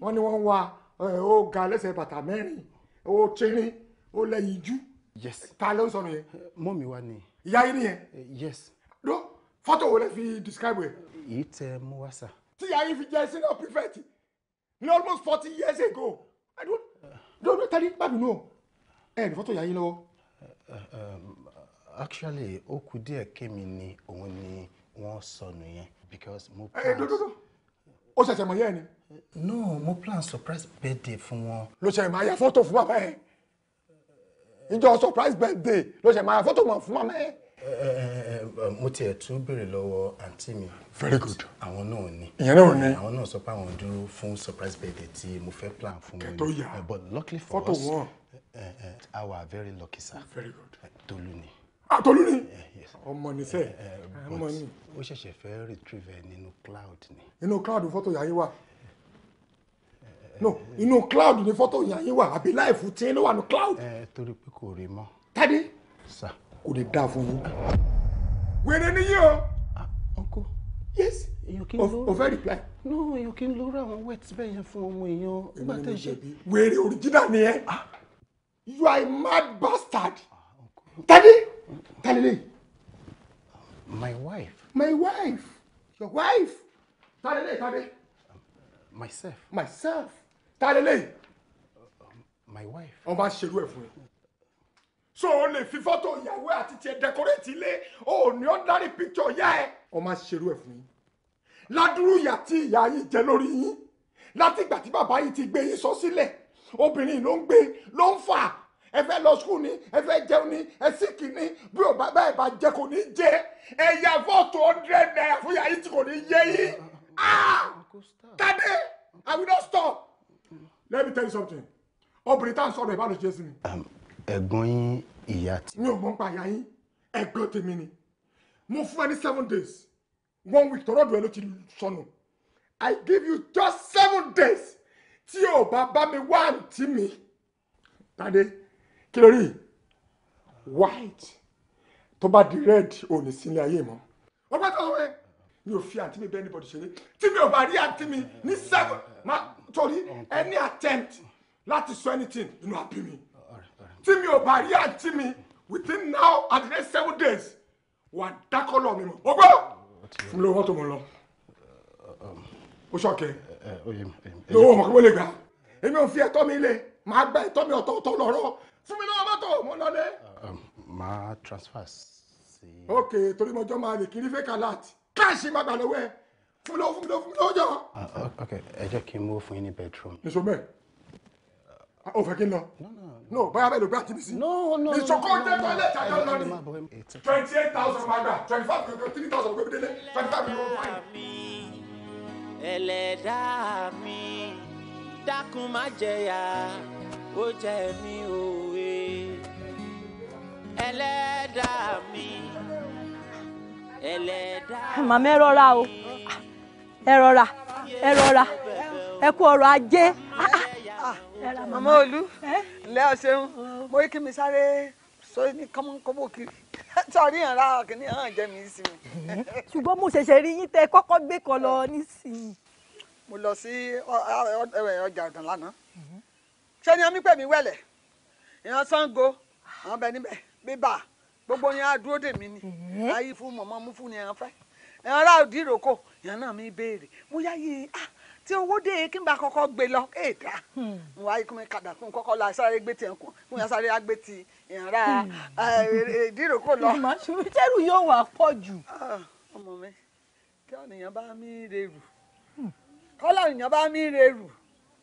wọ́n ní wọ́n ń wá ó ga lẹ́sẹ̀ bàtà mẹ́rin ó tínrín ó lẹ́yìn jú ta ló ń sọnù yẹn. mọ́mì wa ni. ìyá yín nìyẹn. Eh, yes. ló fọ́tò wo lẹ fi describe ẹ̀. èyí tẹ mú wá sà. tí ìyá yín fi jẹ́ senior prefect ní almost forty years ago i don't don't know tẹ́lẹ̀ bá mi nù ẹ̀ ní fọ́tò ìyá yín lọ́wọ́ eh, eh, um, actually ó kù díẹ̀ kémi ni òun ni wọ́n sọnù yẹn because mo plan. ẹ dodo o ṣẹ̀ṣẹ̀ mọ̀ yẹ́ ni. no mo plan surprise birthday fún wọn. ló ṣe máa ya fọ́tò fún bàbá ẹ ìjọ surprise birthday ló ṣe máa ya fọ́tò mọ̀ fún bàbá ẹ. Eh, eh, eh, mo tiẹ̀ tún béèrè lọ́wọ́ àǹtí mi. very good. àwọn náà ni. ìyẹn náà ni. àwọn náà sọ pé àwọn dúró fún surprise birthday tí mo fẹ́ plan fún wọn. kẹtọ yà but luckily for us. fọ́tò wọn. our very lucky sir. very good. Tolú ni àtọ́lú ni eh, ọmọ níṣẹ́ eh, eh, ọmọ ni. ó ṣẹ̀ṣẹ̀ fẹ́ retrieve ẹ nínú cloud ni. inú cloud fọ́tò yàrá yín wà no inú cloud ni fọ́tò yàrá yín wà àbí láìfù tí ló wà ní cloud. ẹ torí pé kò rí mọ́. tádé kò lè dáa fún yín. wèrè nìyí o. ọkọ ah, yes o fẹ́ reply. no èèyàn kì í lo ra àwọn wet bẹ́ẹ̀ yẹn fún ọmọ èèyàn nígbà tẹ̀ ṣe. wèrè original ni ẹ ah. you are a mad bastard. Ah, tádé tálẹ́lẹ́. my wife. my wife your wife tálẹ́lẹ́ tálẹ́. myself. myself tálẹ́lẹ́. my wife. wọ́n bá ṣerú ẹ̀ fún so on lè fi fọ́tò ìyàwó àti tiẹ̀ dẹkọrẹ́tì ilé o ní ọ́ dárí píktọ̀ yá ẹ. ọ máa ṣerú ẹ fún yín ládùúrú ìyà tí ìyá yìí jẹ lórí yín látìgbà tí bàbá yìí ti gbé yín sọ sílẹ̀ obìnrin ló ń gbé ló ń fà ẹ fẹ́ lọ skul ni ẹ fẹ́ jẹun ni ẹ síkì ni bí ò bá báyìí bá jẹ kò ní jẹ ẹ yà fọ́ọ̀tù hundred naira fún yàrá yìí tí kò ní yé yìí ah! Tade I will not stop let me tell you something obìnrin tá à ń sọ̀rọ̀ ẹ̀ bá lọ ṣe é sí mi. ẹ̀gbọ́n yín ìyá tí. mi ò mọ̀ nípa ìyá yín ẹ̀gbọ́n tèmi ni mo fún ẹ ní seven days one week tọrọ dùn ẹ ló ti sọnù I give you just seven days tí o bá bá mi wá àǹtí mi Tade three white tó bá di red ò ní sílé ayé mọ́. ó bá tọ́wọ́ ẹ mi ò fi àǹtí mi bẹ́ẹ̀ níbọ̀dì ṣeré tí mi ò bá rí àǹtí mi ní seven ma, torí any attempt láti sọ anything inú àbí mi tí mi ò bá rí àǹtí mi within now and the next seven days wà dákọ́lọ̀ mi mọ̀ ọgbọ́ fún mi lówó tó mọ̀ lọ ó ṣọ̀kẹ́ lówó ọmọ kí wọ́n lè gbà èmi ò fi ẹ̀tọ́ mi lé màá gba ẹ̀tọ́ mi ọ̀tọ̀ọ̀tọ̀ lọ́rọ́ fún mi náà mọ́tò mo lọlé. máa um, transfer sí. ok torí mo jọ máa lè kiri fake alert káàsì má gbà lọ́wọ́ ẹ fún mi lọ́wọ́ fún mi lọ́wọ́ fún mi lọ́wọ́ jọ. Ah, ok ẹ jẹ́ kí n mú fún yín ní bedroom. nìṣó bẹ́ẹ̀ ah, o fẹ́ kí n lọ. no báyà bẹ́ẹ̀ ló gbé àtibí sí. no no nìṣó jẹ́ tọ́lẹ̀ tí a jọ lọ twenty eight thousand máa gbà twenty five kò three thousand kò délé twenty five kò fine. ẹlẹ́dàá mi dákun má jẹ̀yà ó jẹ mí o ẹlẹ́dàá mi ẹlẹ́dàá mi. Ah, màmá ẹ rọra o ah, ẹ rọra ẹ rọra ẹ kú ọrọ̀ ajé. Ah, màmá olú ǹlẹ́ o ṣeun mo kí mi sáré sóyún kọ́mọ́kọ́mọ́ kiri sọrí ìrànlá kìíní hàn jẹ́ mi sí mi. ṣùgbọ́n mo ṣẹ̀ṣẹ̀ rí yín tẹ kọ́kọ́ gbé kan lọ nísìnyí. mo lọ sí ọjà ọ̀dàn lánàá ṣé ni ọmí pè mí wẹ̀lẹ̀ ìran sango àwọn bẹ níbẹ̀ bíbà gbogbo yẹn á de dèmí ni ayé fún mọ̀mọ́ mú fún ni ẹ̀ ń fẹ́ òdì ìrókò yẹn náà mi béèrè mo yá yìí ah tí owó dé kí n bá kọ́kọ́ gbé lọ èdè hmm. mo wáyé kí n kàdà fún kọ́kọ́ la sáré gbé tiẹ̀ kù fún yẹn sáré gbé ti hmm. ìrà ìdíròkò lọ. màmá ṣòro tẹ́rù yóò wà pọ̀ jù. ọmọ mi kí ọ̀nìyàn bá mi rè rù hmm. kọ́lá ọ̀nìyàn bá mi rè rù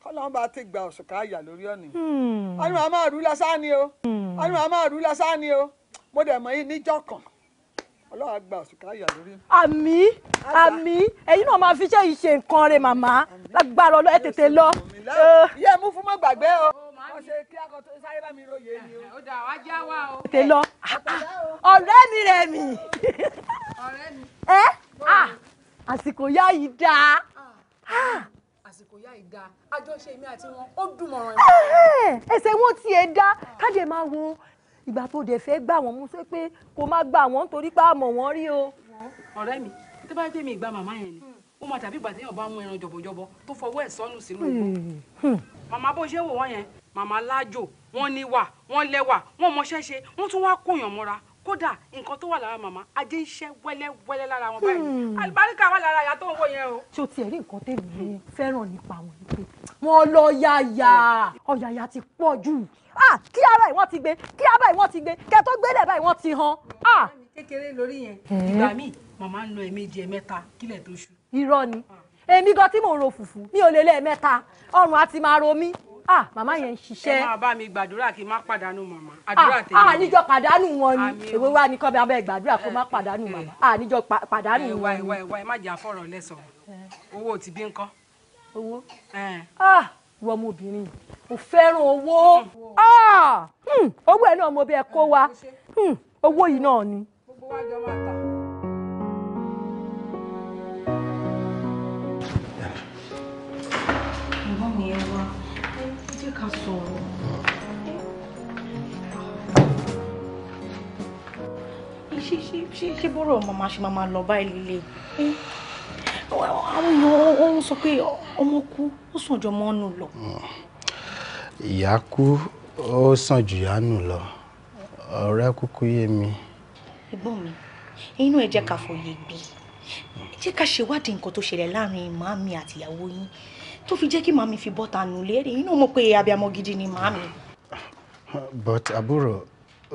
kọ́lọ́n bá ti gba ọ̀sùn káyà lórí ọ̀nì. Hmm. ọ̀nì màmá rú lásán ni o hmm. ọ̀nì màmá rú lásán ni o mo dẹ̀ mọ̀ yín níjọ́ kan ọlọ́run àgbà ọ̀sùn káyà lórí. àmì àmì ẹ̀yin náà máa fi iṣẹ́ yìí ṣe nǹkan rẹ̀ màmá lágbára ọlọ́ ẹ tètè lọ. Eh. iye mú fún mọ́ gbàgbé o wọ́n oh, ṣe kí akọ tó sáré bá mi róye ni o. ó dà wá já wa o. tètè lọ ọ̀rẹ́ mi rẹ̀ mi. ọ̀rẹ́ mi. ẹ eh? ah, àsìkò yá yìí dáa. Ah. Ah àsìkò yá ìdá àjọṣe mi àti wọn ó dùn mọ́ràn yìí. ẹsẹ̀ wọn tiẹ̀ dá káde máa wo ìgbà tó dẹ̀ fẹ́ gbà wọ́n mú sí pé kó má gbà wọ́n torí pé a mọ̀ wọ́n rí o. ọ̀rẹ́ mi tó bá jẹ́ mi ìgbà màmá yẹn ni ó máa tàbí ìgbà téèyàn bá mú ẹran jọ̀bọ̀jọ̀bọ̀ tó fọwọ́ ẹ̀ sọ́nù sínú ìgbó. Hmm. màmá bó ṣe wò wọ́n yẹn màmá lájò wọ́n níwà wọ́n lẹ́wà wọ́n mọṣẹ́ ṣe wọ́n tún wá kóyàn mọ́ra kódà nǹkan tó wà lára màmá ajé ń ṣẹ́ wẹ́lẹ́wẹ́lẹ́ lára wọn báyìí hmm. àlùbáríkà wà lára ìyá tó ń wò yẹn o. tí o tiẹ̀ rí nǹkan tèmi fẹ́ràn nípa wọn ni pé lọ yáyà ọ̀yàyà ti pọ̀ jù kí ara ìwọ́n ti gbé kí ara ìwọ́n ti gbé kẹ́ tó gbélé báyìí wọ́n ti hàn. kékeré lórí yẹn ìgbà míì màmá ń lọ ẹ̀ẹ̀mejì ẹ̀ẹ̀mẹ́ta kílẹ̀ tó ṣú. irọ́ ni èmi gan tí mò ń ro fùfú mi ò lè lẹ́ẹ̀mẹ́ta ọrùn á ti máa ro mí ah màmá yẹn ń ṣiṣẹ́. ẹ máa bá mi gbàdúrà kí n má pàdánù màmá ah, àdúrà ah, tèmi. a níjọ pàdánù wọn ni èwe wa ní kọ́bẹ̀ abẹ́ gbàdúrà kó má eh, pàdánù eh. màmá a ah, níjọ pàdánù eh, wọn ni. ìwà ìwà ìwà ẹ má jà fọ̀rọ̀ lẹ́sọ̀ owó ti bí ń owó ah ìwọ ọmọbìnrin mo fẹ́ràn owó ah hmm, owó ẹ̀ náà mo bẹ kó wa hmm, owó yìí náà ni. gbogbo wa jọ máa ta. sọ̀rọ̀. ṣé ṣé ṣé ṣé bọ́rọ̀ ọmọ máa ṣe máa máa lọ báyìí líle àwọn èèyàn ó ń sọ pé ọmọ kú ó sàn ju ọmọ nù lọ. ìyá kú kúkú yé mi. ẹ̀gbọ́n mi inú ẹ̀ jẹ́ ká fòye gbé jẹ́ ká ṣèwádìí nǹkan tó ṣẹlẹ̀ láàrin màámi àtìyàwó yín tó fi jẹ́ kí màmí fi bọ́ta nulẹ̀ rẹ̀ inú mọ̀ pé abiyamọ gidi ni màmí. but àbúrò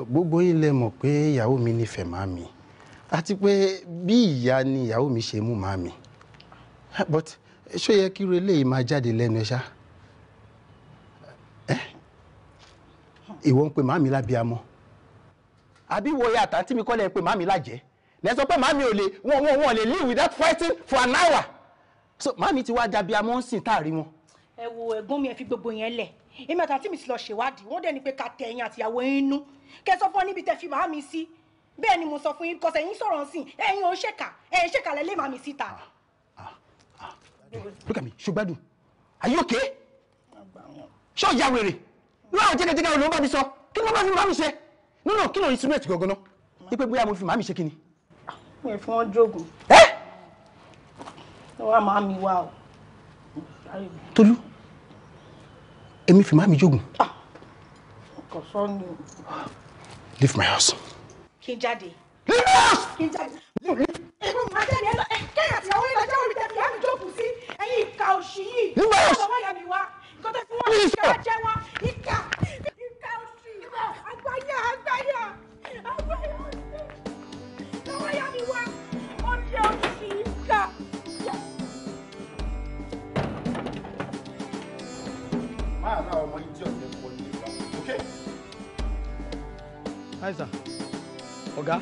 gbogbo yín lè mọ̀ pé ìyàwó mi nífẹ̀ẹ́ màmí àti pé bí ìyá ni ìyàwó mi ṣe mú màmí but ṣó yẹ kí irú eléyìí máa jáde lẹ́nu ẹ ṣá ìwọ ń pe màmí lábíamọ àbí wo ya àtàntí mi kọ́ lẹ́ ń màmí lájẹ́ lẹ́sọ pé màmí ò lè wọ́n wọ́n lè live without fighting for an hour so màmí ti wá dàbí amọ́nsìn táàrí wọn. ẹ wo ẹ̀gbọ́n mi ẹ fi gbogbo yẹn lẹ̀ èmi àtàtì mi ti lọ ṣèwádìí wọ́n dẹ̀ ni pé ká tẹ ẹ̀yin àtìyàwó yín nú kẹ́ sọ fún ọ níbi tẹ́ fi màmí sí bẹ́ẹ̀ ni mo sọ fún yín kọ́sẹ̀ yín sọ̀rọ̀ sí ẹ̀yin ò ń ṣèkà ẹ̀yin ṣèkà lẹ́lẹ́ màmí síta. Ah, ah, ah. look at me ṣùgbọ́n are you okay? ṣé ọ̀ya wèrè láwọn jẹ́gẹ́jẹ́gẹ́ olóhùn bá mi sọ kí ló bá fi màmí ṣe nínú kí ló instrument gangan náà ipe bóyá mo fi màmí ṣe kí ni. mo ì fún ọ jókòó. ẹ́ wá máa mi wá o. Tolú èmi fi máa mi jogun. kò sọ ni. leave my house. kí n jáde. leave my house. kí n jáde. ẹ̀rù màá jáde ẹ̀rọ kẹ́yà tí àwọn ìlàjà orí tẹ̀lé àmì jókòó sí ẹ̀yìn ìka òṣì yìí. leave my house. ọ̀sán wáyà mi wá nǹkan tó fi wọ́n ṣe é jẹ́ wọ́n ìka. máa ra ọmọ idiot yẹn pọ̀ ní ìwà ok. aisa ọ̀gá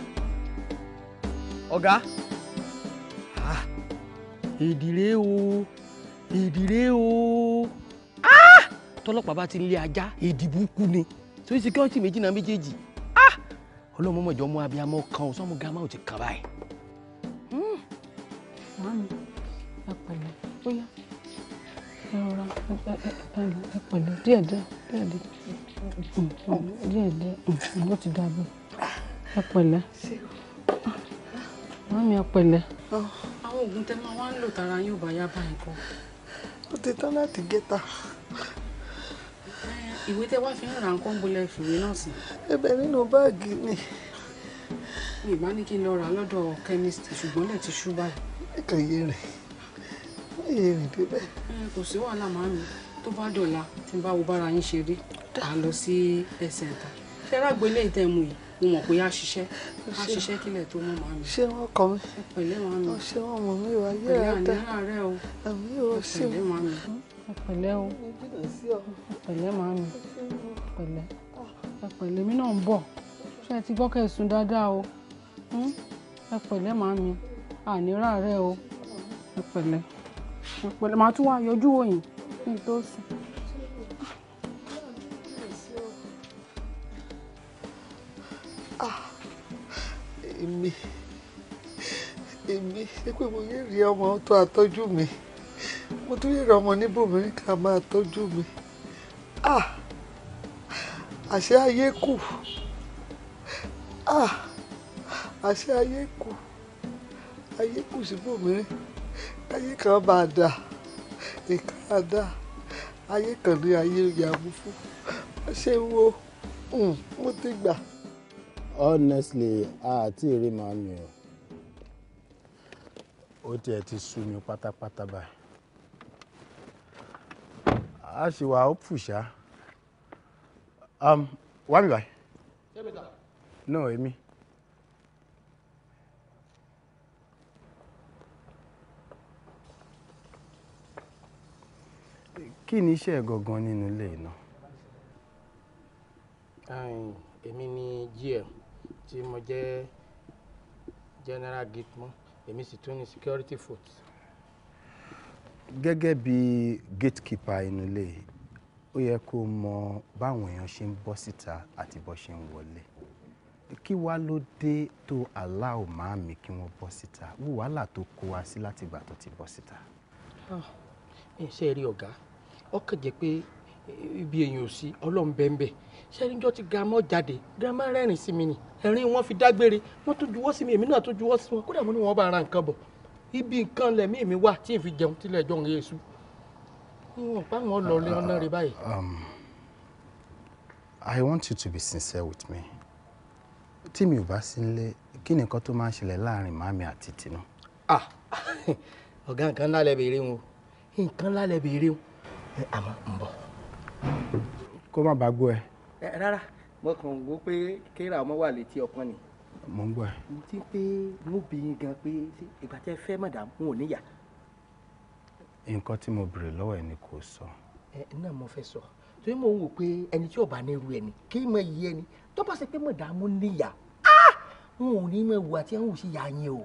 ọ̀gá ah, ìdílé o ìdílé o ah, tọ́lọ́pàá bá ti ń lé ajá ìdìbò kú ni torí security méjì náà méjèèjì ah, ọlọ́mọ mọ̀jọ́ mú abiyamọ kan sọ́mú gama ò ti kàn báyìí. màmí ẹ pẹ̀lú ó ẹ rọra ẹ pẹ̀lẹ́ díẹ̀ díẹ̀ díẹ̀ díẹ̀ díẹ̀ díẹ̀ ló ti dàbí ẹ pẹ̀lẹ́ wọ́n mi ẹ pẹ̀lẹ́. àwọn oògùn tẹ máa wá ń lò tara yóò bá yá báyìí kan. ó ti tán láti gẹ́ta. ìwé tẹ wá fi ń ra nǹkan gbolẹ̀ fìwé náà sí. ẹ̀bẹ̀ nínú báàgì ni. mi ì bá ní kí n lọ rà lọ́dọ̀ chemist ṣùgbọ́n lè ti ṣú báyìí. ẹ kàn yé rẹ̀ lè rìn débẹ̀. kò sí wàhálà màámi tó bá dọ̀la tí n bá wo bára yín ṣe rí à ń lọ sí ẹsẹ̀ ìta ṣé rágbo ilé ìtẹ̀mú yìí mo mọ̀ pé a ṣiṣẹ́ a ṣiṣẹ́ kílẹ̀ tó mọ̀ màámi. ṣé wọn kọ mi pẹ̀lẹ́ màámi ṣé wọn mọ̀ mí wá yé ẹ̀ tẹ́ àmì ò sí pẹ̀lẹ́ màámi pẹ̀lẹ́ o pẹ̀lẹ́ màámi pẹ̀lẹ́ pẹ̀lẹ́ mi náà ń bọ̀ ṣé ẹ ti gbọ́ kẹ́ ẹ sùn dáadáa o hm? ẹ pẹ̀lẹ́ màámi àní o ẹ pẹ̀lẹ́ pẹ̀lú màá tún wá yọjú òyìn kí n tó sùn. Ah, èmi èmi ṣé pé mo yé rí ọmọ tó àtọ́jú mi mo tún yé rí ọmọ níbòmíràn ká máa tọ́jú mi ah, àṣé ayé kù ah, àṣé ayé kù ayé kù síbòmíràn ayé kan bá dà nǹkan á dà ayé kan ní ayé ìyàwó fún ọ ṣé wo mo ti gbà. honestly àti èrè máa mi o ó tiẹ̀ ti sú mi pátápátá báyìí a ṣì wà ó ṣá um, wá mi báyìí no èmi. kí ni iṣẹ́ gangan nínú ilé iná. èmi ni GM tí mo jẹ́ general gate man èmi sì tún ní security foot. gẹ́gẹ́ bí gatekeeper inú ilé ó yẹ kó mọ báwọn èèyàn ṣe ń bọ́ síta àti bọ́ ṣe ń wọlé kí wàá ló dé tó aláò màámi kí wọ́n bọ́ síta wàhálà tó kó wa sí látìgbà tó ti bọ́ síta. Ah, ẹ rí ọ̀gá ọkàn jẹ́ pé eh, ibi èèyàn ò sí ọlọ́run bẹ́ẹ̀nbẹ́ẹ̀ sẹ́ríjọ́ ti gramọ́ jáde gramọ́ rẹ́rìn sí mi ni ẹ̀rín wọn fi dágbére wọ́n tún juwọ́ sí mi èmi náà tún juwọ́ sí wọn kódà mo ní wọn bá ara nǹkan bọ̀ ibi nǹkan lẹ̀mí mi wà tí n fi jẹun tílẹ̀ jọ̀ ń yéṣu wọn pa wọn lọ lé ọ̀nà rẹ báyìí. Uh, um, I want you to be sincere with me tí mi ò bá sí nílé kí ni nǹkan tó máa ń ṣẹlẹ̀ láàrin màmí àti tinú. Ah, ọ̀gá nǹkan lálẹ́ bèèrè wọn nǹkan lálẹ́ bèèrè wọn àmọ́ ń bọ̀. kó má bàa gbọ́ ẹ. rárá mo kàn ń wo pé kéèrà ọmọ wà létí ọpọ́n ni. mo ń gbọ́ ẹ. mo ti pé mo bí yín gan pé ìgbà tẹ́ fẹ́ madam n ò níyà. nǹkan tí mo béèrè lọ́wọ́ ẹ ni kò sọ. ẹ náà mo fẹ́ sọ torí mo ń wò pé ẹni tí ò bá ní irú ẹni kí mọ iye ẹni tó bá ṣe pé madam níyà ah! n ò ní mọ ìwà tí ẹ sí yàá yín o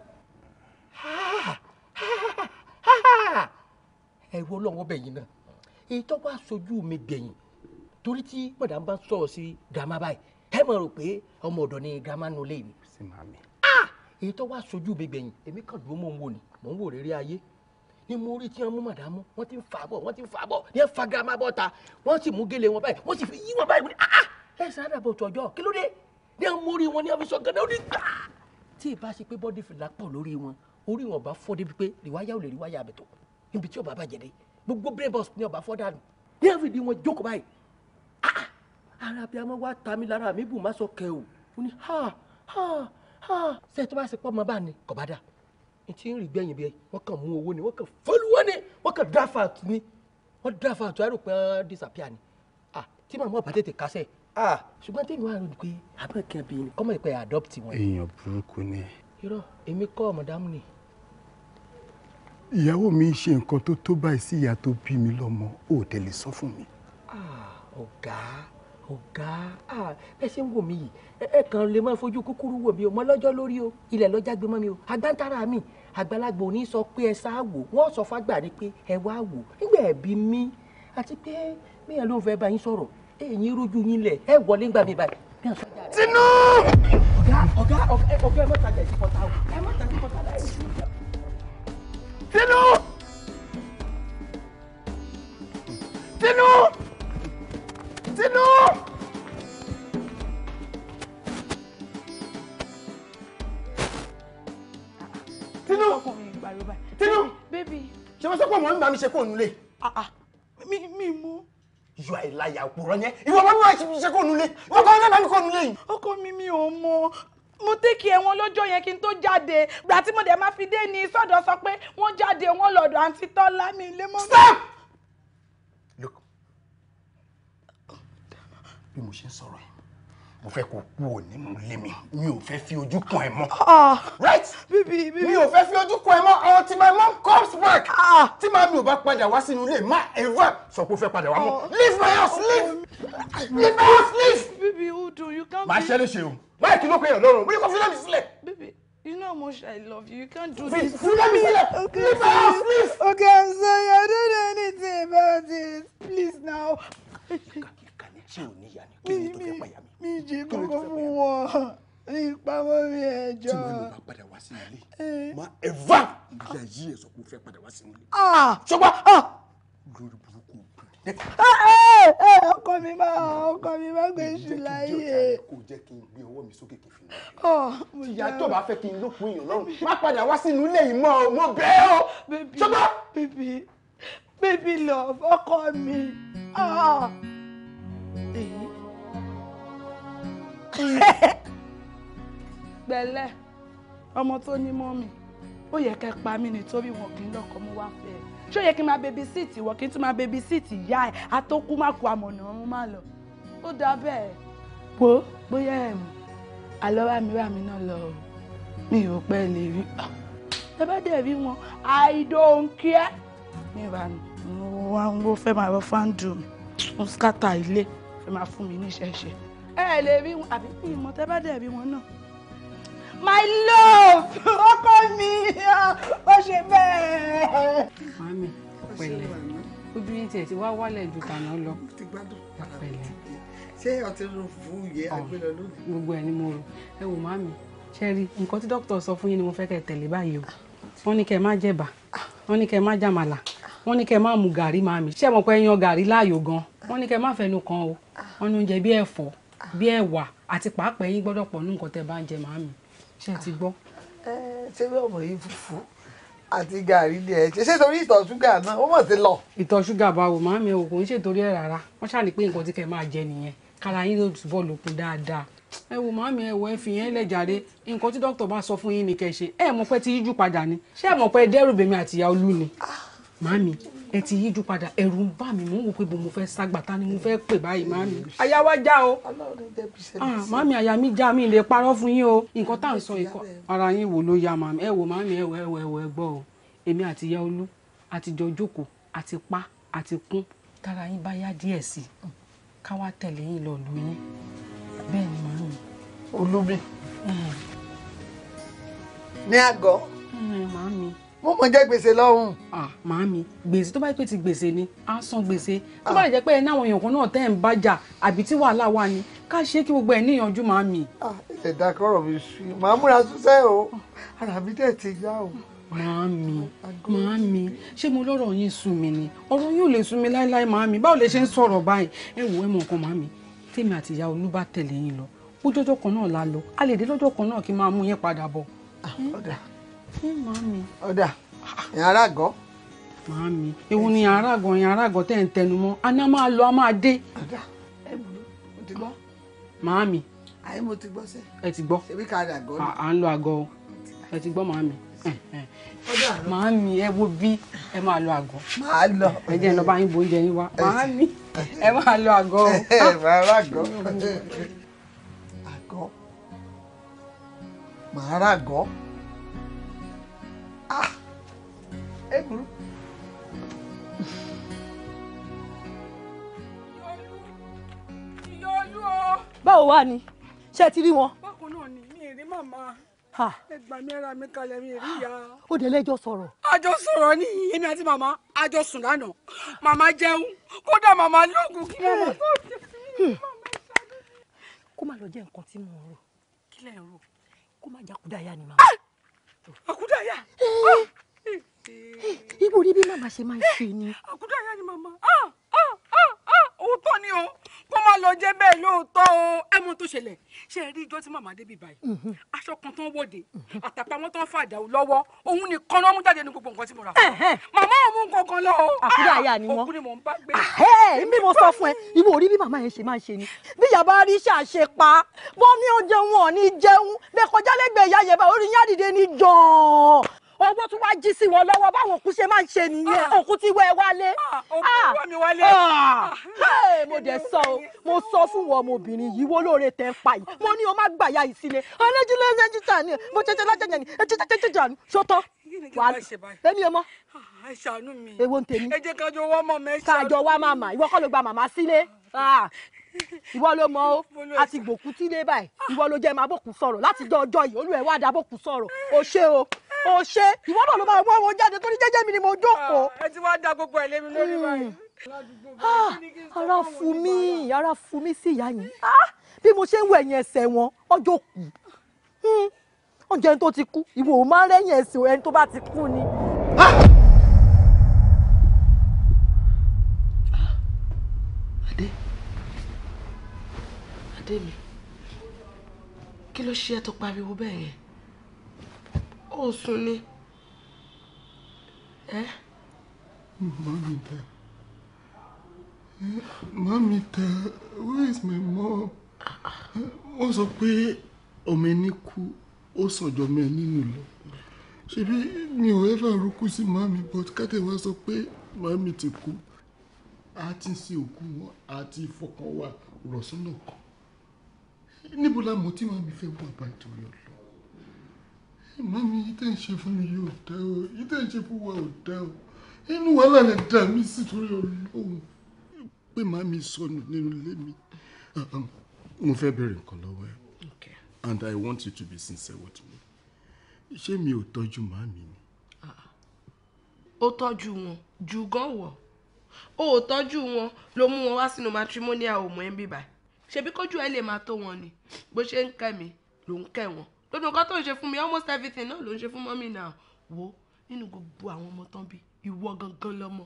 ẹ̀rù ọlọ́wọ́ bẹ̀yìn náà èyí tó wá sojú mi gbẹ̀yìn torí tí madam bá sọ̀rọ̀ sí grandma báyìí ẹ mọ̀ rò pé ọmọ ọ̀dọ̀ ni grandma nù lé mi. sí màmí. èyí tó sojú mi gbẹ̀yìn èmi kàn dúró mò ń wò ni mò ń wò rírí ayé ni mo rí tí wọn mú madam wọn ti ń fa bọ wọn ti ń fa bọ ní ẹ fa grandma bọ ta wọn sì mú gèlè wọn báyìí wọn sì fi yí wọn báyìí ẹ sáré àbọ̀ tọjọ́ kí ló dé ní ẹ mú rí wọn ní ẹ fi sọ gánà ó ní gbà tí ì bá ṣe pé bọ́dí fìlà pọ̀ lórí wọn orí wọn bá fọ́ débi pé rìwáyà ò lè rìwáyà àbẹ̀tọ̀ níbi tí ò bá bàjẹ́ dé gbogbo brain box ni ọba fọ́dà nù david wọn jókòó báyìí ah, ah ara bíi ọmọ wa ta mi lára mi bù má sọ kẹ o ó ní ha ha ha ṣe tó bá ṣe pọ́ ọmọ bá ní kọ̀ bá dà n ti ń rí gbẹ̀yìn bíi wọ́n kàn mú owó ni wọ́n kàn fọlúwọ́ ni wọ́n kàn draft out ni wọ́n draft out ẹ̀rọ pé wọ́n disappear ni ah tí màmú ọba tètè kásẹ̀ ah ṣùgbọ́n tí ìwà rẹ̀ pé àbẹ̀kẹ́ bíi kọ́mọ̀ ìpẹ́ adopt wọn. èèyàn burúkú ni. irọ́ èmi kọ́ ọ̀mọ̀dámù ni ìyàwó mi ṣe nǹkan tó tó báyìí sí ìyá tó bí mi lọ́mọ ò dẹ̀ lè sọ fún mi. Ah, ọ̀gá ọ̀gá ah, ẹ ṣe ń wò mí yìí ẹ kàn lè máa fojú kúkúrú wò mí o mọ lọ́jọ́ lórí o ilẹ̀ lọ́jà gbé mọ́ mi o agbántara mi àgbàlagbà ò ní sọ pé ẹ sá wò wọ́n sọ fágbà ni pé ẹ wá wò nígbà ẹ̀ bí mi àti pé mẹ́yàn ló ń fẹ́ bá yín sọ̀rọ̀ ẹ̀yin rojú yín lẹ̀ ẹ wọlé ń gbà mí báyìí. tinú. ọ̀gá ọ̀gá ọ̀gá ẹ mọ̀ tàjà ìsìnkọ̀ta o ẹ mọ̀ tàjà ìsìnkọ̀ta láì sí. Tinu! Tinu! Tinu! Tinu! Tinu! Baby. Ṣé wọ́n sọ pé ọmọ mi máa mi ṣe fóònù lé? Ah, ah. Mi mi mú. Yọ àìláyà òpùrọ̀ yẹn. Ìwọ ọmọ mi máa ṣe You lé. Ìwọ ọkọ mi máa mi fóònù lé yìí. Ọkọ mi mi ò mọ mo tẹ́kì ẹ wọn lọ́jọ́ yẹn kí n tó jáde gbà mo dẹ̀ máa fi dé ní sọ́dọ̀ sọ pé wọ́n jáde wọn lọ́dọ̀ àǹtí tọ́lá mi lé mọ́. stop look bí mo ṣe ń sọ̀rọ̀ yẹn mo fẹ́ kó kú òní mo lé mi mi ò fẹ́ fi ojú kan ẹ mọ́. Ah, right bíbí bíbí mi ò fẹ́ fi ojú kan ẹ mọ́ ọ̀hún tí my mom comes back ah. tí màmí ò bá padà wá sínú ilé má ever sọ pé ó fẹ́ padà wá mọ́ oh. leave my house leave oh, leave my house leave. bíbí o dùn you can't be. màá ṣe é léṣe o máa kí ló pe èèyàn lọ́rùn mo ní kó fi lẹ́mi sílẹ̀. bíbí you know how much I love you you can't do this. fi lẹ́mi sílẹ̀ okay, leave my house leave. okay I'm sorry I don't know anything about this please now. tí ò níyà ni kí ni tó fẹ́ pàyà mi. mi jì kọ́kọ́ fún wọn ìpamọ́ mi ẹ̀jọ́. tí màá ló bá padà wá sí ilé má ẹ̀fà ìdílé ayé ẹ̀ sọ pé ó fẹ́ padà wá sí ilé. Ah! ṣọgbọ́n ah! lórí burúkú ah, ọkọ mi máa ọkọ mi máa gbé iṣu láyé. kò jẹ́ kí n gbé ọwọ́ mi sókè kí n fi mọ́. ìyá tó bá fẹ́ kí n lókun èèyàn lọ́rùn má padà wá sínú ilé yìí mọ́ mo bẹ̀ ẹ́ o. bébí bébí bébí lọ ọkọ mi. Ah gbẹ̀lẹ́ ọmọ tó ní mọ́mì ó yẹ kẹ́ pa mí nítorí wọn kì í lọ́kọ mo wá fẹ́ ẹ ṣó yẹ kí n máa bẹbí síìtì wọ kí n tún máa bẹbí síìtì yá ẹ àtọkù má kó àmọ̀nà ọ̀run má lọ ó dáa bẹ́ẹ̀ wo bóyá ẹ̀mú àlọ́wà mi wà mí náà lọ o mi ò pẹ́ lè rí ẹ bá dẹ̀ rí wọn I don't care mi wà ní wọn fẹ́ máa rọ fáńdù mi mo scatter ilé fẹ́ máa fún mi níṣẹ́ ṣe ẹ lè rí wọn àbí ìmọ̀ tẹ́ bá dẹ̀ rí wọn náà my love ọkọ mi ó ṣe bẹ́ẹ̀. mami pẹ̀lẹ́ obìnrin tiẹ̀ ti wá wálẹ̀ ju tànà lọ pẹ̀lẹ́. ṣé ọtí ló fún yẹ agbélọ lónìí. gbogbo ẹ ni mo rò ẹ wò mami ṣẹ́rí nǹkan tí dókítà sọ fún yín ni mo fẹ́ kẹ́ ẹ tẹ̀lé báyìí o wọ́n ní kẹ́ ẹ má jẹ̀bà wọ́n ní kẹ́ ẹ má jàmàlà wọ́n ní kẹ́ ẹ má mu gàrí mami ṣé ẹ mọ̀ pé ẹ yan gàrí láàyò gan-an wọ́n ní kẹ́ má fẹnu kan o wọ́n ní oúnjẹ bí ẹ̀fọ́ bí ẹ̀wà àti pàápàá yín gbọ́dọ̀ pọ̀ ní nǹkan tẹ́ bá ń jẹ màámi ṣé ti gbọ́. ẹ ṣé bí ọmọ yìí fùfú àti gàrí ni ẹ ṣe ṣé torí ìtọ̀ ṣúgà náà ó mọ̀ ti lọ. ìtọ̀ ṣúgà báwo màámi o kò ń ṣètòrí ẹ̀ rárá wọ́n ṣàní pé nǹkan tí kẹ́ máa jẹ nìyẹn kára yín ló túbọ̀ lókun dáadáa ẹ wò màámi ẹ wò ẹ fi yẹn lẹ jàre nǹkan tí dókítà bá sọ fún yín ni kẹ́ ṣe ẹ mọ̀ pé ti yíjú padà ni ṣé ẹ mọ̀ pé dẹ́rù bèmi àtìyá olú ni ah. màámi ẹ ti yíjú padà ẹ̀rù ń bà mí mò ń wò pé bò mo fẹ́ ságbàtà ni mo fẹ́ pè báyìí màmí. àyà wa já o ah, màmí àyà mi já mi lè parọ́ fún yín o nǹkan tá à ń sọ ikọ́ ara yín wò ló ya màmí ẹ wò màmí ẹ wò ẹ wò ẹ wò ẹ gbọ́ o èmi àti ìyá olú àti jọ jókòó àti pa àti kún tára yín bá yá díẹ̀ sí i ká wá tẹ̀lé yín lọ lù yín bẹ́ẹ̀ ni màmí. olúbi ní àgọ́. màmí mo mọ̀ jẹ́ gbèsè lọ́hùn. màámi gbèsè tó bá yẹ pé ti gbèsè ni á san gbèsè tó ah. bá yẹ pé ẹ náwọn èèyàn kan náà tẹ́ ẹ̀ ń bájà àbí tí wàhálà wà ni ká ṣe kí gbogbo ẹ̀ níyànjú màámi. ìṣẹ̀dá ah, kọ̀rọ̀ mi sùn màá múra ṣúṣẹ́ o ara mi dẹ̀ ti yá o. màámi màámi ṣé mo lọ́rọ̀ yín sùn mí ni ọ̀rọ̀ yóò lè sùn mí láéláé màámi báwo lè ṣe ń sọ̀rọ̀ báyìí ẹ wò ẹ mọ̀ nǹkan màámi tèmi àti ìyá Olú a lè dé lọ́jọ́ kan náà kí n máa mú yín padà màámi. ọ̀dà ẹ̀yin aráàgọ́. màámi ewu ni aráàgọ́ ẹ̀yin aráàgọ́ tẹ̀ ń tẹnu mọ́ aná máa lọ a máa dé. ọ̀dà ẹ bù ú mo ti gbọ́. màámi. àyè mo ti gbọ́ sẹ́. ẹ ti gbọ́. ṣebí ká àdà gọ́ ni. à ń lo àgọ́ o ẹ ti gbọ́ màámi. màámi ẹ wo bí ẹ máa lo àgọ́. máa lọ. ẹ jẹ́ ẹ yín bo oúnjẹ yín wá. màámi ẹ máa lo àgọ́ o. ẹ máa àgọ́. àgọ́ màá rà àgọ́ ah ẹ burú. báwo wá ni ṣé ti rí wọn. bákan náà ni mi ì rí màmá ẹgbà mẹ́ra mi kalẹ̀ mi ì rí ìyá. ó dé lẹ́jọ́ sọ̀rọ̀. àjọ sọ̀rọ̀ ní èmi àti màmá àjọ sùn lánàá màmá jẹun kódà màmá lóògùn kí màmá tó jẹ kó má lọ jẹ nǹkan tí mo rò kí lẹ rò kó má jákúdáyà ni màmá. Ah! àkúdàáyà. Ibu ni bí masih ṣe máa ṣe ni. àkúdàáyà ni màmá òótọ́ ni o kó má lọ jẹ́ bẹ́ẹ̀ lóòótọ́ o ẹ mọ tó ṣẹlẹ̀ ṣe rí ijọ́ tí màmá débi báyìí mhm. aṣọ kan tó ń wòde àtàpá wọn tó ń fàdà lọ́wọ́ òun nìkan ló mú jáde ní gbogbo nǹkan tí mo rà màmá ò mú nǹkan kan lọ o àkúrẹ́ àyà ah, ni wọn òkúrẹ́ mò ń bá gbé. ẹ mi mo sọ fún ẹ ìwọ orí bí màmá yẹn ṣe máa ṣe ni bí yàrá rí ṣàṣe pa bọ́ mi ò jẹun ọ̀ ní jẹun owó tún wá jí sí wọn lọ́wọ́ báwọn òkú ṣe máa ń ṣe nìyẹn ah. òkú tí wẹ́ wálé. Ah, ah. òkú wà mí wálé. mo dẹ̀ sọ o mo sọ fún wọn ọmọbìnrin yìí wó lóore tẹ̀ ń pa yìí mo ní o má gbà ya ìsílẹ̀ ọlẹ́jìlẹ́jìjà ni mo ṣẹ̀ṣẹ̀ lájẹ̀jẹ̀ ni ẹ̀jẹ̀jẹ̀jẹ̀jà ni ṣótọ́ wà lẹ́mi ọmọ. ẹ ṣàánú mi ewo ń tèmi ẹ jẹ́ kájọ wá mọ̀ mẹ́ ṣàánú mi kájọ wá màmá ìwọ kọ́ ló gba màmá sílé ìwọ ló mọ o àti gbòkú tílé báyìí ìwọ ló jẹ́ máa bòkú sọ̀rọ̀ láti jọ ọjọ́ yìí olú ẹ̀ wá dá bòkú sọ̀rọ̀ o ṣé o o ṣe ìwọ náà ló máa mú àwọn jáde torí jẹ́jẹ́ mi ni mo jókòó. Ah, ẹ ti wá da gbogbo ẹ̀ lé mi lórí hmm. báyìí. Ah, ara fún mi ara fún mi sí ìyá yẹn ah, bí mo ṣe ń wọ ẹ̀yìn ẹsẹ̀ wọn ọjọ́ kù oúnjẹ ẹni tó ti kú ìwọ ò máa ń rẹ́yìn ẹsẹ̀ ẹni tó bá ti kú ni. adé mi kí ló ṣe ẹ́ tó pariwo bẹ́ẹ̀ yẹn ó sùn ni. Mami tẹ. Mami tẹ, where is my mom? Wọ́n sọ pé ọmọ ẹni kú, ó sọ̀jọ̀ ọmọ ẹni lọ. Ṣebí mi ò ẹ́fà rúkú sí mami but kátẹ́ wá sọ pé mami ti kú. A ti sin òkú wọn, a ti fọkàn wa rọ̀ sọ́nà kan. Níbo la mọ̀ tí mami fẹ́ wà bá ìtòrí ọ̀la? màmí yìí tẹ̀ ń ṣe fún mi yóò dá o yìí tẹ̀ ń ṣe fún wa ò dá o inú wàhálà lè dà mí sí torí olóhùn pé màmí sọnù nínú ilé mi. Ah, um, mo fẹ́ bẹ̀rẹ̀ nǹkan lọ́wọ́ ẹ and I want you to be sincere with me ṣé mi ò tọ́jú màmí ni. Ah. ó tọ́jú wọn jù gan wọ̀ ó ò tọ́jú wọn ló mú wọn wá sínú matrimonial òmù ẹ̀ ń bíbá ṣebí kójú ẹ lè máa tó wọn ni bó ṣe ń kẹ́ mi ló ń kẹ́ wọn gbogbo nǹkan tó ń ṣe fún mi almost everything náà ló ń ṣe fún mọ́mí náà wo nínú gbogbo àwọn ọmọ tán bí ìwọ gangan lọmọ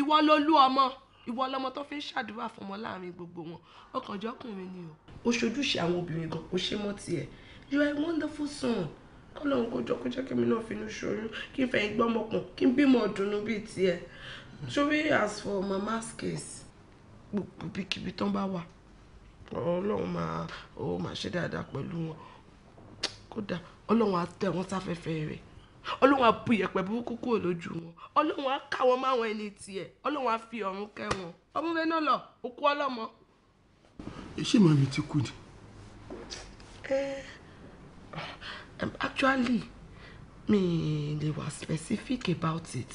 ìwọ ló lú ọmọ ìwọ lọmọ tó fi ń ṣàdúrà fún ọmọ láàrin gbogbo wọn ọkànjọkùnrin ni o. ó ṣojúṣe àwọn obìnrin gan kò ṣe mọ́ tiẹ̀ you are a wonderful son kọ́lọ́run kó jọ kó jẹ́ kí mi náà finú ṣoyún kí n fẹ̀yìn gbọ́mọkùn kí n bímọ ọ̀dùnnú bíi tiẹ̀ sórí as for mama's case gbogbo bíkíbi tán bá wà ọlọ́run máa ó máa ṣe dáadáa pẹ̀lú wọn kódà ọlọ́run á tẹ̀ wọ́n sáfẹ́fẹ́ rẹ̀ ọlọ́run á bu ìyẹ̀pẹ̀ burúkú kúrò lójú wọn ọlọ́run á ká wọn máwọn ẹni tiẹ̀ ọlọ́run á fi ọ̀run kẹ́ wọn ọmọbìnrin náà lọ òkú ọlọ́mọ. ṣé màá mi ti kú ni. actually mi lè wà specific about it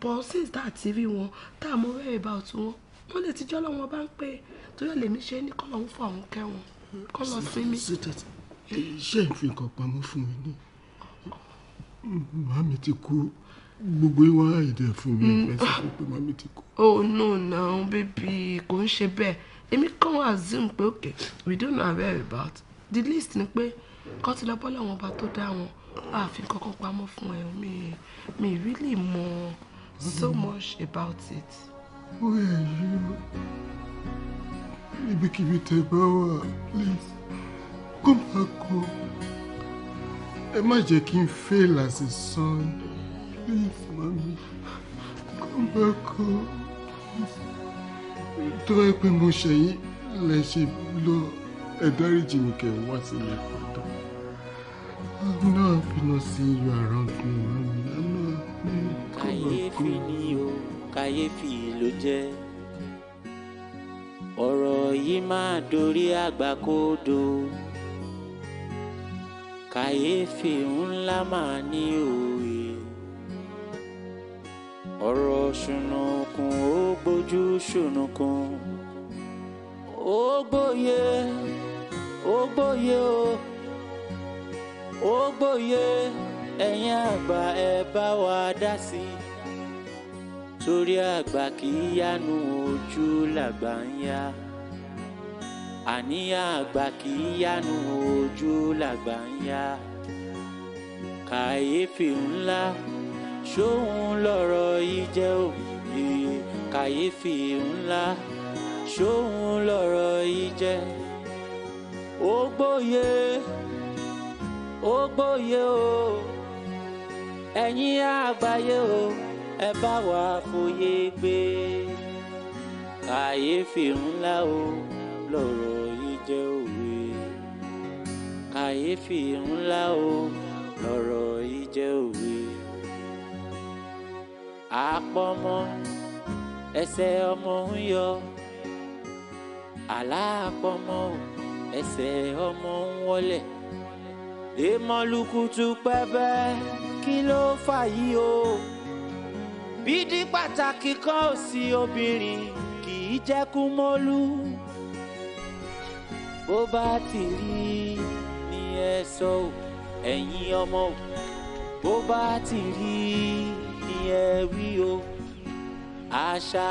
but since that TV ti rí wọn tá a mọ wẹ́rẹ̀ about wọn wọ́n lè tijọ́ lọ́wọ́ bá ń pè é torí ọ̀lẹ́mí ṣe é ní kọ́ lọ́hún fún àwọn kẹ́wọn kọ́ lọ sí ṣé ẹ pamọ́ fún mi ni màmí ti kú gbogbo ìwà ìdẹ fún mi ẹ sọ fún pé màmí ti kú. oh no na baby kò ń ṣe bẹ́ẹ̀ èmi kàn assume pé okay we don't know where about the list ni pé kọ́ ti lọ bọ́lá wọn bá tó dá wọn àfi kankan pamọ́ fún ẹ mi mi really mọ so much about it. ó yẹ yí ibikíbi tẹ́ bá wà please kó máa kọ ẹ má jẹ́ kí n fail as a son please mami kó máa kọ tó bá yẹ pé mo ṣẹ̀yìn lẹ ṣe lọ ẹ dáríjì mi kẹ́ wá sílẹ̀ pàtó i'm not happy not seeing you around me mami i'm not happy kó máa kọ. kàyéfì ló jẹ́ ọ̀rọ̀ yìí máa dorí àgbà kó do kàyéfì ńlá máa ní òye ọ̀rọ̀ ṣùnùkùn ó gbójú ṣùnùkùn ó gbóye ó gbóye o ó gbóye ẹ̀yin àgbà ẹ bá wa dá sí i torí àgbà kì í yánu ojú làgbà ń yá àníyàn àgbà kì í yánu ojú làgbà ń yá kàyéfì ńlá ṣóhun lọ̀rọ̀ yìí jẹ́ òbí kàyéfì ńlá ṣóhun lọ̀rọ̀ yìí jẹ́ ó gbóye ó gbóye o ẹ̀yin àgbáyé o ẹ bá wa fòye gbé kàyéfì ńlá o lọ̀rọ̀ yìí jẹ́ òwe kàyéfì ńlá o lọ̀rọ̀ yìí jẹ́ òwe àpọ̀mọ́ ẹsẹ̀ ọmọ ń yọ àlàpọ̀mọ́ ẹsẹ̀ ọmọ ń wọlẹ̀ èèmọ̀lùkùtù pẹ́pẹ́ kí ló fà yí o bídí pàtàkì kan ò sí obìnrin kì í jẹ́ kú mọ́lú bó bá ti rí ni ẹ sọ ò ẹ̀yin ọmọ ò bó bá ti rí ni ẹ o àṣà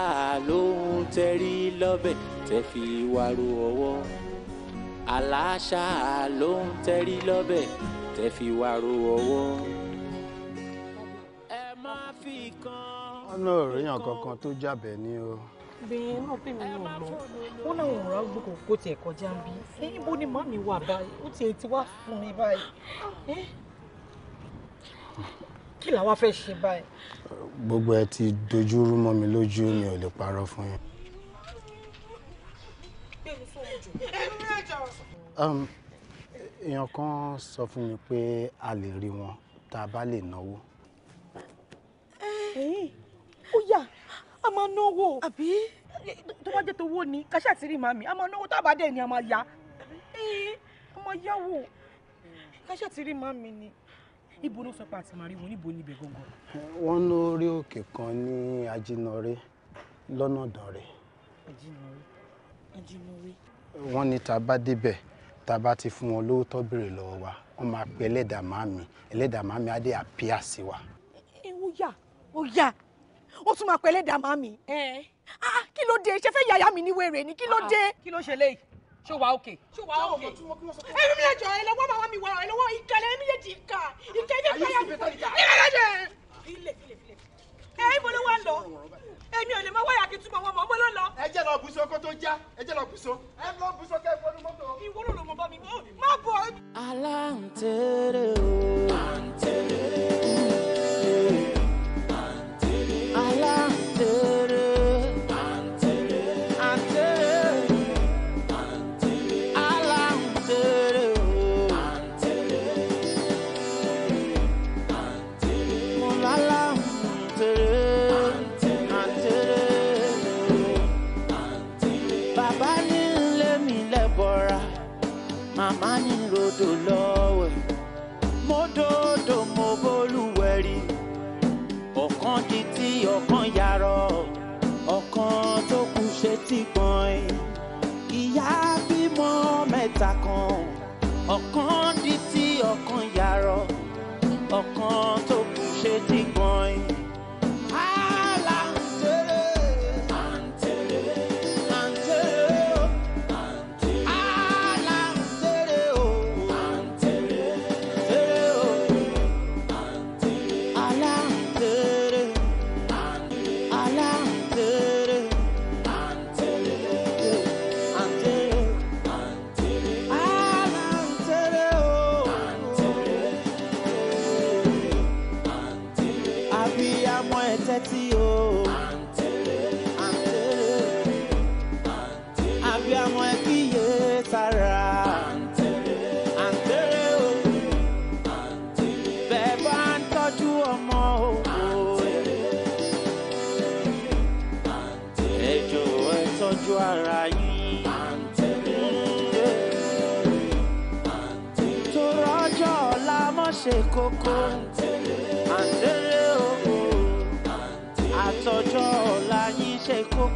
lóhun tẹrí lọ́bẹ̀ tẹ fi wárò ọwọ́ àlàáṣà lóhun tẹrí lọ́bẹ̀ tẹ fi wárò ọwọ́. ẹ má kankan tó jàbẹ ni o obìnrin náà tèmi náà lọ wọn làwọn òun rágbó kò kó tiẹ̀ kọjá ń bí ẹ̀yìn bó ni màmí wà báyìí ó tiẹ̀ ti wá fún mi báyìí kí làwa fẹ́ ṣe báyìí. gbogbo ẹ ti dojú rú mọ́ mi lójú mi ò lè parọ́ fún yín. Um, èèyàn kan sọ fún mi pé a lè rí wọn tá a bá lè náwó. ó yà a máa náwó. àbí. tó bá jẹ́ tówó ni kàṣà ti rí màmí a máa náwó tá a ni a máa ya. a máa yáwó kàṣà ti rí màmí ni. ibo ló sọ pé àti màrí wọn níbo níbẹ̀ gangan. wọ́n ló rí òkè kan ní ajínọ̀rẹ́ lọ́nà dọ̀rẹ́. ajínọ̀rẹ́ ajínọ̀rẹ́. wọ́n ní tá a bá débẹ̀ tá a bá ti fún wọn lówó tó béèrè lọ́wọ́ wa wọ́n máa pe ẹlẹ́dàá màmí ẹlẹ́dàá màmí á dé àpíà sí wa. ẹ ó yà ó yà ó tún máa pẹ́ lẹ́dàá máa mi. Ah, kí ló dé ṣe fẹ́ yàyà mi ní wèrè ni kí ló ah, dé. Ah. kí ló ṣe léyìí ṣó wàá òkè. ṣó wàá òkè. ẹnu mi ẹjọ ẹlọwọ màmá mi wà ẹlọwọ ìkàlẹ ẹnu méjèèjì ìkà ìkà ẹjẹ fẹyà mi ìkàlẹjẹ. ẹ ibo ló wà lọ èmi ò lè mọ wáyà kí túmọ̀ wọn mọ̀ ọmọ ló lọ. ẹ jẹ́ lọ bùsọ kó tó já ẹ jẹ́ lọ bùsọ. ẹ lọ bùsọ kẹ́ ẹ fọdún mọ́tò. ìwọ ló mọ bá mi má bọ̀. aláǹtẹ̀rẹ̀ o. àǹtẹ̀rẹ̀. màmá ní rodò lọ. mẹ́ta kan ọ̀kan di ti ọ̀kan yàrá ọ̀kan tó kù ṣe ti gbọ́.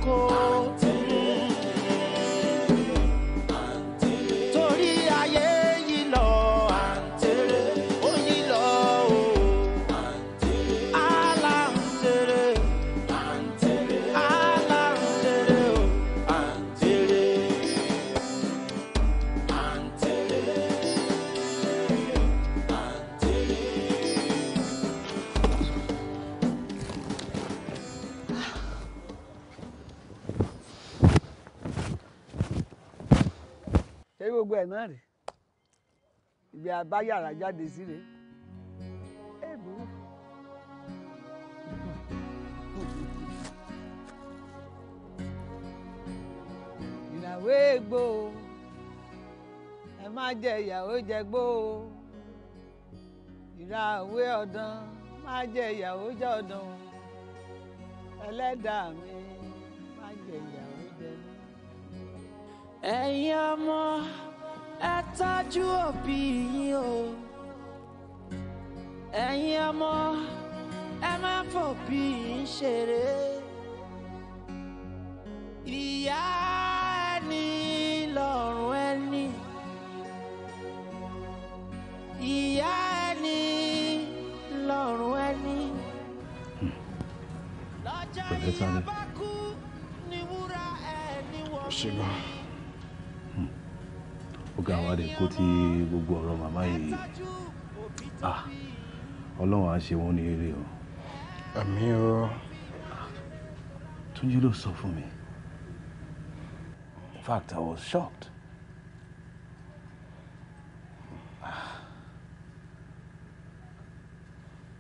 我。gbogbo ẹ̀ náà rè ibi abáyàrá jáde sí rè é burú. ìyàwó ègbò ẹ má jẹ ìyàwó jẹgbó ìràwé ọ̀dàn má jẹ ìyàwó jẹ ọ̀dàn ẹlẹ́dàá mi má jẹ ìyàwó jẹ mí. ọmọ ẹ tọ́jú òbí yín o ẹ̀yin ọmọ ẹ má fòbí yín ṣeré ìyá ẹni lọ́rùn ẹni ìyá ẹni lọ́rùn ẹni hmm. lọ́jọ́ ìyá bá kú ni wúrà ẹni wọ́n ọ̀gá wa dẹ̀ kó tí gbogbo ọ̀rọ̀ màmá yìí ah ọlọ́run á ṣe wọ́n ní eré o. àmì o. túnjí ló sọ fún mi in fact I was shocked.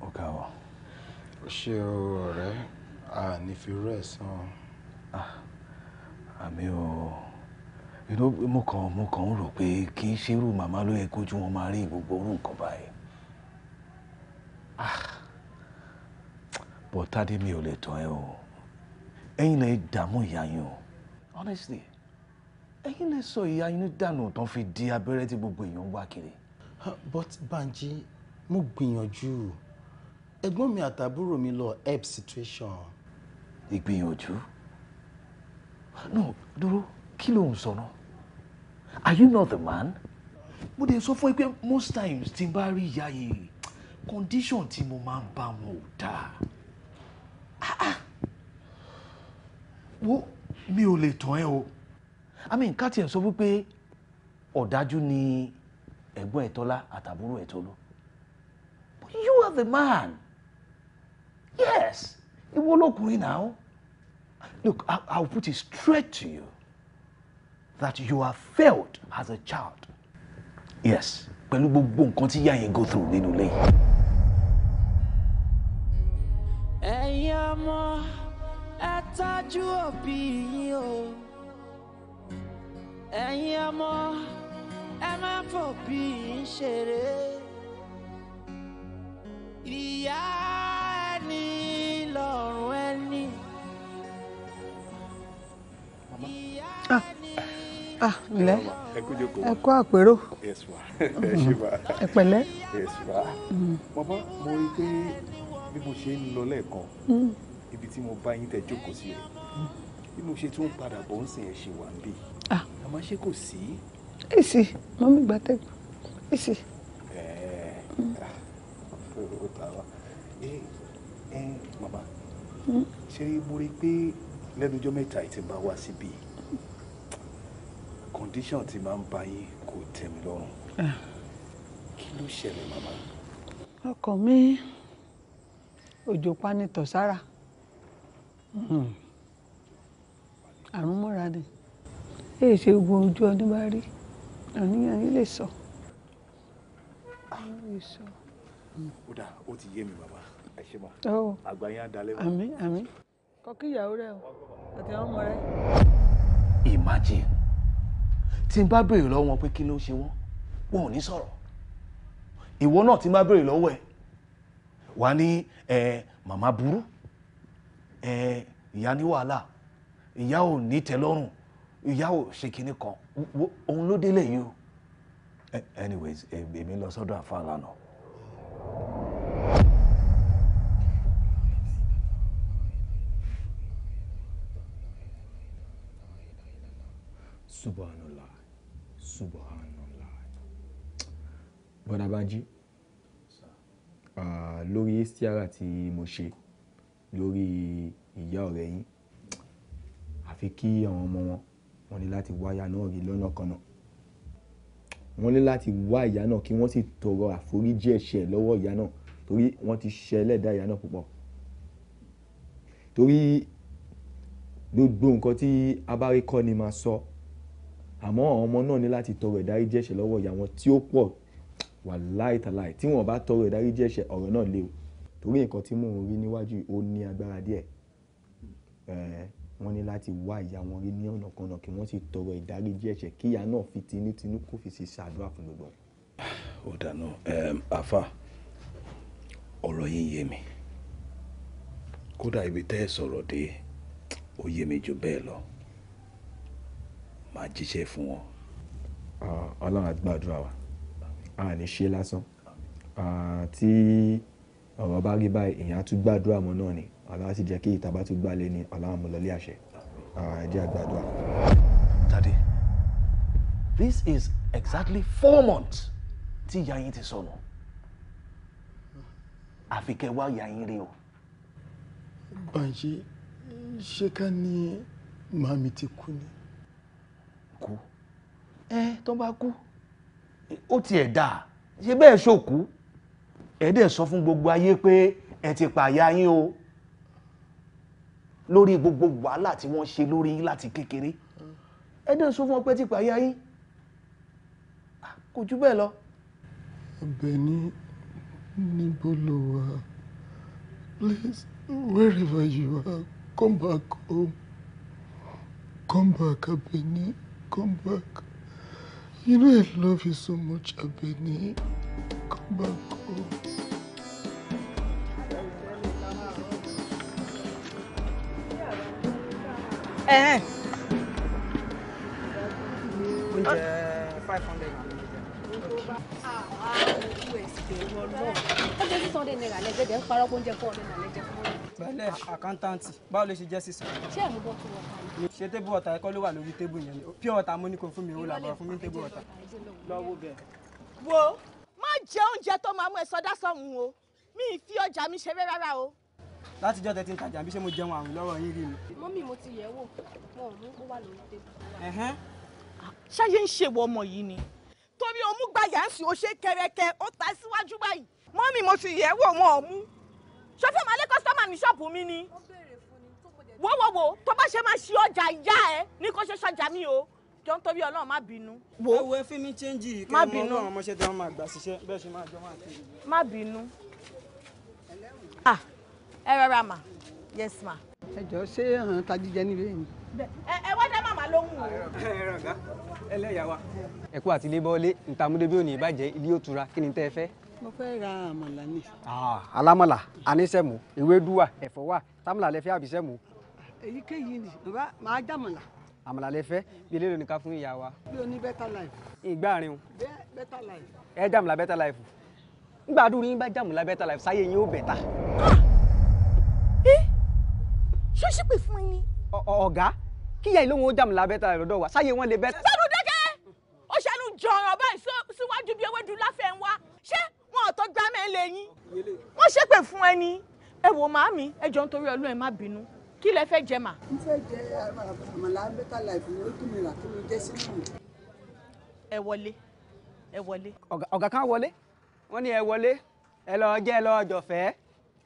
ọ̀gá wa. ó ṣe o a ní fi sàn. àmì o. Ah, you know mo kàn mo kàn ń rò pé kì í ṣerú màmá ló yẹ kójú wọn máa rí gbogbo orú nǹkan báyìí ah bọ̀ tádé mi ò lè tọ́ ẹ o ẹ̀yin lè dààmú ìyá yín o honestly ẹ̀yin lè sọ ìyá yín dànù tán fi di abẹ́rẹ́ tí gbogbo èèyàn wá kiri. Ah, but Banji mo gbìyànjú ẹ̀gbọ́n mi àtàbúrò mi lọ help situation. ìgbìyànjú no dúró kí ló ń sọ náà are you not the man. mo dẹ̀ sọ fún ẹ pé most times tí n bá rí ìyá yìí condition tí mo máa ń bá wọn ò dáa. Ah, ah. wo mi ò lè tàn ẹ́ o i mean káti ẹ̀ sọ wípé ọ̀dájú ni ẹ̀gbọ́n ẹ̀ Tọ́lá àtàbúrò ẹ̀ Tolú but you are the man yes ìwọ lọkùnrin náà look I, i will put it straight to you that you have failed as a child. yes pẹ̀lú gbogbo nǹkan tí ìyá yẹn go through nínú ilé. ẹ̀yin ọmọ ẹ tọ́jú òbí yín o ẹ̀yin ọmọ ẹ má fòbí yín ṣeré ìyá ẹni lọ́rùn ẹni. ìyá ah. ẹni ah ǹlẹ́ ẹ kú àpérò ẹ pẹ̀lẹ́. mama mm. mo rí i pé bí mo ṣe ń lọ lẹ́ẹ̀kan mm. ibi tí mo bá yín tẹ jókòó sí rẹ̀ bí mo ṣe tún padà bọ̀ ń sìn ẹ̀ ṣe wà ń bì. Ah. àmọ́ ṣé kò sí. èsì mọ́mí gbàtẹ́gùn èsì. mama mm. ah, ṣe mo rí pé lẹ́nu ọjọ́ mẹ́ta ẹ̀ condition ti máa ń ba yín kò tẹ́ mi lọ́rùn ah. kí ló ṣẹlẹ̀ màmá. ọkọ mi òjò panitọ̀ sára hmm. àrùn mọ́ra ni èyí ṣe gbogbo ojú ọdún bá rí àníyàn yín ah. lè sọ. ó dà ó ti yé mi bàbá ẹ ṣe mà àgbà yín á dalẹ̀ mọ́. àmín àmín kọkí ìyàwó rẹ o àti àwọn ọmọ rẹ. imagine tí n bá béèrè lọ́wọ́ wọn pé kí ló ṣe wọ́n wọn ò ní sọ̀rọ̀ ìwọ náà tí n bá béèrè lọ́wọ́ ẹ̀ wà ní ẹ màmá burú ẹ ìyá ní wàhálà ìyá ò ní tẹ́lọ́rùn ìyá ò ṣe kinní kan òun ló délé yìí o anyways èmi lọ sọ́dọ̀ àfa lánàá. Subhanallah. Subhanallah. Bọ́dà Bánjí, lórí istiara tí mo ṣe lórí ìyá ọ̀rẹ́ yín, àfi kí àwọn ọmọ wọn, wọ́n ní láti wá ìyá náà rí lọ́nà kan náà. Wọ́n ní láti wá ìyá náà kí wọ́n sì tọrọ àforíjì ẹ̀ṣẹ̀ lọ́wọ́ ìyá náà torí wọ́n ti ṣẹ ẹlẹ́dàá ìyá náà púpọ̀. Torí gbogbo nǹkan tí a bá rí kọ́ àmọ́ àwọn ọmọ náà ní láti tọrọ ìdáríjì ẹ̀ṣẹ̀ lọ́wọ́ ìyá wọn tí ó pọ̀ wà láìtàláì tí wọn bá tọrọ ìdáríjì ẹ̀ṣẹ̀ ọ̀rọ̀ náà léwu torí nǹkan tí mò ń rí níwájú ó ní agbára díẹ̀ wọ́n ní láti wá ìyá wọn rí ní ọ̀nà kan náà kí wọ́n sì tọrọ ìdáríjì ẹ̀ṣẹ̀ kí ìyá náà fi tinútinú kó fi ṣe ṣàdúrà fún gbogbo ó dànù àfa ọ̀rọ̀ yín yé mi kódà ibi tẹ́ sọ̀rọ̀ dé ó yé mi jù bẹ́ẹ̀ lọ máa jíṣẹ́ fún wọn. ọlọ́run á wa a ní ṣe lásán tí ọ̀rọ̀ bá rí báyìí èèyàn á tún gbàdúrà mọ́ náà ni ọlọ́run á jẹ́ kí ìta bá tún gbálẹ̀ ni ọlọ́run á àṣẹ ẹ jẹ́ á this is exactly four months tí ìyá yín ti sọnù àfi kẹ́ wá ìyá yín rí o. Bàjẹ́ ṣé ká ní màmí ti kú ni kú ẹ tó bá kú ó tiẹ̀ dà ṣe bẹ́ẹ̀ ṣòkú ẹ dẹ̀ sọ fún gbogbo ayé pé ẹ ti pààyà yín o lórí gbogbo wàhálà tí wọ́n ṣe lórí yín láti kékeré ẹ dẹ̀ sọ fún wọn ti pààyà yín ah, kò jù bẹ́ẹ̀ lọ. Àbẹ̀ní níbo lo wà please wherever you are come back home come back Abeni. Come back. You know I love you so much, Abeni. Come back home. Oh. Eh. eh. Five hundred. Okay. Ah, ah, two extra. One more. Okay, this Sunday, Nera, let's get them. Parapon, just four hundred, let's get pẹ̀lẹ́ àkántáǹtì báwo ló ṣe jẹ́ sísọ. ṣé ẹ̀rọ bọ́ tó wọ̀ta ni. ṣé tébù ọ̀tá ẹ̀kọ́ ló wà lórí tébù yẹn pure water mo ní kó fún mi ó làbọ̀ fún mi tébù ọ̀tá. lọ́wọ́ bẹ́ẹ̀. wo má jẹ oúnjẹ tó máa mú ẹ sọdá sọ̀hún o mi ì fi ọjà mi ṣeré rárá o. láti jọ́ tẹ́tí ń tajà bí ṣé mo jẹun àrùn lọ́wọ́ yín rí mi. mọ́mì mo ti yẹ̀ wò wọn ò mú ó wà lórí tébù. ṣáyé ń ṣèwọ ọmọ yìí ni torí omúgbàyà ń sìn ó ṣe kẹrẹkẹ ó ta síwájú báyìí mọ́mì mo ti yẹ̀ wò wọn ò mú ṣó fẹ́ máa lé kọ́sítọ́mà ní ṣọ́ọ̀bù mi ni wo tó bá ṣe máa ṣe ọjà ìyá ẹ ní kó ṣe ṣọjà mi o jọ ń torí Ọlọ́run má bínú. wo ewu ẹ fún mi chẹ́ńjì yìí kí ọmọ Ọlọ́run ọmọọṣẹ́ tí wọ́n máa gbà síṣẹ́ bẹ́ẹ̀ ṣe máa jọ máa kiri. má bínú ẹ rọra mà yes ma. ẹ jọ ṣé hàn ta níbí yìí. ẹ wá dá màmá lóhùn o. ẹ rọgá ẹlẹ́yàwá. ẹ kú àtìlébọ́lé ntàmúdébí òní ìbàjẹ́ ilé òtura kí ni tẹ́ ẹ fẹ́ mo fẹ́ ra àmàlà ni. Ah, alámàlà anísẹ̀mù ewédú wà ẹ̀fọ́ wà támàlà lẹ́fẹ́ àbísẹ̀mù. èyíkéyìí ni bàbá màá jàmàlà. àmàlà lẹ́fẹ́ bíi eléyìí nìkan fún ìyá wa. bí o ní better life. ìgbà rin o. better life. ẹ jàmàlà better life. ngbà àdúrà yín bá jàmàlà better life sáyé yín ó bẹ̀ta. ṣé ṣípè fún yín. ọ̀gá kíyà ìlú wọn ó jàmàlà better life lọ́dọ̀ wa sáyé wọn lè bẹ́tà. sẹ́nu dẹ́kẹ́ ó ṣẹnu jọ̀ọ̀rọ̀ báyìí síwájú bíi ewédú láfẹ́ ń wọn ò tó gbá mẹ́lẹ̀ yín wọ́n ṣépè fún ẹni ẹ wò màámi ẹ jọ nítorí Ọlọ́run ẹ má bínú kí lẹ fẹ́ jẹ mà. n fẹ́ jẹ àmàlà better life ni ó tún mi rà tó mi jẹ́ sínú mi. ẹ wọlé ẹ wọlé. ọ̀gá kan wọlé wọ́n ní ẹ wọlé ẹ lọ jẹ́ ẹ lọ jọ̀fẹ́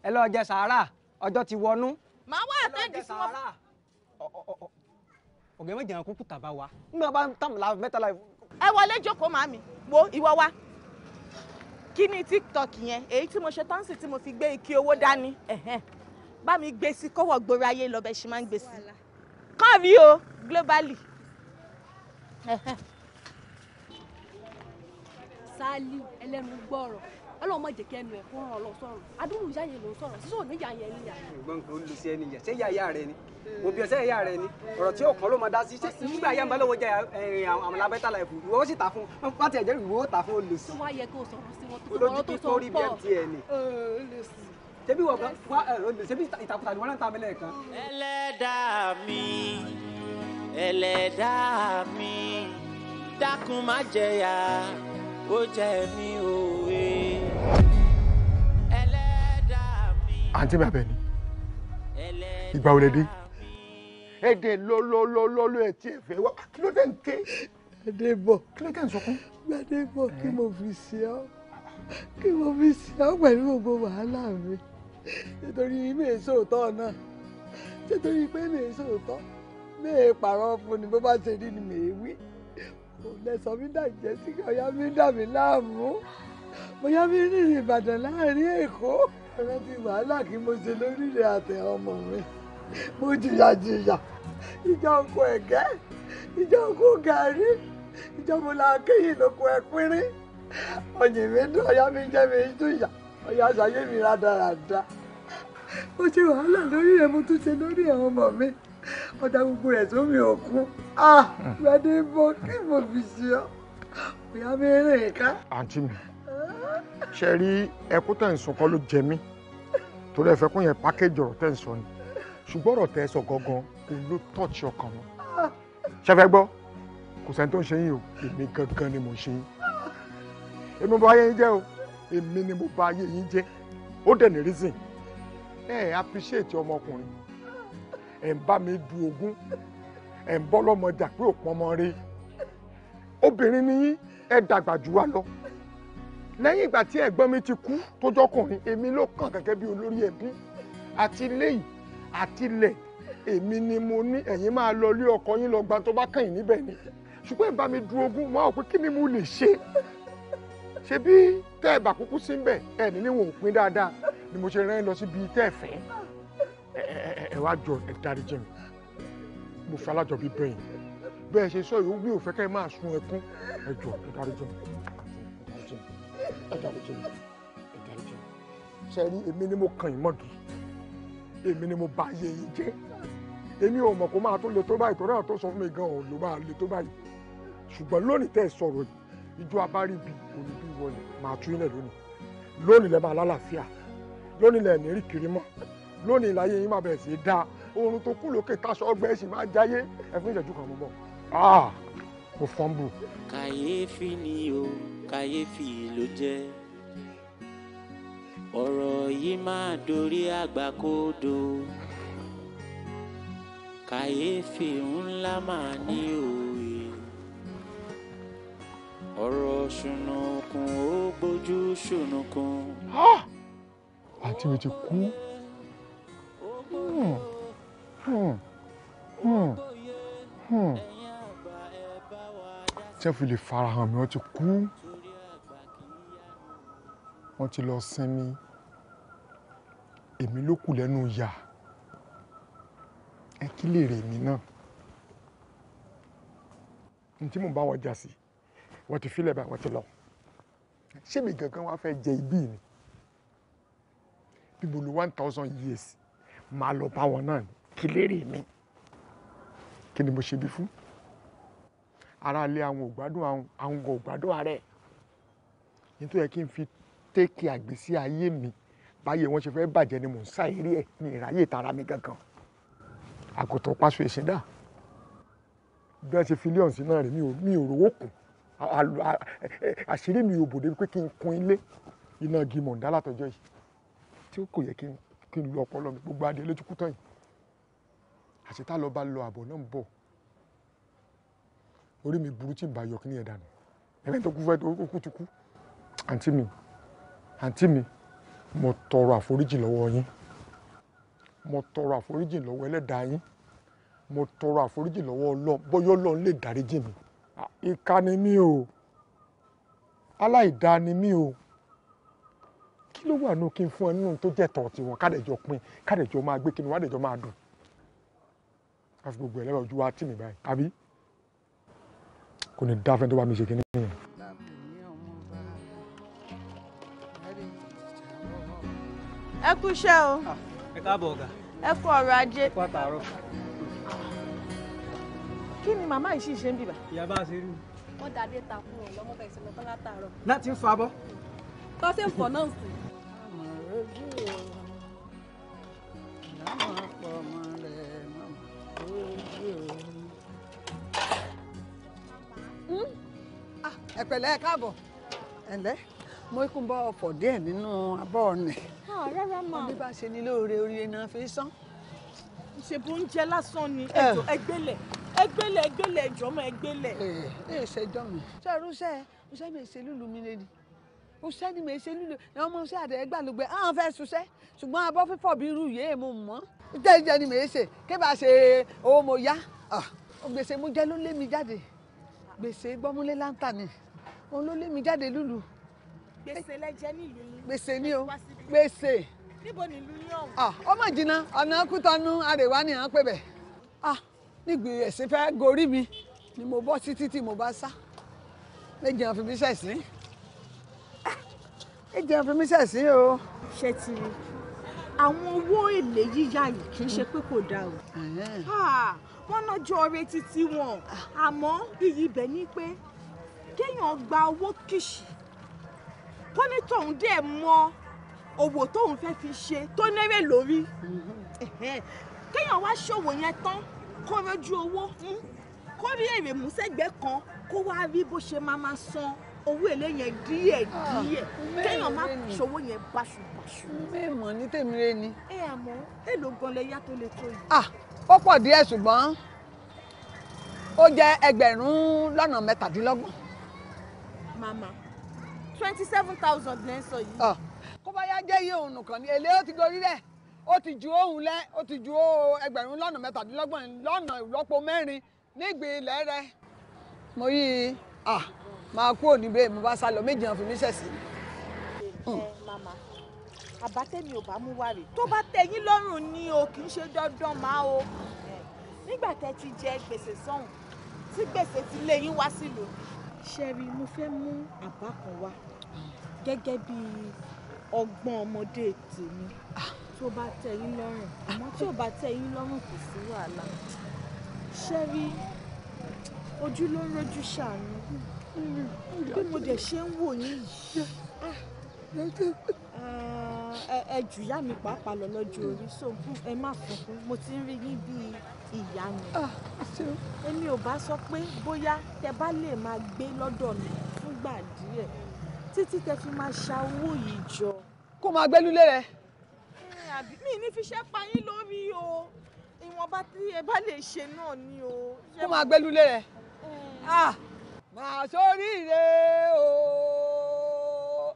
ẹ lọ jẹ sàárà ọjọ́ ti wọnú. màá wá àtẹ́jú sí wọn. ọ̀gá ẹ má jẹ́ àwọn kúkú tàbá wa nígbà bá ń tàmùlà better ẹ wọlé jókòó màámi wo ìwọ wa kí ni tiktok yẹn èyí tí mo ṣe táǹsì tí mo fi gbé ike owó dání bá mi gbé sí kọ́wọ́ gbòòrò ayé lọ bẹ́ẹ̀ ṣe máa ń gbé sí kàn mí o globally. Sàlíù ẹlẹ́nu gbọ́rọ̀ ọlọ́run má jẹ́ kí lọ sọ̀rọ̀ adúrú yẹn ló ń sọ̀rọ̀ sísọ níyà yẹn níyà. ìgbọ́n kò ń lu sí ẹni yà ṣé ìyá ìyá rẹ ni òbí ọ̀sẹ̀ ìyá rẹ ni ọ̀rọ̀ tí òkan ló máa dá sí ṣé nígbà yá ń lọ́wọ́ jẹ àwọn alábẹ́tà láìpù ìwọ ó sì tà fún bá tiẹ̀ jẹ́ ìwọ ó tà fún olùsí. tó wá yẹ kó sọ̀rọ̀ sí wọn tó sọ̀rọ̀ tó pọ̀ kó jẹ́ mi òwe. àǹtí mi àbẹ̀ ni ìgbà wo lẹ dé. ẹ dẹ̀ lọ́lọ́lọ́lọ́ ẹ tí ẹ fẹ́ wá ah, kí ló dé ń ké. Gbadebo kí ló dé ń sọkún. Gbadebo kí eh? mo fi ṣe ọ́ kí mo fi ṣe ọ́ pẹ̀lú gbogbo wàhálà mi nítorí mi è sòótọ́ náà nítorí pé mi è sòótọ́ mi è pààrọ̀ fún ni bó bá ṣe rí ni mi è wí kò lẹ́sọ̀ mi dàjẹ́ sí ọ̀yá mi dà mí láàmú bóyá mi rìnrìn Ìbàdàn láàrin Èkó ẹ̀rọ ti wàhálà kí mo ṣe lórílẹ̀ àtẹ ọmọ mi mo jìyà jìyà ìjà oko ẹ̀gẹ́ ìjà oko gàrí ìjà mo la kéyìn lóko ẹ̀pínrín ọ̀yìn mi dùn ọ̀yá mi jẹ́ mi jìyà ọ̀yá ṣàyé mi rádaràda mo ṣe wàhálà lórí rẹ̀ mo tún ṣe lórí ọmọ mi ọ̀dà gbogbo rẹ̀ tó mi ò kú gbadé bọ kí mo fi ṣe ọ́ bóyá mi rìn ká. àǹtí mi ṣe rí ẹkún tẹ̀ ń sọ kọ́ ló jẹ mí torí ẹ̀fẹ́ kún yẹn pákéjì ọ̀rọ̀ tẹ̀ ń sọ ni ṣùgbọ́n ọ̀rọ̀ tẹ̀ ẹ sọ gangan òun ló tọ́ọ̀tì ọkàn wọn ṣe fẹ́ gbọ́ kò sẹ́ni tó ń ṣe yín o èmi gangan ni mo ṣe yín èmi bá yé jẹ́ o èmi ni mo bá yé yín jẹ́ ó dẹ̀ ní reason ẹ̀ appreciate ọmọkùnrin ẹ̀ ń bá mi du ogún ẹ̀ ń bọ́ lọ́mọ jà pé ò pọ́n ọmọ rẹ obìnrin ni yín ẹ dàgbà jù wá lọ lẹ́yìn ìgbà tí ẹ̀gbọ́n mi ti kú tó jọkùnrin èmi ló kàn gẹ́gẹ́ bí olórí ẹbí àti léyìí àti lẹ̀ èmi ni mo ní ẹ̀yin máa lọ lé ọkọ yín lọ gba tó bá kàn yín níbẹ̀ ni ṣùgbọ́n ìbá mi du ogún wọn ò pé kí ni mo lè ṣe ṣe bí tẹ́ ẹ̀ bà kúkú sí ń bẹ̀ ẹ̀ ní níwọ̀n òpin dáadáa ni mo ṣe rán lọ síbi tẹ́ ẹ̀ fẹ́ ẹ wá jọ ẹ dárí jì mí mo fi alájọbí bẹyìn bẹ́ẹ̀ ṣe sọ yìí ó mi ò fẹ́ kẹ́ ẹ máa sun ẹkún ẹ jọ ẹ dárí jì mí ẹ dárí jì mí ẹ dárí jì mí ṣe rí èmi ni mo kàn yín mọ́gi èmi ni mo bá yé yín jẹ́ èmi ò mọ̀ kó máa tó le tó báyìí torí àwọn tó sọ fún mi gan ò ló máa le tó báyìí ṣùgbọ́n lónìí tẹ́ ẹ sọ̀rọ̀ yìí ijó abáríbi olùbí wọlé màá tún ilẹ̀ lónìí lónìí lẹ́ máa lálàáfíà lónìí lẹ́ ní rí kiri mọ́ lónìí láyé yín máa bẹ̀rẹ̀ sí í oorun tó kú lókè táṣọ ọgbẹ́ ẹ̀ máa jáyé ẹ fún ìṣẹ́jú kan mo bọ̀ ah, mo fọ́nbù. kàyéfì ni o kàyéfì ló jẹ́ ọ̀rọ̀ yìí máa dorí àgbà kodò kàyéfì ńlá máa ní òye ọ̀rọ̀ ṣùnùkùn ó gbójú ṣùnùkùn. Ah! àǹtí mi ti kú ṣé fi lè farahàn mi wọ́n ti kú wọ́n ti lọ sinmi èmi ló kù lẹ́nu yà ẹ kí lè rè mí náà n tí mò ń bá wọn jà sí wọ́n ti filẹ̀ bá wọ́n ti lọ ṣé mi gangan wá fẹ́ jẹ ibí mi bí one thousand years máa lọ bá wọn náà kí lérè mi kí ni mo ṣe bí fún ara ilé àwọn ògbádùn àwọn ògò ògbádùn ààrẹ nítorí ẹ kí n fi tẹ́kì àgbésí ayé mi báyé wọn ṣe fẹ́ bàjẹ́ ni mò ń sá eré ẹ̀ ní ìráyè tara mi gangan àgùntàn paṣọ ìṣẹ̀dá bí wọ́n ṣe fi leon sí náà rè mi ò rówó kù àṣírí mi ò bòde pé kí n kun ilé iná gímọ̀ ń dá látọjọ́ yìí tí ó kò yẹ kí n kí n lu ọpọlọ mi gbogbo adìẹ lójú kútọ́ yìí àṣetá lọ bá lọ àbọ̀ náà ń bọ̀ orí mi burú tí ìbàyọ̀ kí ni ẹ̀ dànù ẹ̀rẹ́ tó kú fẹ́ tó kú ti kú àǹtí mi àǹtí mi mo tọrọ àforíjì lọ́wọ́ yín mo tọrọ àforíjì lọ́wọ́ ẹlẹ́dàá yín mo tọrọ àforíjì lọ́wọ́ ọlọ́ bọ́yọ́ ọlọ́run lè dáríjì mi ìkà ni mí o aláìdá ni o kí ló wà nù kí n fún ẹ nínú tó jẹ́ tọ̀ tiwọn kádẹ̀jọ pin kádẹ̀jọ máa gbé kí ni wádẹ̀jọ máa dùn káfí gbogbo ẹ̀ lẹ́rọ̀ ojú wa tì mí báyìí àbí kò ní dáfẹ́ tó bá mi ṣe kí ni. ẹ kú iṣẹ́ o ah, ẹ káàbọ̀ ọ̀gá ẹ kú ọrọ̀ ajé ẹ kú àtàárọ̀. kí ni màmá yìí sì ṣe ń bìbà. ìyá bá ṣe rí i. wọ́n dàdé ta fún un lọ́mọ bẹ̀rẹ̀ látàárọ̀. láti ń fa bọ́. tọ́sí ń fọ̀ náà sí i lójú ọ̀run láwọn ọ̀pọ̀ ọmọ rẹ̀ mo kún bọ́ ọ̀pọ̀ díẹ̀ nínú abọ́ ọ̀nẹ̀. rárá mà. wọ́n bí bá ṣe ní lóore oríire náà fi sán. ìṣèbù oúnjẹ lásán ni ẹjọ ẹgbẹ́lẹ̀ ẹgbẹ́lẹ̀ ẹgbẹ́lẹ̀ ẹjọ́ mọ́ ẹgbẹ́lẹ̀. ẹ ẹ eh, eh, ṣẹjọ́ mi. sọ irúṣẹ́ irúṣẹ́ mi ṣe lùlù mi lé òṣìṣẹ́ ni mò ń ṣe nílò àwọn ọmọ òṣìṣẹ́ àtẹ̀yẹ́gbà ló gbẹ àwọn fẹ́ ṣiṣẹ́ ṣùgbọ́n abọ́ fífọ̀ bí irú yìí mo mọ̀ jẹ́jẹ́ ni mò ń ṣe kí bá ṣe owó mo yá gbèsè mo jẹ́ ló lé mi jáde gbèsè gbọ́múlé láǹtà ni òun ló lé mi jáde lùlù. gbèsè lẹ jẹ ní ìlú yín. gbèsè ni o gbèsè. níbo ni ìlú yín ọ̀hún. ọmọ jìnnà ọ̀nà kútọ́nù àrèwá ni à ń pè bẹ̀. nígbì ẹ̀sìn fẹ́ gorí mi ni mo bọ́ sí títí mo bá sá méjì hàn fi mi sẹ̀sìn ẹ jẹun fi mí sẹ̀sìn o. ṣé ti rí àwọn owó èlé yíyá yìí kì í ṣe pé kò dáa o wọ́n lọ́jọ́ ọrẹ títí wọn ah. àmọ́ iyì ibẹ̀ ni pé kéèyàn gba owó kìṣì kó ní tòun dẹ̀ mọ òwò tóun fẹ́ fi ṣe tó nérè lórí mm-hmm. kéèyàn wá ṣòwò yẹn tán kó rọ́jú owó hmm, kó rí èrè mú sẹ́gbẹ̀ẹ́ kan kó wá rí bó ṣe máa máa san owó èlé yẹn díẹ̀ ah, díẹ̀ kéèyàn má ṣòwò yẹn báṣubàṣu. mẹ́mọ̀ ní tèmi rẹ ni. ẹ àmọ́ èlò gan lè yá tó lè tó yìí. ah ó pọ̀ díẹ̀ ṣùgbọ́n ó jẹ́ ẹgbẹ̀rún lọ́nà mẹ́tàdínlọ́gbọ̀n. màmá twenty seven thousand lẹ́ ń sọ yìí. Ah, kó bá yá jẹ́ iye òun nìkan ni èlé ó ti gorí rẹ̀ ó ti ju òun lẹ́ ó ti ju ẹgbẹ̀rún lọ́nà mẹ́tàdínlọ́gbọ̀n lọ́nà ìlọ́po mẹ́rin nígbìlẹ̀ rẹ̀ mo yí ah máa kúrò níbẹ̀ mo bá sá lọ méjì hàn fi mí ṣẹ̀sí. màmá àbátẹ́mi ò bá mú wá rè tó bá tẹ̀yìn lọ́rùn ni o kì í ṣe dandan máa o nígbà tẹ́ ti jẹ gbèsè sọ́hùn tí gbèsè ti lé yín wá sílùú. ṣẹ́rí mo fẹ́ mú àbá kan wá gẹ́gẹ́ bí ọgbọ́n ọmọdé tèmi tó bá tẹ̀yìn lọ́rùn àmọ́ tí ò bá tẹ̀yìn lọ́rùn kò sí wàhálà ṣẹ́rí ojú ló ń rojú ṣàánú bí mo dẹ̀ ṣe ń wò yín yìí ẹ jù ìyá mi pàápàá lọ lọ́jọ́ orí so ẹ má fọkún mo ti ń rí yín bíi ìyá mi ah, èmi ò bá sọ pé bóyá tẹ bá lè máa gbé lọ́dọ̀ mi fúngbà díẹ̀ títí tẹ fi máa ṣa yìí jọ. kó máa gbẹ́lúlé rẹ. mi ní fi ṣẹ́ pa yín lórí o ìwọ̀nba tí ẹ bá lè ṣe náà ni o. kó máa gbẹ́lúlé rẹ màá ṣoríire o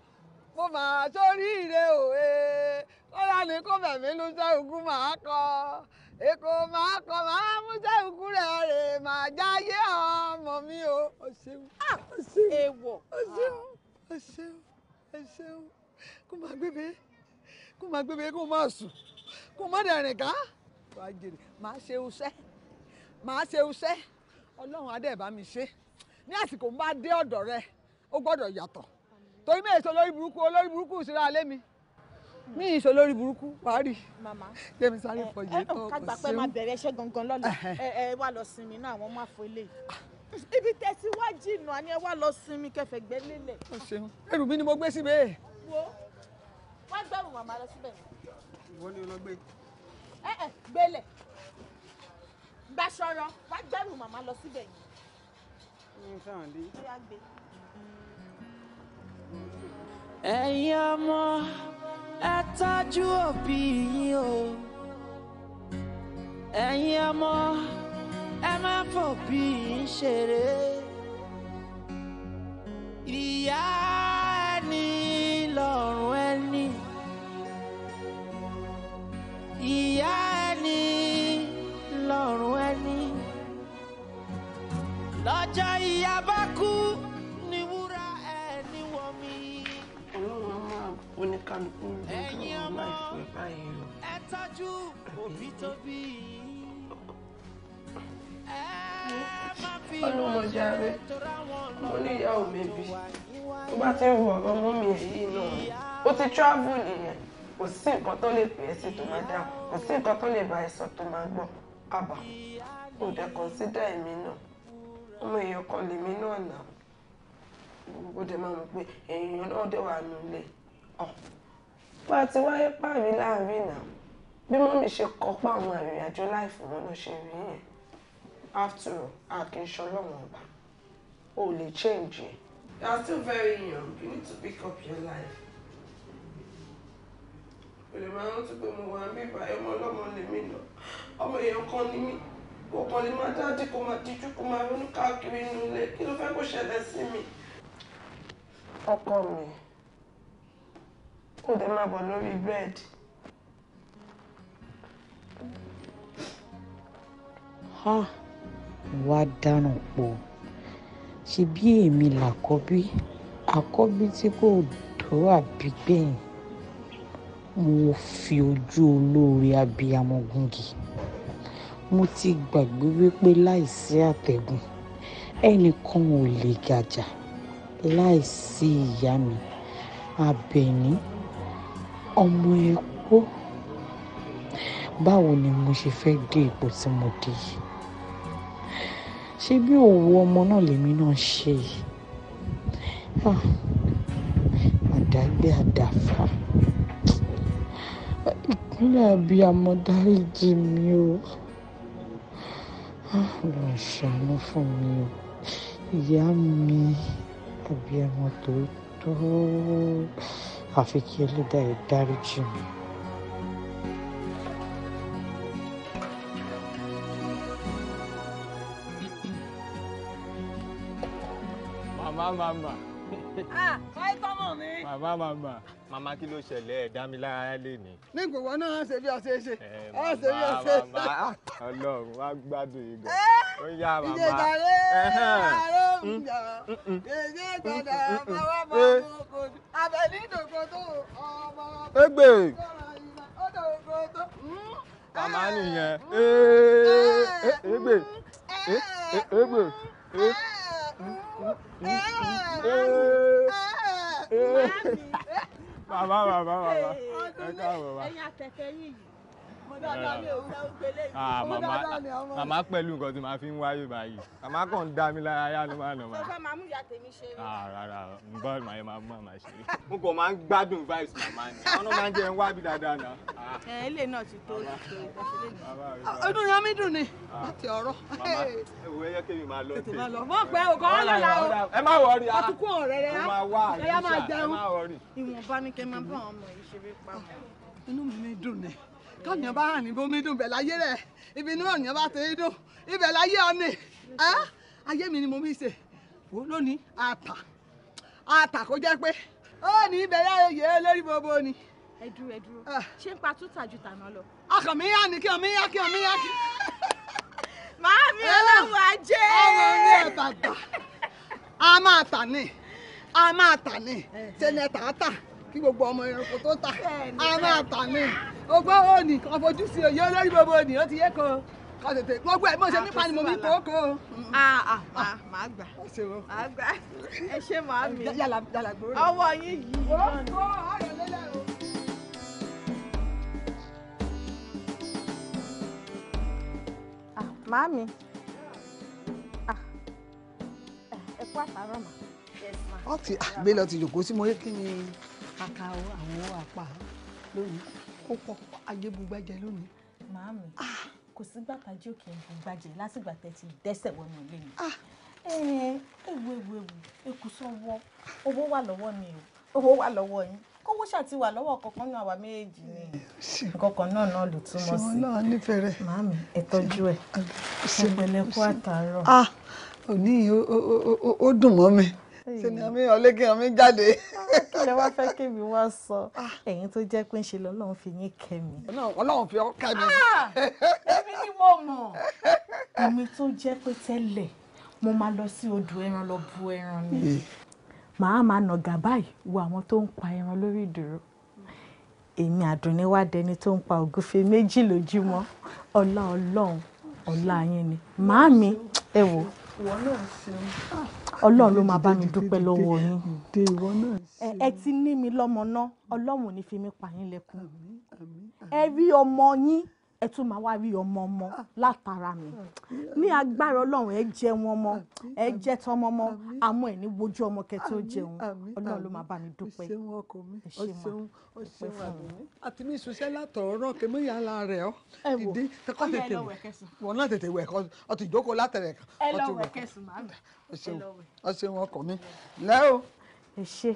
mo màá ṣoríire o ee kọ́lá ni kó bẹ̀mí ló jẹ́ ògún màá kọ èkó màá kọ màá mú jẹ́ ògún rẹ̀ rè màá jáyé ọmọ mi o. o ṣeun o ah, ṣeun ewọ o ṣeun o ṣeun o ṣeun kó máa gbébé kó máa gbébé kó máa sùn kó má dẹ̀rìn ká wàá jèrè ṣe iṣẹ́ màá ṣe iṣẹ́ ọlọ́run á mi ṣe ní àsìkò bá dé ọ̀dọ̀ rẹ ó gbọ́dọ̀ yàtọ̀ torí mi èso lórí burúkú olórí burúkú ìṣúra alẹ́ mi mi ìṣó lórí burúkú wàá rí jẹ́mi sáré fọyín tó kò sí. kágbà pé máa bẹ̀rẹ̀ iṣẹ́ gangan lọ́la ẹ ẹ wá lọ sinmi náà àwọn máa fọ eléyìí ibi tẹ̀sí wá jìnnà ni ẹ wá lọ sinmi kẹfẹ́ gbẹ lélẹ̀. o ṣeun ẹrù mi ni mo gbé síbẹ̀. wo wá gbẹrù màmá lọ síbẹ̀. ìwọ ni olóògbé. ẹ ẹ gbélé gbàṣọrọ wá gbẹrù màmá lọ síbẹ̀ yìí. Nṣàǹdí. Ẹ̀yin ọmọ ẹ tọ́jú òbí yín o. Ẹ̀yin ọmọ ẹ má fòbí yín ṣeré. Ìyá ẹni lọ́rùn ẹni. Ìyá ẹni. lọ́jọ́ ìyá bá kú ni wúrà ẹni wọ̀ mí. ọlọ́run á máa oníkálukú ló ọmọ ìfẹ́ báyìí o. ẹ tọ́jú òbí tó bí mo ní ìyá òbí bí tó bá ti ń wọ ọ̀rọ̀ mi èyí náà ó ti travel nìyẹn kò sí nǹkan tó lè pè é sí tó máa dá kò sí nǹkan tó lè bá ẹ sọ tó máa gbọ́ àbá kò dẹ̀ consider èmi náà ọmọ èèyàn kan lèmi náà nà gbogbo dẹ̀ máa mọ̀ pé èèyàn náà dẹ̀ wà nílé ọ̀ bá a ti wáyé páàrí láàrin náà bí mọ́mí ṣe kọ́pá àwọn àrìnàjò láìfò wọn náà ṣe rí yẹn after all a kì í ṣọlọ́wọ́n ọba o lè change it. you are still very young you need to pick up your life. olè máa ń rántí pé mo wà ń bíbá ẹmọ ọlọ́mọ lèmi náà ọmọ èèyàn kan ni mí kò kàn lè máa dáàdì kó máa díjú kó máa ronú káàkiri inú ilé kí ló fẹ́ kó ṣẹlẹ̀ sí mi. ọkọ mi kò dé máa bọ̀ lórí bẹ́ẹ̀dì. wá dáràn pọ̀ ṣe bí èmi làkọ́bí àkọ́bí tí kò dó àbí gbẹ̀yìn mo fi ojú olóore abiyamọ gúngi mo ti gbàgbé wípé láìsí àtẹ̀gùn ẹnìkan ò lè gàjà láìsí ìyá mi àbẹ̀ní ọmọ ẹ̀kọ́ báwo ni mo ṣe fẹ́ dé ipò tí mo dé yìí ṣé bí òwò ọmọ náà lèmi náà ṣe yìí àdágbé àdáfà ìpínlẹ̀ abiyamọ dáríjì mi o. Ọlọ́run ṣàánú fún mi o ìyá mi àbí ẹmọ tòótọ́ àfi kí ẹlẹ́dàá ẹ̀ dáríjì mi. màmá màmá fáìtọ́mọ̀ mi. màmá màmá màmá kí ló ṣẹlẹ̀ ẹ̀ dá mi lára lè ní. ní gbogbo náà ṣe bí ọṣẹ ṣe ọ ṣe bí ọṣẹ ṣe. Ọlọ́run wá gbádùn yìí gan. ó yá màmá. ìyè ìdàrẹ́ àárọ̀ ìjàrá èyí ìgbàdà bàbá bàbá kò àbẹ̀lí ìdòkò tó ọmọ ọmọ ẹgbẹ́ ọdọ̀gbọ̀ tó. màmá nìyẹn ẹgbẹ́ ẹgbẹ́ ẹgbẹ́ bàbá bàbá bàbá ẹ káàbọ̀ bá. ẹ̀yin àtẹ̀tẹ̀ yìí. Ah, màmá pẹ̀lú nǹkan tí màá fi ń wáyé báyìí màmá kàn ń dá mi lára yá ló máa nà máa. ọkọ màmú ìyá tèmi ṣe rẹ. Ah, rárá n bá màá yẹ máa mú màmá ṣe rẹ. mo kàn máa ń gbádùn vibes màmá ni àwọn náà máa ń jẹ ń wá bí dáadáa náà. ẹ ilé náà ti tó ọdún yẹn mi dùn ni ah. láti ọ̀rọ̀. màmá ewu ẹyẹ kébì máa lọ tẹ. mo pẹ òkò wọn lọla o ẹ má wọrí a àtúkù ọ̀rẹ́ rẹ ẹ yá máa jẹun ìwọ̀nba ni kẹ máa bá àwọn ọmọ yìí ṣeré pa inú mi dùn ni tọ́yàn bá hàn níbo mi dùn bẹ̀láyé rẹ̀ ibi inú ọ̀yàn bá tẹ̀lé dùn ibẹ̀ láyé ọ̀nì ayé mi ni mo mi ṣe wò lónìí àtà àtà kó jẹ́ pé ó ní ibẹ̀ yá oyè lórí gbogbo ni. ẹ dúró ẹ dúró ah. ṣé ń pa tútà ju tàná lọ. ọkàn mi yá ni kí ọmọ yá kí ọmọ yá kí. màámi ọlọ́run ajé. ọmọ mi ẹ bàbà a máa tà ní a máa tà ní sẹ́nẹ̀tà á tà kí gbogbo ọmọ ẹranko tó ta a máa tà ní gbogbo òní kan fojú sí òye olórí gbogbo òní ó ti yẹ kan kan tètè gbogbo ẹ mọ ṣe nípa ni mo fi kókó. màá gbà màá gbà ẹ ṣe màá mi ọwọ́ yín yìí. ó ó ayọ̀ lélẹ̀ o. Màámi. Ẹ kú àtàrọ̀ mà. Ọ̀tí àgbélọ̀ ti jòkó sí mo yé kí ni kàkà àwọn àpà lónìí ó pọ̀ ajébùgbàjẹ́ lónìí. màámi ah! kò sí gbàgbàjẹ́ òkè ìbùgbàjẹ́ lásìgbà tẹ́ ti dẹ́sẹ̀ wọnú ilé mi. ewu ah! ewu ewu eku sọ́wọ́ owó wà lọ́wọ́ mi o owó wà lọ́wọ́ yín kówó ṣàti wà lọ́wọ́ kankan náà àwa méjèèjì ni kankan náà náà ló túmọ̀ sí. ṣùgbọ́n náà nífẹ̀ẹ́ rẹ̀. màámi ẹ tọ́jú ẹ̀ ṣe pẹ̀lẹ́ kó àtàárọ̀. Ah! òní ó dùn mọ́ mi ṣe ni àmì ọ̀lẹ́ kí àmì jáde. kí lẹ wá fẹ́ kémi wá sọ ah. ẹ̀yin tó jẹ́ pé ń ṣe lọ́lọ́run fi yín kẹ́ mi. ọlọ́run fi ọ́ ká mi. Ah! èmi ni mo mọ̀. èmi tó jẹ́ pé tẹ́lẹ̀ mo máa lọ sí odò ẹran lọ bu ẹran ni màá máa nàgà báyìí wo àwọn tó ń pa ẹran lórí ìdúró èmi àdùnní wá dẹni tó ń pa ògúfe méjì lójúmọ́ ọlá ọlọ́run ọlá yín ni màámi ẹ wò. ìwọ náà ṣeun. Ah ọlọ́run ló máa bá mi dúpẹ́ lọ́wọ́ yín ẹ ti ní mi lọ́mọ náà ọlọ́run ò ní fi mí pa yín lẹ́kùn ẹ rí ọmọ yín ẹ tún máa wá rí ọmọ ọmọ látara mi ní agbára ọlọ́run ẹ jẹ wọn mọ ẹ jẹ tọmọ mọ àmọ́ ẹ ní wojú ọmọ kẹtẹ ó jẹun ọlọ́run ló máa bá mi dúpẹ́ ẹ ṣe wọn àti mi ìṣiṣẹ́ látọ̀ọ́rọ́ kèmí ìyá ńlá rẹ̀ ọ́ ìdí tẹ́kọ́ tètè wọ̀ náà tètè wẹ̀ kọ́ ọtí ìjókòó látẹ̀rẹ̀ kan ọtí wẹ̀ ẹ ṣeun ọkọ mi lẹ o. ẹ ṣe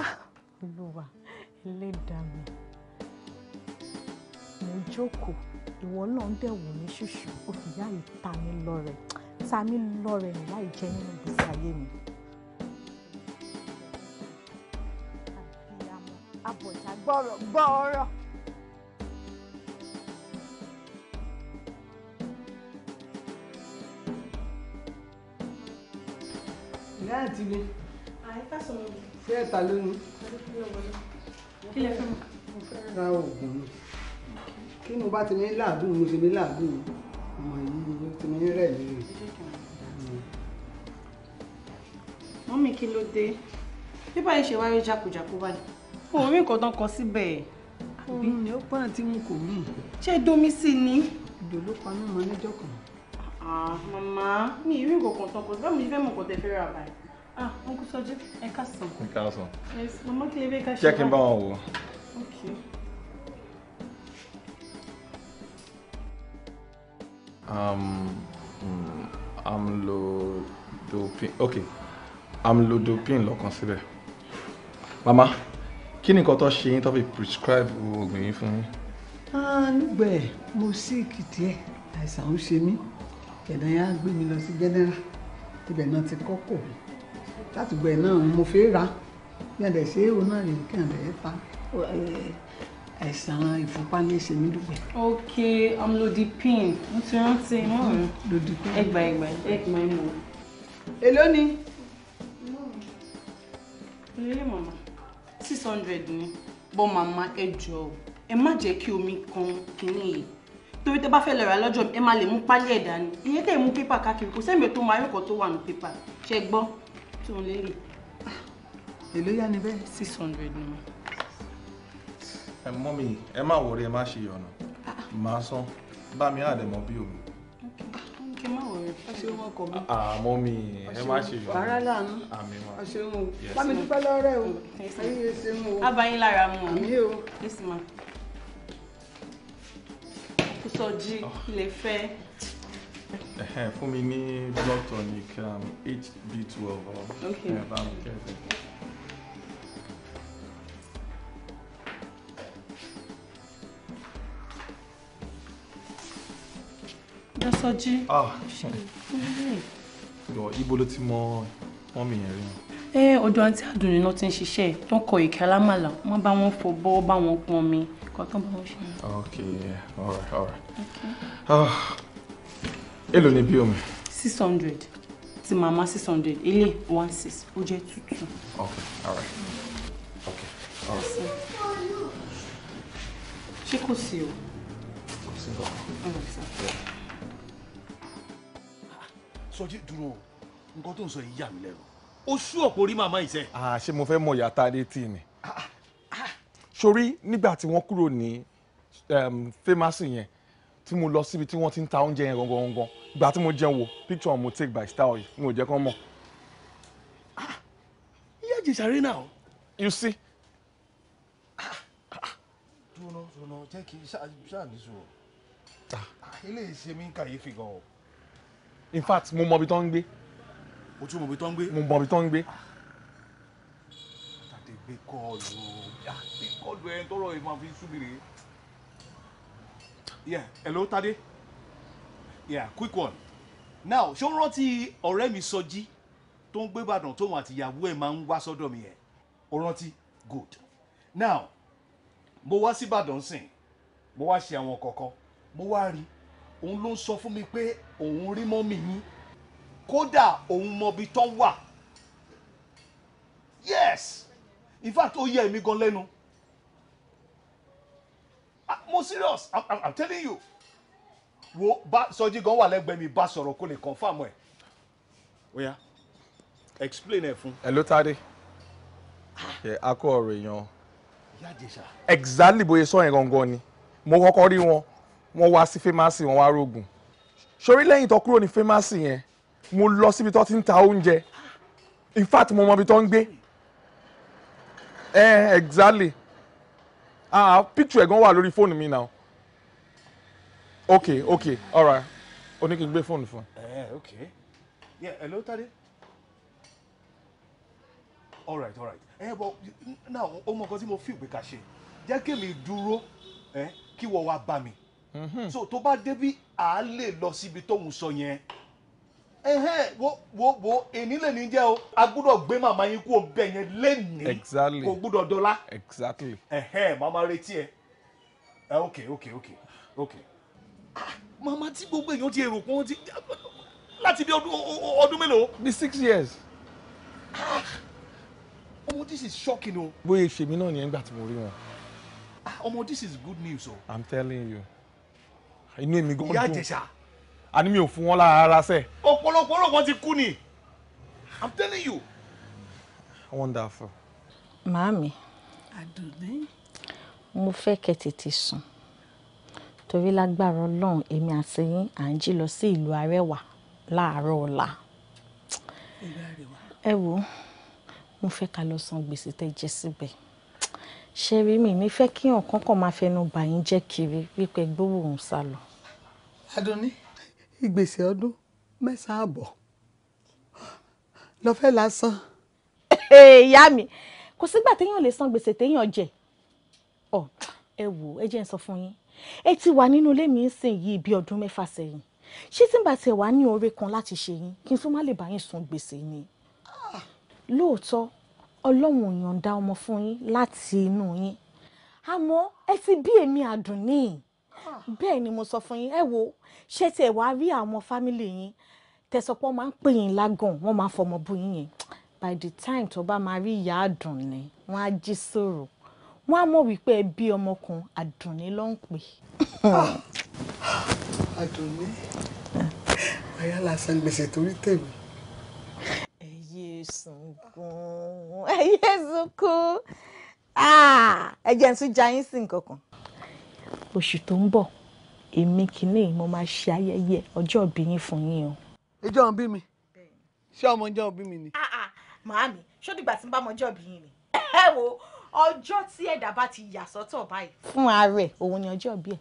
ah, olúwa ẹlẹ́dàá mi mo jókòó ìwọ náà ń dẹ̀wò ní ṣùṣù ó fi yá ìta mi ta mi lọ́rẹ̀ láì jẹ́ nínú ìgbésí ayé mi. gbọ́rọ̀ gbọ́rọ̀. ìyá àti mi. àyíká sọ̀rọ̀ mi. ṣé ẹ̀ta lónìí. kí lẹ fẹ́ mọ̀. mo fẹ́ ra oògùn mi kí mo bá ti ní làágùn mo ti ní làágùn ọmọ yìí ló ti ní rẹ̀ mí rè. mọ́mí kí ló dé bí báyìí ṣe wáyé jákujàku báyìí òun rí nǹkan tán kan síbẹ̀ àbí ni ó pọ́n àti mú kò mí. ṣé domi sí ni. ìdòló paná mọ níjọ́ kan. Ah, màmá mi ìrí nǹkan kan tán kò sí báwo fẹ́ mọ̀ nǹkan tẹ fẹ́ rà báyìí. Ah, Uncle Soji, ẹ káàsán. Ẹ káàsán. Yes, mama que í bẹ́ẹ̀ ká ṣe. Jẹ́ kí n bá wọn wò. Okay. Um, lo do pin amlodopin lọ́kàn síbẹ̀. Mama, kí ni nǹkan tó ṣe yín tó fi prescribe oògùn yín fún yín? nígbà ẹ̀ mo sick díẹ̀ àìsàn ó ṣe mí ẹ̀dá yẹn á gbé mi não se general ibẹ̀ náà ti kọ́kọ́ látìgbà ẹ̀ náà mo fẹ́ ra bí ẹ̀dẹ̀ ṣe é òun náà rèé kí ẹ̀dẹ̀ ta àìsàn ìfúnpá ní ṣe mí dúpẹ́. ok amlodipine mo ti rántí inú ẹgbà ẹgbà ẹgbà ẹ mọ. ni. olóyè màmá six hundred ni bọ́ màmá ẹ jọ ẹ má jẹ́ kí omi kan kínní yìí torí tẹ bá fẹ́ lọ rà lọ́jọ́ ẹ má lè mú pálí ẹ̀ dání ìyẹn tẹ̀ mú pépà káàkiri kò sẹ́mi tó máa rí tó wà ní pépà ṣe gbọ́ two hundred. èló yá ni bẹ́ẹ̀. six hundred ni mo. ẹ mọ mi ẹ má wọrí ẹ má ṣe yọnu màá san bá mi àdẹ̀mọ́ bí omi. kí n má wọrí ọṣẹ́wọ́n ọkọ mi. àmọ́ mi ẹ má ṣe yọnu. bàrà lànà àmì wa ọṣẹ́wọ́n o bámi dúpẹ́ lọ́rẹ́ o ayé ẹsẹ̀ mu o. abayín lára mu àmì o. yes ma. kùsọ̀jì ah. ilẹ̀ fẹ́ fún me ní blood tonic hb12 ọ̀hún ẹ̀ bá mi kẹ́sì. Dásọjí. Ah. Ibo ló ti mọ mọ́mì yẹn rí wọn? ẹ ọdọ àǹtí àdùnní náà ti ń ṣiṣẹ́ tó ń kọ ìkẹ alámàlà wọn bá wọn fọ bọ bá wọn pọn mi kọ tó bá wọn ṣe. okay all right all right. Okay. Oh èlò ni bí omi. six hundred ti mama. six hundred ilé one six ó jẹ́ two two. ok alright. right ok all right. ṣé kò sí o. kò sí o. Sọjí dúró nǹkan tó ń sọ yìí yà mí lẹ́nu o ṣú ọ̀pọ̀ orí màmá ìṣe. Ah, ṣé mo fẹ́ mọ ìyá tá a ni tì ah, ní. Ah, sori nígbà tí wọ́n kúrò ní um, fẹ́másì yẹn tí mo lọ síbi tí wọ́n ti ń ta oúnjẹ yẹn gangan gangan ìgbà tí mo jẹun wo picture mo take by style yìí n ò jẹ́ kán mọ̀. Ah, ìyá ìjẹsà rí náà. you see. dùnà dùnà jẹ́ kí ṣáàní sọ̀rọ̀ ilé ah, ìṣe mi ń kàyéfì gan o. in fact mo mọ ibi tó ń gbé. o tún mọ ibi tó ń gbé. mo mọ ibi tó ń gbé. tàdé gbé kọ́ọ̀lù ah, gbé kọ́ọ̀lù ẹ̀ ń tọrọ ìmọ̀ fi súbìrì. yeah hello tade yeah quick one now ṣó ń rántí ọ̀rẹ́ mi sọjí tó ń gbé ìbàdàn tóun àti ìyàwó ẹ̀ máa ń wá sọ́dọ̀ mi yẹn ó rántí good now mo wá sí ìbàdàn sìn mo wá ṣe àwọn kọ̀ọ̀kan mo wá rí òun ló ń sọ fún mi pé òun rí mọ́mì yín kódà òun mọbi tán wà yes in fact ó yẹ èmi gan lẹ́nu ah, mo serious i'm, I'm, I'm telling you wo bá sọjí gan wà lẹ́gbẹ̀ẹ́ mi bá sọ̀rọ̀ kó lè confam ẹ̀. oya explain ẹ fún. ẹ ló tade ah. ṣe akọ ọ̀rọ̀ èèyàn exactly bóyá sọ yẹn gangan ni mo kọ́kọ́ rí wọn wọ́n wá sí fẹmásì wọ́n wá rògùn sórí lẹ́yìn tó kúrò ní fẹmásì yẹn mo lọ síbi tó ti ń ta oúnjẹ in fact mo mọ ibi tó ń gbé ẹ eh, exactly ah picture ẹ̀ gan wà lórí fóònù mi náà okay okay all right o ní kí n gbé fóònù fún ẹ. Eh, okay yeah hello Tade all right all right ẹ eh, bọ now ọmọ kan tí mo feel pé ká ṣe jẹ́ kémi dúró ẹ eh, kí wọ́n wá bá mi mm-hmm. so tó bá débi à á lè lọ síbi tóun sọ yẹn wo wo wo èní lè ní jẹ o a gbúdọ̀ gbé màmá yín kú o bẹ̀ yẹn lẹ́nìí exactly kò gbúdọ̀ dọ́là exactly ẹhẹn màmá retí ẹ ok ok ok ok màmá tí gbogbo èèyàn ti èrò kún ti láti bí ọdún mélòó. bí six years. ọmọ this is shocking o. bóyá ìṣèmí náà nìyẹn gbà tí mo rí wọn. Ah, ọmọ this is good news o. i'm telling you inú èmi gan dùn. ìyá àjẹsà. àní mi ò fún wọn lára rárá sẹ. ọ̀pọ̀lọpọ̀ ọlọ́pàá ti kú ni i'm telling you. wonderful. màámi. àdùnní. mo fẹ́ kẹ́ tètè sùn torí lágbára Ọlọ́run èmi àti yín à ń jí lọ sí ìlú Arẹwà láàárọ̀ ọ̀la. ẹ wo mo fẹ́ ká lọ san gbèsè tẹ́ jẹ síbẹ̀ ṣe rí mi mi fẹ́ kí ọ̀kan kan máa fẹnu bà yín jẹ́ kiri wípé gbówó òun sá lọ. Adunni ìgbésẹ̀ ọdún mẹ́sàn-án àbọ̀ lọ́fẹ́ lásán. ìyá mi kò sígbà téèyàn lè san gbèsè téèyàn jẹ ọ ẹ wò ẹ jẹ́ ń sọ fún yín ẹ ti wà nínú ilé mi sìn yìí bí ọdún mẹ́fà sẹ́yìn ṣé tí n bá tiẹ̀ wá ní oore kan láti ṣe yín kí n tún má lè bá yín san gbèsè ni. lóòótọ́ ọlọ́run ò yọ̀ǹda ọmọ fún yín láti inú yín àmọ́ ẹ ti bí èmi àdùnní bẹ́ẹ̀ ni mo sọ fún yín ẹ wo ṣé tiẹ̀ wá rí àwọn fámìlì yín tẹ̀sọ̀pọ̀ máa ń pè yín lágàn wọ́n máa fọmọ bú yín yẹn by the time tó bá máa rí ìyá àdùnní wọ́n á jí sòrò wọ́n á mọ̀ wípé ẹ bí ọmọ kan àdùnní ló ń pè. àdùnní àyà lásán gbèsè torí tèmi. ẹ yé sunkún ẹ yé sunkún ah, ẹ jẹ́ ń tún yín sí nǹkan kan. oṣù tó ń bọ̀ èmi kìíní mo máa ṣe ayẹyẹ ọjọ́ ìbí yín fún yín o. ìjọ ń bí mi ṣé ọmọ ìjọ ń bí mi ni. Ah, ah, màámi ṣó dìgbà tí ń bá ọmọ ọjọ́ ìbí yín ni. ẹ wo ọjọ́ tí ẹ̀dá bá ti yà sọ́tọ̀ báyìí. fún ara ẹ̀ òun ni ọjọ́ bí ẹ̀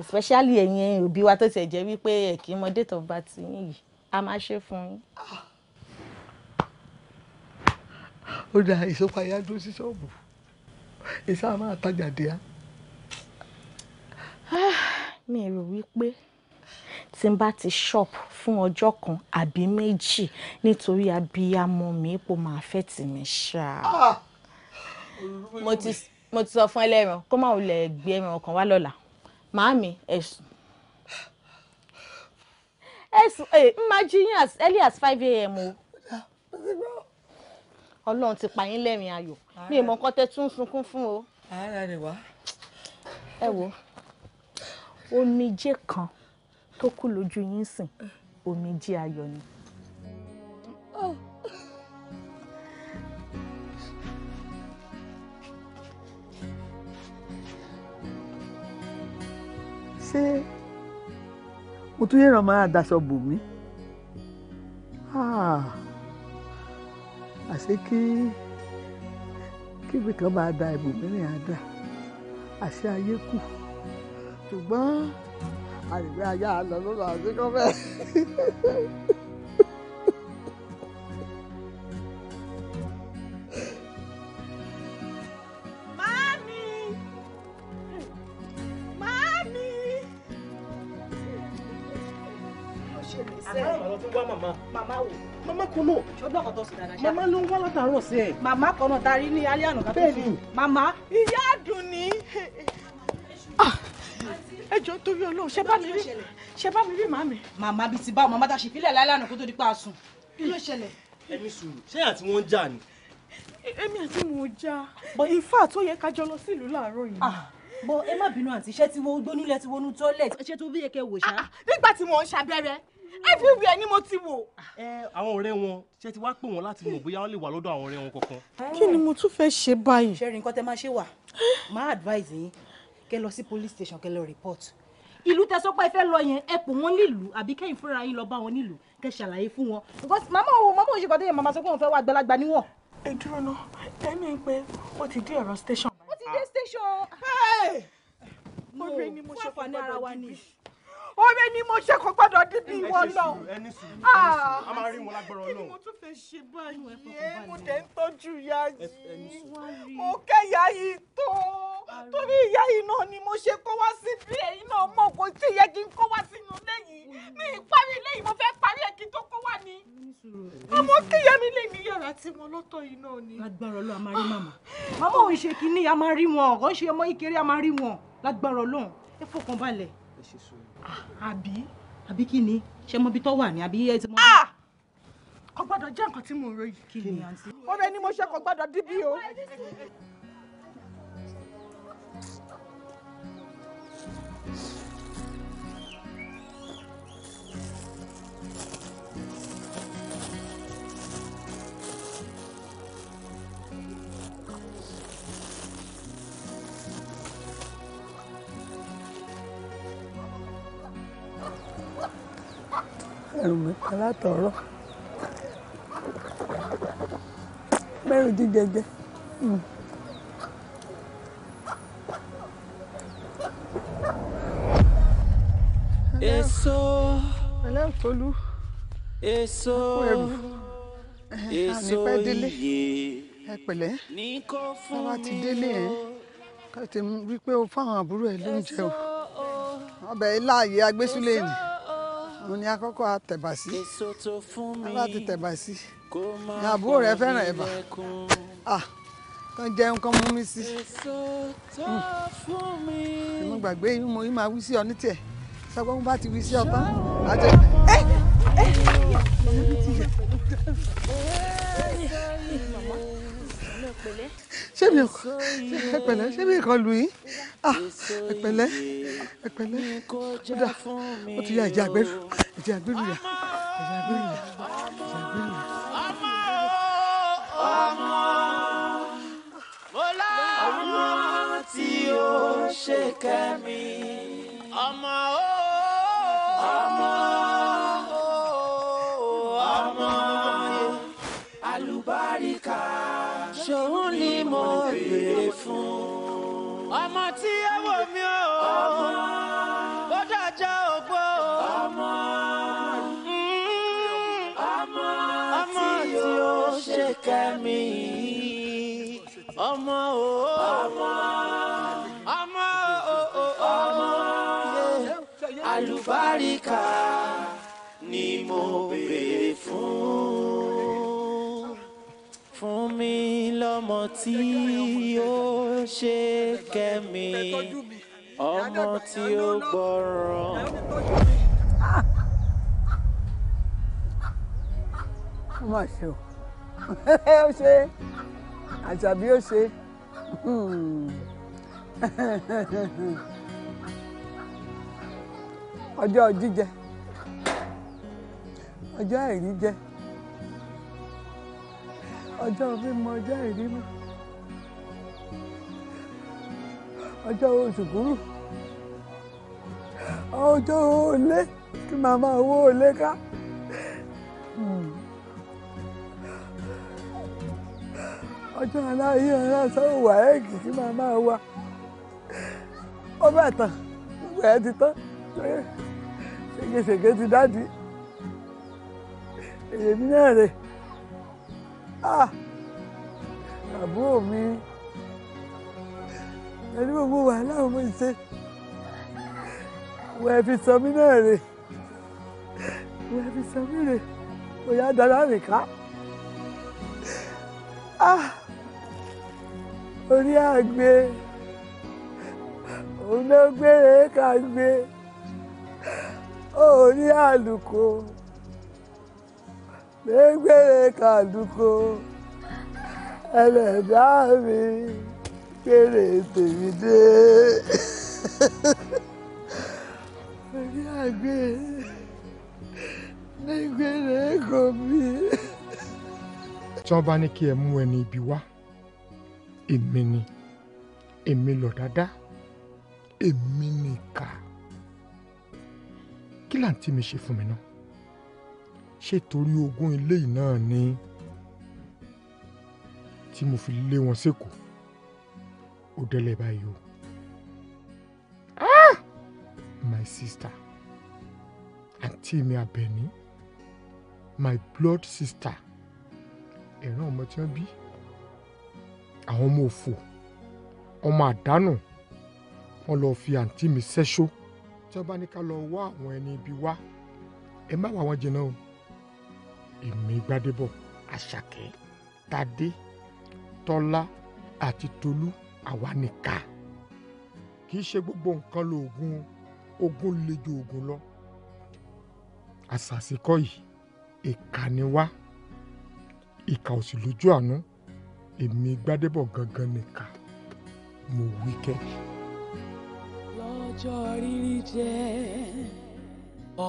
especially ẹ̀yin òbí wa tó ti jẹ́ wípé ẹ̀ kì í mọ date of birth yín yìí a máa ṣe fún yín. ó dà ìsopayá dúró sí ṣọ́ọ̀bù ìsá máa tajà dé á. mi rò wípé tí n bá ti ṣọ́ọ̀bù fún ọjọ́ kan àbí méjì nítorí abiyamọ mi ipò máa fẹ́ tì mí ṣáá. Ah! mo ti sọ fún ẹlẹ́ran kó má wulẹ̀ gbé ẹran kan wá lọ́la màámi ẹ̀sùn ẹ̀sùn ẹ̀ ń máa jí yín as early as five a.m. o ọlọ́run ti pa yín lẹ́rìn ayọ̀ mi ì mọ nǹkan tẹ́ tún sunkún fún o. ara rẹ wá. ẹ wo omijé kan tó kù lójú yín sìn omijé ayọ̀ ni. ṣé mo tún yẹ̀ràn máa daṣọ bò mí ah, àṣé kí kíbi kan máa da ibòmíràn á dà àṣé ayé kù ṣùgbọ́n àrìwé ayá lọ lọ́nà àbíkọ́ bẹ́ẹ̀. ọgbọ́n tó sì dáadáa ṣá. màmá ló ń wá látàárọ̀ sí ẹ̀. màmá kan náà darí ní alẹ́ àná ká tó sùn. màmá. ìyá àdùnní ah, ẹjọ torí Ọlọ́run ṣe bá mi rí ṣe bá mi rí màmí. màmá bíi ti bá ọmọ mọ́tà ṣèpínlẹ̀ láìláì àná kó tó di pa àsùn kí ló ṣẹlẹ̀. ẹ̀mí sùúrù ṣé àti wọn jà ni. èmi àti mò ń jà in fact ó yẹ ká jọ lọ sílùú láàárọ̀ yìí ah, bọ ẹ má bínú àǹtí ṣé tí wọn gbónú lẹ tí wọn nú tọ́lẹ̀. ṣé tó bí yẹ kẹ wò ṣá. Ah, nígbà tí mò ń ṣàbẹ̀rẹ̀ everywhere ni mo ti wò. àwọn ọ̀rẹ́ wọn ṣe ti wá pè wọ́n láti mọ̀ bóyá wọ́n lè wà lọ́dọ̀ àwọn ọ̀rẹ́ wọn kankan. kí ni mo tún fẹ́ ṣe báyìí. ṣe rí nǹkan tẹ máa ṣe wà máa advise yín kẹ lọ sí police station kẹ lọ report. ìlú tẹ sọ pé ẹ fẹ́ lọ yẹn ẹ pò wọ́n nílùú àbí kẹ́yìn fúnra yín lọ bá wọn nílùú kẹ ṣàlàyé fún wọn. because màmá òun màmá òun ṣe kọ́tẹ́yẹ màmá sọ pé òun fẹ́ wá àgbàlagbà níwọ̀n. ẹ dúró ná ẹni pé ó ti dé ọ̀rọ̀ station. ó ti dé ah. station. ọ̀rẹ́ ni mo ṣe fún ara wa ọ̀rẹ́ ni mo ṣe kò gbọ́dọ̀ dín bí wọn lọ. ẹni sùúrù ah. a máa rí wọn lágbára Ọlọ́run. kí ni mo tún fẹ́ ṣe báyìí ẹ mo tẹ̀ ń tọ́jú ìyá yìí mo kẹ́ ìyá yìí tó torí ìyá yìí náà ni mo ṣe kó wá síbi èyí náà mọ̀ kò tí yẹ kí n kó wá sínú ilé yìí mi ìparí ilé mo fẹ́ parí ẹ̀ kí n tó kó wá ni. ọmọ kíyà mi lè ní yàrá tí mo lọ́tọ̀ yìí náà ni. lágbára Ọlọ́run a máa rí màmá màmá òun ṣe kínní a máa rí wọn ọ̀rọ̀ ṣe ọmọ ìkéré a máa rí wọn lágbára Ọlọ́run ẹ fọkàn balẹ̀. ẹ ṣe sùúrù àbí àbí kí ni ṣé mo bi tó wà ní àbí ẹ ti mọ. Ah! kò gbọ́dọ̀ jẹ́ nǹkan tí mò ń ro yìí. kí ni àǹtí. rẹ ni mo ṣe kò gbọ́dọ̀ díbí o. ẹgbẹ̀rún mẹ́ta látọ̀ọ́rọ́ mẹ́rin dín jẹjẹ. Hmm. èso ẹlẹ́tọ́lú èso èso iye ẹ pẹ̀lẹ́ ti délé ẹ ká ti rí pé o fáwọn àbúrò ẹ lóúnjẹ o ọbẹ̀ ilá ayé agbésúlẹ̀ ni mo ní akọ́kọ́ àtẹ̀bà sí nígbà tẹ̀bà sí ní àbúrò rẹ fẹ́ràn ẹ̀bà kan jẹun kan mú mi sí hmm. mo gbàgbé mo yí máa wí sí ọ ní tiẹ̀ sọgbọ́n mo bá ti wí sí ọ tán àti ẹ ẹ mama ẹ pẹ̀lẹ́ ṣé mi ẹ pẹ̀lẹ́ ṣé mi kàn lù yín ah, ẹ pẹ̀lẹ́ ẹ pẹ̀lẹ́ ó ti ya ìjà àgbẹ̀rù ìjà àgbẹ̀rù yà ìjà àgbẹ̀rù yà ìjà àgbẹ̀rù yà. ọmọ ọmọ mo ṣe kẹ́mi ọmọ ó. ọmọ tí ẹ wò mí o ó dájọ́ ògbó o mm. ọmọ tí ó ṣe kẹ́mi ọmọ o ọmọ ọmọ o ọmọ àlùbáríkà ni mo béèrè fún fún mi lọ́mọ tí ó ṣe kẹ́mi ọmọ tí ó gbọ́ràn. ó mà ṣe o ó ṣe àjàbí ó ṣe ọjọ́ jíjẹ ọjọ́ àìrí ọjọ́ mímọ ọjọ́ ìrímọ ọjọ́ oṣù kúrú ọjọ́ olé kí màmá owó olé ká. Hmm. ọjọ́ aláyé aláṣọ wà ẹ́ẹ̀kì kí màmá wa ó bẹ̀ tán gbogbo ẹ̀ ti tán ṣégeṣège ti dádì èyí mi náà rèé. Ah, àbúrò mi ẹni gbogbo wàhálà ọmọ ìṣe wẹ́ẹ́ fi sọ mí náà rè wẹ́ẹ́ fi sọ mí rè òyà dára nìka ah, orí àgbẹ̀ òun náà gbére ká gbé òun ní àlùkò gbẹgbẹrẹ kàdúkọ ẹlẹ́dà mi kéré tèmi dé orí àgbẹ gbẹgbẹrẹ kò mí. tí wọ́n bá ní kí ẹ mú ẹni ibi wá èmi ni èmi lọ dáadáa èmi nìka kí làǹtí mi ṣe fún mi náà ṣé ogún ilé yìí ni tí mo fi lé wọn sẹ́kọ̀ọ́ ó délẹ̀ báyìí o. Ah! my sister àǹtí mi Àbẹ̀ní my blood sister ẹ̀ràn ọmọ tí wọ́n bí àwọn ọmọ òfò ọmọ àdánù wọn lọ fi àǹtí mi ṣẹ́ṣó tí wọ́n bá ní ká lọ wá àwọn ẹni ibi wá ẹ má wá wọn jìnnà o èmi gbadébọ̀ àṣàkẹ́ tadé tọ́lá àti tolú àwa nìka kì í ṣe gbogbo nǹkan lóògùn ogun le ju ogun lọ àṣàṣìkọ yìí ìkà ni wá ìkà ò lójú àánú èmi gbadébọ̀ gangan nìka mo wí lọ́jọ́ rírí jẹ́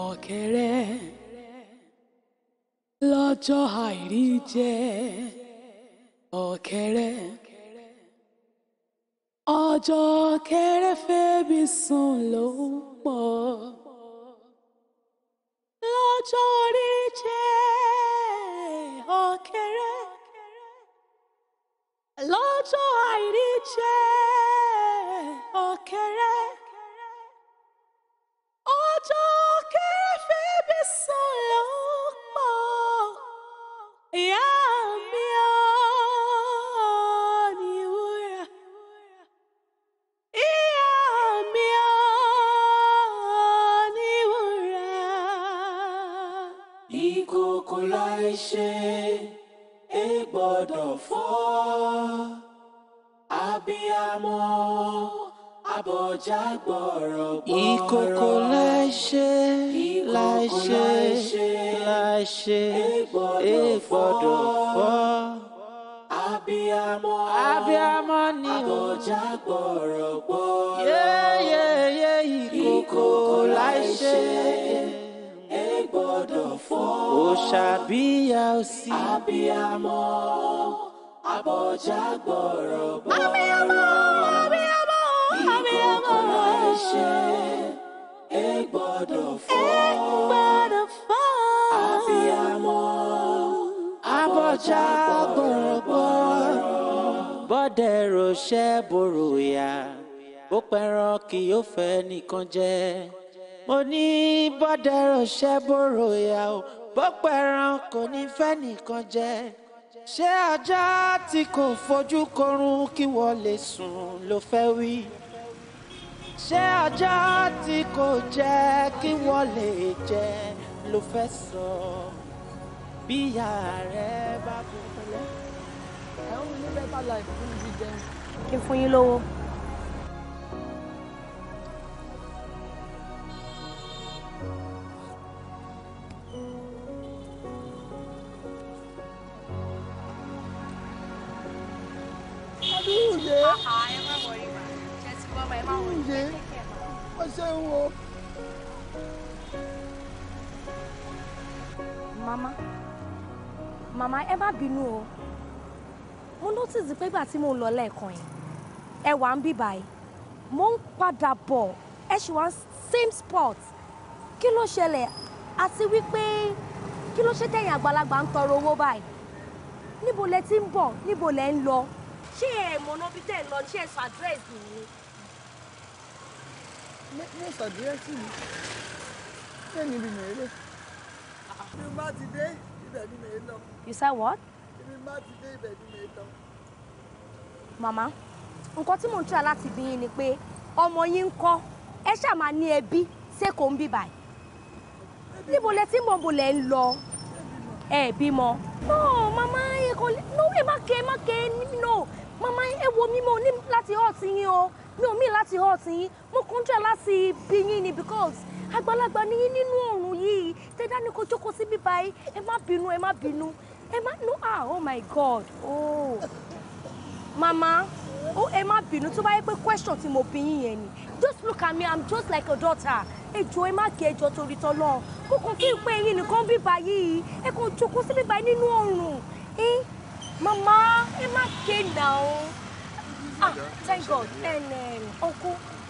ọ̀kẹ́rẹ́ lọ́jọ́ àìrí jẹ ọ̀kẹ́rẹ́ ọjọ́ ọ̀kẹ́rẹ́ fẹ́bi sùn ló ń pọ̀ lọ́jọ́ orí jẹ ọ̀kẹ́rẹ́ lọ́jọ́ àìrí jẹ. sí. abiyamọ abọjá gbọrọ bọ. abiyamọ abiyamọ abiyamọ. ìkọkọrọ ẹ̀ṣẹ̀ ẹ gbọ́dọ̀ fọ́. ẹ gbọ́dọ̀ fọ́. abiyamọ abọjá gbọrọ bọ. bọ́dẹ̀ ròṣẹ́ bòròyà bó pẹran kì yóò fẹ́ nìkan jẹ mo ní bọ́dẹ̀ ròṣẹ́ bòròyà o bọ́pẹ̀ ẹran kò ní fẹ́ nìkan jẹ ṣé ajá tí kò fojú korun kí wọ́n lè sùn ló fẹ́ wí ṣé ajá tí kò jẹ kí wọ́n lè jẹ ló fẹ́ sọ bí ìyá rẹ bá bọ̀ ẹ̀ ń lé bẹ́tà láì fún jíjẹun. kí fún yín lówó. Oye. Oye. Ó ṣeun o. Mama, mama ẹ má bínú o. Mo notice pé ìgbà tí mo lọ lẹ́ẹ̀kan yẹn, ẹ wà ń bí báyìí. Mo ń padà bọ̀, ẹ ṣì wá same spot. Kí ló ṣẹlẹ̀? Àti wípé kí ló ṣe tẹ̀yìn àgbàlagbà ń tọrọ owó báyìí? Níbo lẹ ti ń bọ̀? Níbo lẹ ń lọ? ṣé ẹ mọ̀nà bí tẹ̀ ń lọ ṣé ẹ sọ àdírẹ́sì mi. mo sọ àdírẹ́sì mi ṣé níbi mi ò lè. bí mo bá ti dé ibẹ̀ ni mi ò lọ. you say what? bí mo bá ti dé ibẹ̀ ni mi ò lọ. màmá nǹkan tí mò ń tura láti bí yín ni pé ọmọ yín ń kọ́ ẹ ṣáà máa ní ẹbí ṣé kò ń bí báyìí níbo lẹ tí mò ń bò lẹ ń lọ ẹ bímọ. no oh, mama ẹ kò no ẹ má ké má ké no mama ẹ wo mi mo ní láti hàn sí yín o mi ò mí láti hàn sí yín mo kàn jẹ́ láti bí yín ni because àgbàlagbà ni yín nínú ọ̀run yìí tẹ́dá ni kò jókòó síbí báyìí ẹ má bínú ẹ má bínú ẹ má no ah oh my god oh mama oh ẹ má bínú tó bá yẹ pé question tí mo bí yín yẹn ni just look at me i'm just like a daughter ẹjọ́ ẹ má kí ẹjọ́ torí tọ́lọ́ mo kàn fi pé eyín nìkan bí báyìí ẹ kàn jókòó sí bí báyìí nínú oòrùn ẹ màmá ẹ má ké náà ah thank god ẹnẹn ọkọ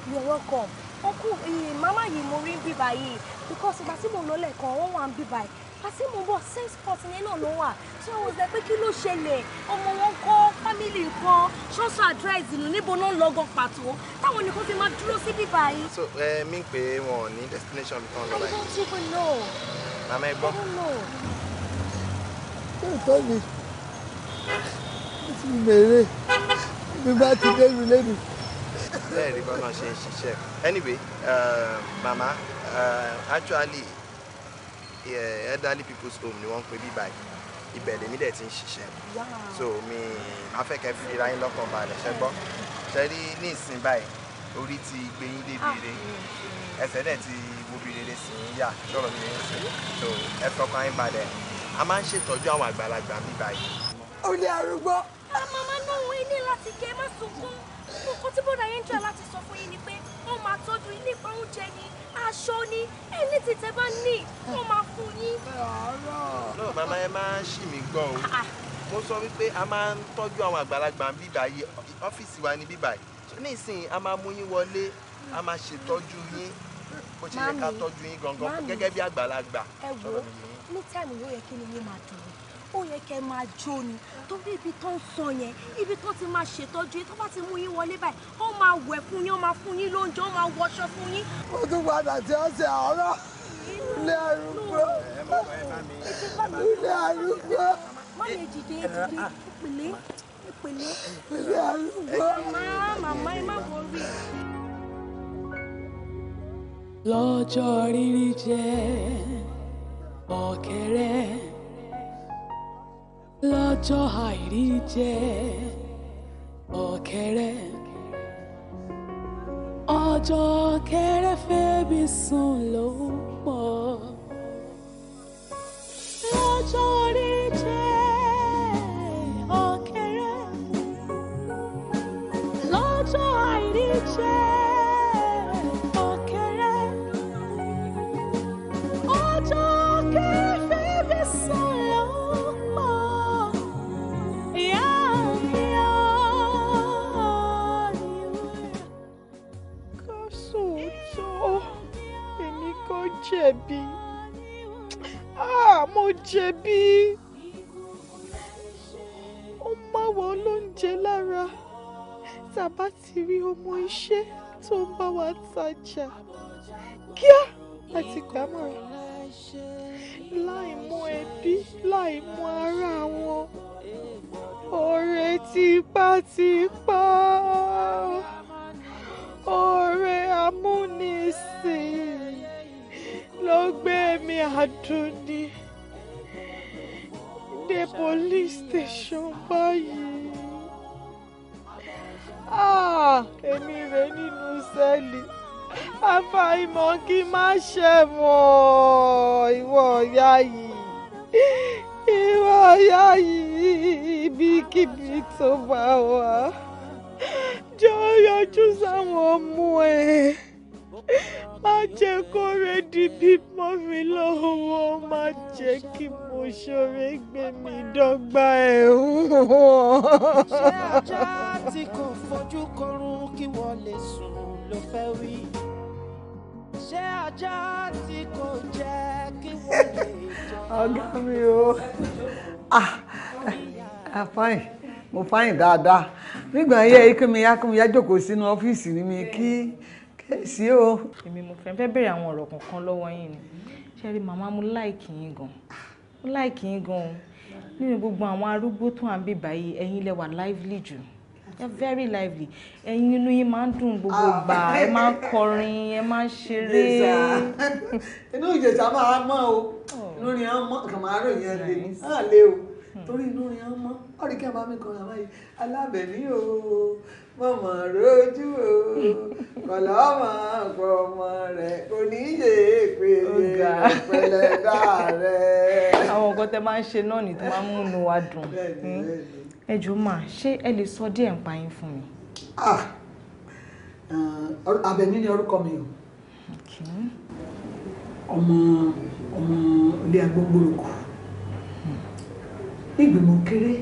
you are welcome ọkọ eh, màmá yìí mo rí bíbá yìí because ìgbà tí mo lọ lẹ́ẹ̀kan wọ́n wà ń bíbá yìí àti mo bọ̀ six port yẹn náà ló tí ó wọ́n pé kí ló ṣẹlẹ̀ ọmọ wọn kọ́ fámìlì kan ṣọ́ọ̀ṣọ́ address nù níbo náà lọ́gàn pàtó táwọn nìkan fi máa dúró sí bíbá so ẹ mi ń pè wọn ò ní destination mi kan lọ́la yìí. I don't even know. màmá ẹ gbọ́. lóòótọ́ mi mo ti mèrè mi bá ti dé lẹ́nu. bẹ́ẹ̀ rí bọ́lá ṣe ń ṣiṣẹ́ anyway uh, mama uh, actually. Eh, elderly people's home ni wọ́n ń pè bí báyìí lèmi dẹ̀ ti ń ṣiṣẹ́ so mi afẹ́kẹ́ fi ra yín lọ́kàn balẹ̀ ṣẹ́ gbọ́ ṣe rí ní ìsìn báyìí orí ti gbé yín débi ah, rè mm, mm. ẹsẹ̀ ti wo bí sí yín yà lọ́rọ̀ mi ń sìn so ẹ fọkàn yín balẹ̀ a máa ń ṣètọ́jú àwọn àgbàlagbà bí báyìí. olè arúgbó. Ah, màmá náà wọ ilé láti gé má sunkún nǹkan tí bọ́dà yẹn ń jẹ́ láti sọ fún yín ni pé wọ́n máa tọ́jú ilé ìpamọ́ jẹ ni aṣọ ni ẹni tí tẹ bá ní wọn máa fún yín. náà màmá ẹ máa ń ṣì mí gbọ́ o ah. mo sọ wípé a máa ń tọ́jú àwọn àgbàlagbà ń bíbà yìí ọ́fíìsì wa ní bíbà yìí nísìnyí a máa mú yín wọlé a máa ṣètọ́jú yín bó ṣe yẹ ká tọ́jú yín gangan gẹ́gẹ́ bí àgbàlagbà. ẹ wo ní táìmù yóò yẹ kí ni yín máa dùn ó yẹ kẹ́ máa jó ni torí ibi tó ń sọ yẹn ibi tó ti máa ṣètọ́jú yín tó bá ti mú yín wọlé báyìí ó máa wẹ̀ fún yín ó máa fún yín lóúnjẹ ó máa wọṣọ fún yín. ó tún padà tí ó ṣe ọ̀rọ̀ ilé arúgbó ilé arúgbó. má lè dìde dìde ìpìlẹ̀ ìpìlẹ̀. ilé arúgbó. màmá ẹ má borí. lọ́jọ́ rírí jẹ́ ọ̀kẹ́rẹ́ lọ́jọ́ àìrí jẹ ọ̀kẹ́rẹ́ ọjọ́ ọ̀kẹ́rẹ́ fẹ́bi sùn ló pọ̀ lọ́jọ́ orí jẹ ọ̀kẹ́rẹ́ lọ́jọ́ tajà kíá àti gbàmọ̀ràn láì mú ẹbí láì mú ara wọn ọ̀rẹ́ tipátipá ọ̀rẹ́ amúnisìn ló gbé mi àdúni dé police station báyìí ah! èmi rẹ̀ nínú sẹ́ẹ̀lì àfàìmọ̀ kí n má ṣẹ̀wọ̀n ìwọ ọ̀yá yìí ìwọ ọ̀yá yìí ibikíbi tó bá wà jọ yọjú sáwọn ọmọ ẹ má jẹ́ kó rédi bí mọ́ mi lọ́wọ́ má jẹ́ kí mo ṣoore gbé mi dọ́gba ẹ̀ wọ́n. ṣé ajá tí kò fojú kọrun kí wọ́n lè sùn ló fẹ́ wí ṣe ajá tí kò jẹ́ kí wọ́n lè jọ. ọ̀gá mi o ah, ah, fine mo fine dáadáa nígbà yẹ ikúnmi akúnmiyá jókòó sínú ọ́fíìsì mi kí kẹ́sì o. èmi mo fẹ́ fẹ́ bèrè àwọn ọ̀rọ̀ kankan lọ́wọ́ yín ni ṣe rí màmá mo láìkì yín gan mo láìkì yín gan o nínú gbogbo àwọn arúgbó tó à ń bèbà yìí ẹ̀yin lẹ lively jù ẹ very lively ẹyin inú yín máa ń dùn gbogbo ah. ìgbà ẹ máa ń kọrin ẹ máa ń ṣeré. inú ìjẹ̀sà máa mọ́ o oh. inú rin án mọ́ kàmáàrò yẹn lè á lé o hmm. torí inú rin án mọ́ ọ̀rí kí a bá mi kọrin àbáyé alábẹ̀mí o mọ̀mọ́ rojú o kọ̀lọ́ máa pọ̀ ọmọ rẹ̀ oníyè pèlè pẹ̀lẹ́dà rẹ̀. àwọn nǹkan tẹ máa ń ṣe náà ni tó máa ń múnú wa dùn. bẹ́ẹ̀ ni hmm ẹ jọ̀ọ́ mà ṣé ẹ lè sọ díẹ̀ nípa yín fún mi. Àbẹ̀ní ah, eh, ni orúkọ mi o ọmọ ọmọ ilé agbóngbòròkù nígbìmọ̀ kéré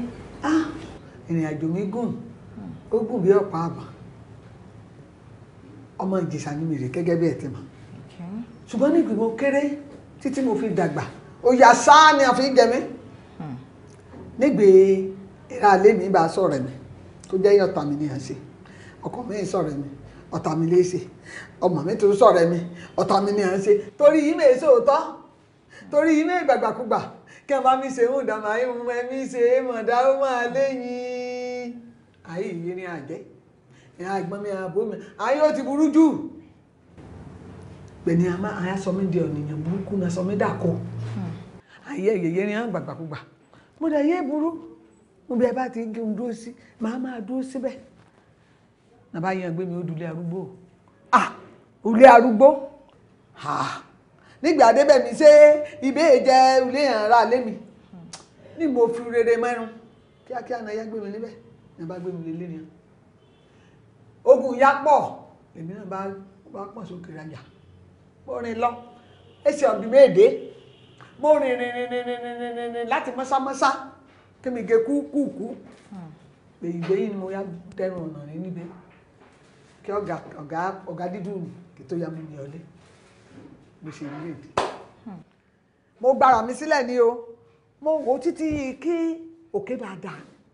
ah, ìrìn àjò mi gùn ó gùn bí ọ̀pá àbà ọmọ ìjìṣà ni mi rè gẹ́gẹ́ bí ẹ ti mọ̀ ṣùgbọ́n nígbìmọ̀ kéré títí mo fi dàgbà ó yà sáà ni a fi ń jẹ mí hmm. nígbè ìrà alẹ́ mi bá sọ̀rọ̀ mi tó jẹ́ ọ̀tá mi nìyẹn ṣe ọkọ mi sọ̀rọ̀ mi ọ̀tá mi lè ṣe ọmọ mi tó sọ̀rọ̀ mi ọ̀tá mi nìyẹn ṣe torí yìí mèé sóòótọ́ torí yìí mèé gbàgbàkúgbà kí ẹ bá mi ṣe ń dàmà ayé mu ẹmí ṣe é mọ̀ dáwọ́ máa léyìn ayé yìí ni àjẹ́ ìhà àgbọn mi àbó mi ayé ó ti burú jù pẹ̀lú àmà àyà sọ mí di ọ̀nìyàn burúkú náà sọ mí dàkọ hmm. ayé ẹ̀yẹ̀yẹ̀ ni à ń gbàgbàkúgbà mo dà yé burú níbi ẹ bá ti ń kí n dúró sí màá máa dúró síbẹ̀ nàbá yẹn gbé mi ó dulẹ̀ arúgbó ah ulé arúgbó ah nígbà débẹ̀ mi ṣe ibẹ̀ jẹ́ ulé yẹn ra lémi ní mo fi rere mẹ́rún kíákíá náà yá gbé mi níbẹ̀ nàbá gbé mi lélẹ́ yẹn ogun yá pọ̀ èmi náà bá bá pọ̀ sókè rajà mo rìn lọ ẹsẹ̀ ọ̀gbìn méje mo rìn rìn rìn rìn rìn rìn láti mọ́sámọ́sá kémige kúkúkú hmm. gbèyìngbè yìí ni mo yá tẹnu ọ̀nà ní níbẹ̀ kí ọ̀gá ọ̀gá ọ̀gá dídùn kí tó yá mi ní ọlé mo ṣe ìlú èdè. Hmm. mo gbára mi sílẹ̀ ni o mo wò títí kí òkè bá dà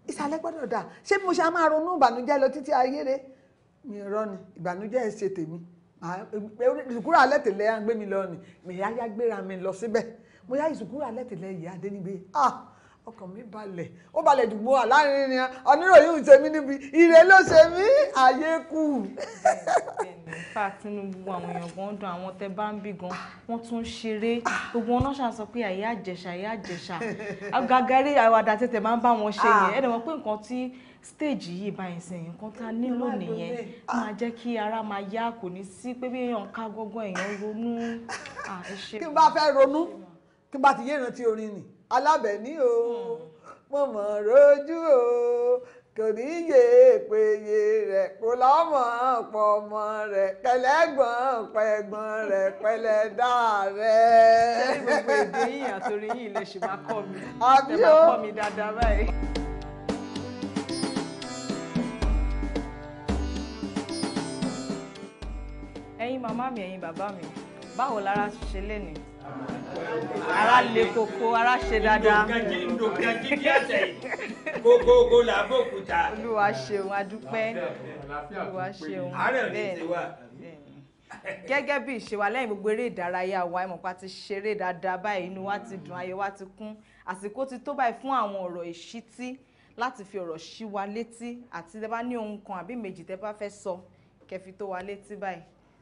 ìsàlẹ̀ gbọ́dọ̀ dà ṣé mo ṣe á máa ronú ìbànújẹ́ lọ títí ayére mi rọ ni ìbànújẹ́ ẹ̀ ṣe tèmi ìsùkúrò alẹ́ tẹ̀lé à ń gbé mi lọ ni mi yá yá gbéra mi lọ síbẹ̀ mo yá ìsùkúrò alẹ́ tẹ̀lé yìí adé nígbé ah ọkàn mi balẹ̀ ó balẹ̀ dùgbò àlárinrin oníròyìn ṣe mí níbi ire ló ṣe mí àyè kù. fa tinubu àwọn èèyàn gan dùn àwọn tẹ bá ń bì gan ah. wọn tún ṣeré ah. gbogbo wọn náà ṣàṣọ pé àyè àjẹsà àyè àjẹsà gàgàrí àwàdà tètè máa ń bá wọn ṣe yẹn ah. ẹnìwọ̀n pé nǹkan tí stage yìí báyìí sẹ́yìn nǹkan tá a nílò nìyẹn máa jẹ́ kí ara máa yá kò ní sí pé bí èèyàn ká gọ́gọ́ èèyàn ronú. kí n bá fẹ́ ronú kí n bá ti yé ìrántí orin nìyí alábẹ̀ní o hmm. mo mọ̀ rojú o kò ní yé péye rẹ̀ kó lọ́mọ̀ pọ̀ ọmọ rẹ̀ pẹ̀lẹ́gbọ̀n pẹ̀gbọ̀n rẹ̀ pẹ̀lẹ́dá rẹ̀. ṣé gbogbo èdè yìí àtòrí yìí lè ṣe máa kọ́ mi lè máa kọ́ mi dáadáa báyìí. ẹ̀yin màmá mi ẹ̀yin bàbá mi báwo lára ṣe lé ni ara le koko ara ṣe dáadáa. ndòkè jíjí ẹsẹ̀ gbogbogbò làbòkúta. olúwa ṣeun adúpẹ́ olúwa ṣeun bẹ́ẹ̀ gẹ́gẹ́ bí ìṣe wa lẹ́yìn gbogbo eré ìdárayá wa ẹ mọ̀ pa ti ṣeré dáadáa báyìí inú wa ti dùn ayọ̀ wa ti kún àsìkò ti tó báyìí fún àwọn ọ̀rọ̀ ìṣítí láti fi ọ̀rọ̀ ṣí wa leti àti tẹ bá ní ohun kan àbí méjì tẹ bá fẹ́ sọ kẹfì tó wa létí báyìí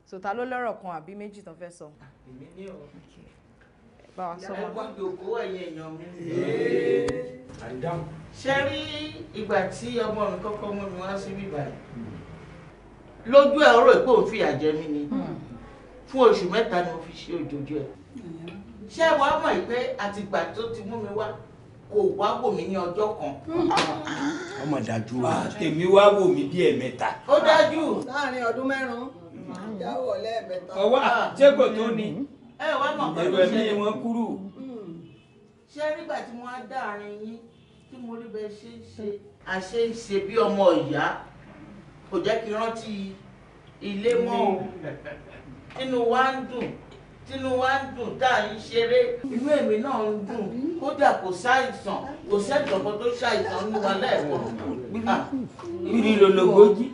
sòtá ló lọ́rọ̀ kan àbí méjì tán fẹ́ sọ. èmi ní ọ̀rọ̀ bá wa sọ wọn. ẹ̀gbọ́n gbòòkó ẹ̀yìn èèyàn mi. ṣe rí ìgbà tí ọmọ mi kọ́kọ́ mú mi wá sí bíbá yìí lójú ẹ̀ ọ̀rọ̀ ìpò òun fìyà jẹ mí ni hmm. fún oṣù mẹ́ta ni mo fi ṣe òjòjú ẹ̀ ṣé wàá mọ̀ pé àtìgbà tó ti mú mi wá kò wá wò mí ní ọjọ́ kan. ọmọ dájú wa tèmi wá wò mí bí ẹ̀mẹ́ta. ó dájú. láàrin ọdún mẹ́rin dáwọ̀ lẹ́ẹ̀mẹ́ta. ọwọ́ àjẹgbò tó ní ẹ wá mọ̀ pé ló ṣe ẹ̀mí wọn kúrú. Hmm. ṣé nígbà tí wọ́n á dá àárín yín tí mo rí bẹ́ẹ̀ ṣe ń ṣe àṣẹ ń ṣe bí ọmọ ìyá kò jẹ́ kí rántí ilé mọ́ o inú wa ń dùn tínú wa ń dùn tá à ń ṣeré inú èmi náà ń dùn kódà kò ṣàìsàn kò sẹ́jọ̀kan tó ṣàìsàn nínú wa lẹ́ẹ̀kan. bíbí lologójì.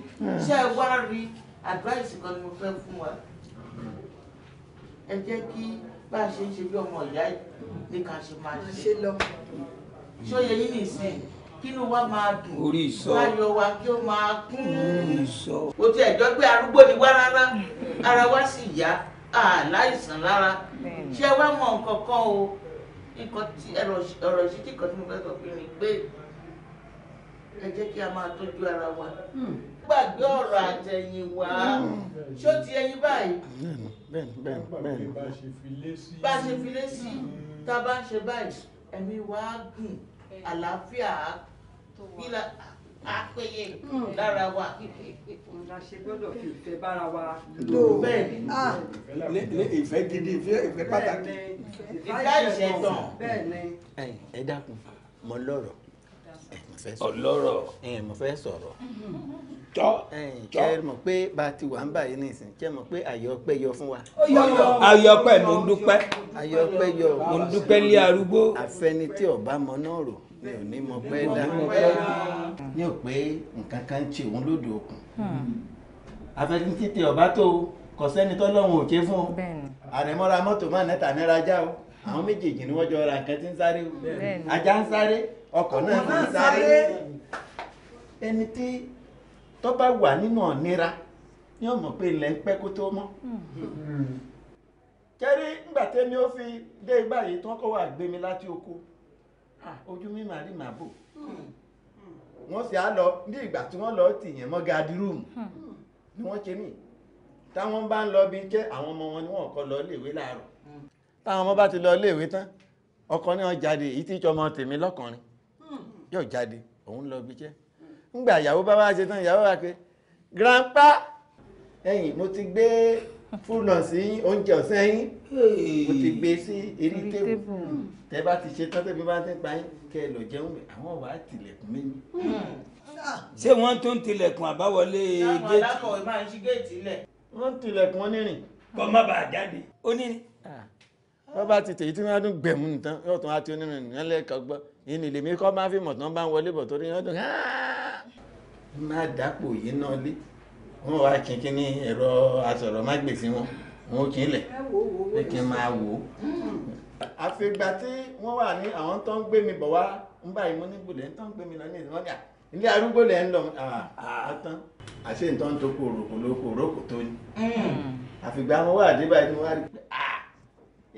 ṣé ẹ wá rí advice kan ni mo fẹ́ fún wa ẹ jẹ́ kí bá a ṣe ń ṣe bí ọmọ ìyá ní ká ṣe máa ṣe lọ ṣó yẹ yín nìsín kínú wa máa dùn orí wa kí ó máa kún orí o ti ẹ̀jọ́ pé arúgbó ni wá rárá ara wa sì yá àláìsàn lára ṣé wá mọ nǹkan kan o nǹkan tí ọ̀rọ̀ ìṣítí kan tí mo fẹ́ sọ fún mi pé ẹ jẹ́ kí a máa tọ́jú ara wa hmm. gbàgbé ọ̀rọ̀ àtẹ̀yìnwá hmm. ṣó ti ẹyin báyìí bẹ́ẹ̀ni bẹ́ẹ̀ni bẹ́ẹ̀ni bá a ṣe fi lé sí hmm. tá a bá ń ṣe báyìí ẹ̀mí wa á gùn hmm. àlàáfíà á kíla á péye hmm. lára wa. ọ̀nà ṣe gbọ́dọ̀ fi ìfẹ́ bára wa. lò bẹ́ẹ̀ni ní ìfẹ́ gidi ìfẹ́ pàtàkì. ìfẹ́ ìṣẹ̀tàn. ẹ dákun mọ lọ́rọ̀. ọlọ́rọ̀ ẹ̀yin mo fẹ́ sọ̀rọ̀ tọ́ ẹ̀yin ẹ mọ̀ pé bá a ti wà ń báyìí pé àyọpẹ́ yọ fún wa. àyọpẹ́ mo ń dúpẹ́. yọ mo ń dúpẹ́ lé arúgbó. àfẹni tí ọba mọ náà rò mi ò ní mọ pẹ́ dá ní pé nǹkan kan ń ṣe òun lóde àfẹni hmm. o àwọn méjèèjì ni wọ́n jọ ra ajá ń ọkọ̀ náà kì í sáré ẹni tí tó bá wà nínú ọ̀nira ni ó mọ̀ pé ilẹ̀ ń pẹ́ kó tó mọ́ kẹ́rí hmm. ó fi dé báyìí tí kọ́ wà láti oko ojú mi rí màá bò hmm. wọ́n sì á lọ ní ìgbà tí wọ́n lọ tì yẹn mọ́ hmm. ni wọ́n ṣe táwọn bá ń lọ bí jẹ́ àwọn ọmọ wọn ni lọ láàárọ̀ táwọn ọmọ bá ti lọ tán ọkọ ní yóò jáde òun lọ bí jẹ́ ńgbà ìyàwó bá wá ṣe tán ìyàwó wá pé grandpa ẹ̀yin mo ti gbé fúnà sí oúnjẹ ọ̀sẹ̀ yín mo ti gbé sí eré tébù hmm. tẹ bá ti ṣe tán tẹbi bá ti pa yín kẹ lọ jẹun àwọn wàá tilẹ̀kùn mí ni. Hmm. ṣé wọ́n tún tilẹ̀kùn àbáwọlé géètì. táwọn alákọ̀wé máa ń ṣí géètì lẹ̀. wọ́n tilẹ̀kùn onírìn. kọ́ má bàa jáde. onírìn. Ah, bọ́ bá ti tèyí tí wọ́n á dún gbẹ̀mú nìtàn yóò tún á ti onírìn nìyẹn lẹ́ẹ̀kan gbọ́ ìní lèmi kọ́ bá fíìmọ̀ tán bá ń wọlé bọ̀ torí ọdún máa dàpò yìí náà lé wọn wá kínkín ní ẹ̀rọ asọ̀rọ̀mágbèsì wọn wọn ò kí ń lẹ̀ pé kí n máa wò ó. àfìgbà tí wọ́n wà ní àwọn tó ń gbé mi bọ̀ wá ń báyìí mo ní gbòdè ń tó ń gbé mi lọ ní ìlú ọ̀gá ilé arúgbó lẹ̀ ń lọ àtán àṣé ìtàn tó kó òròkò lóko òròkò tó ní. Hmm. àfìgbà wọn wà dé báyìí mo wá rí i pé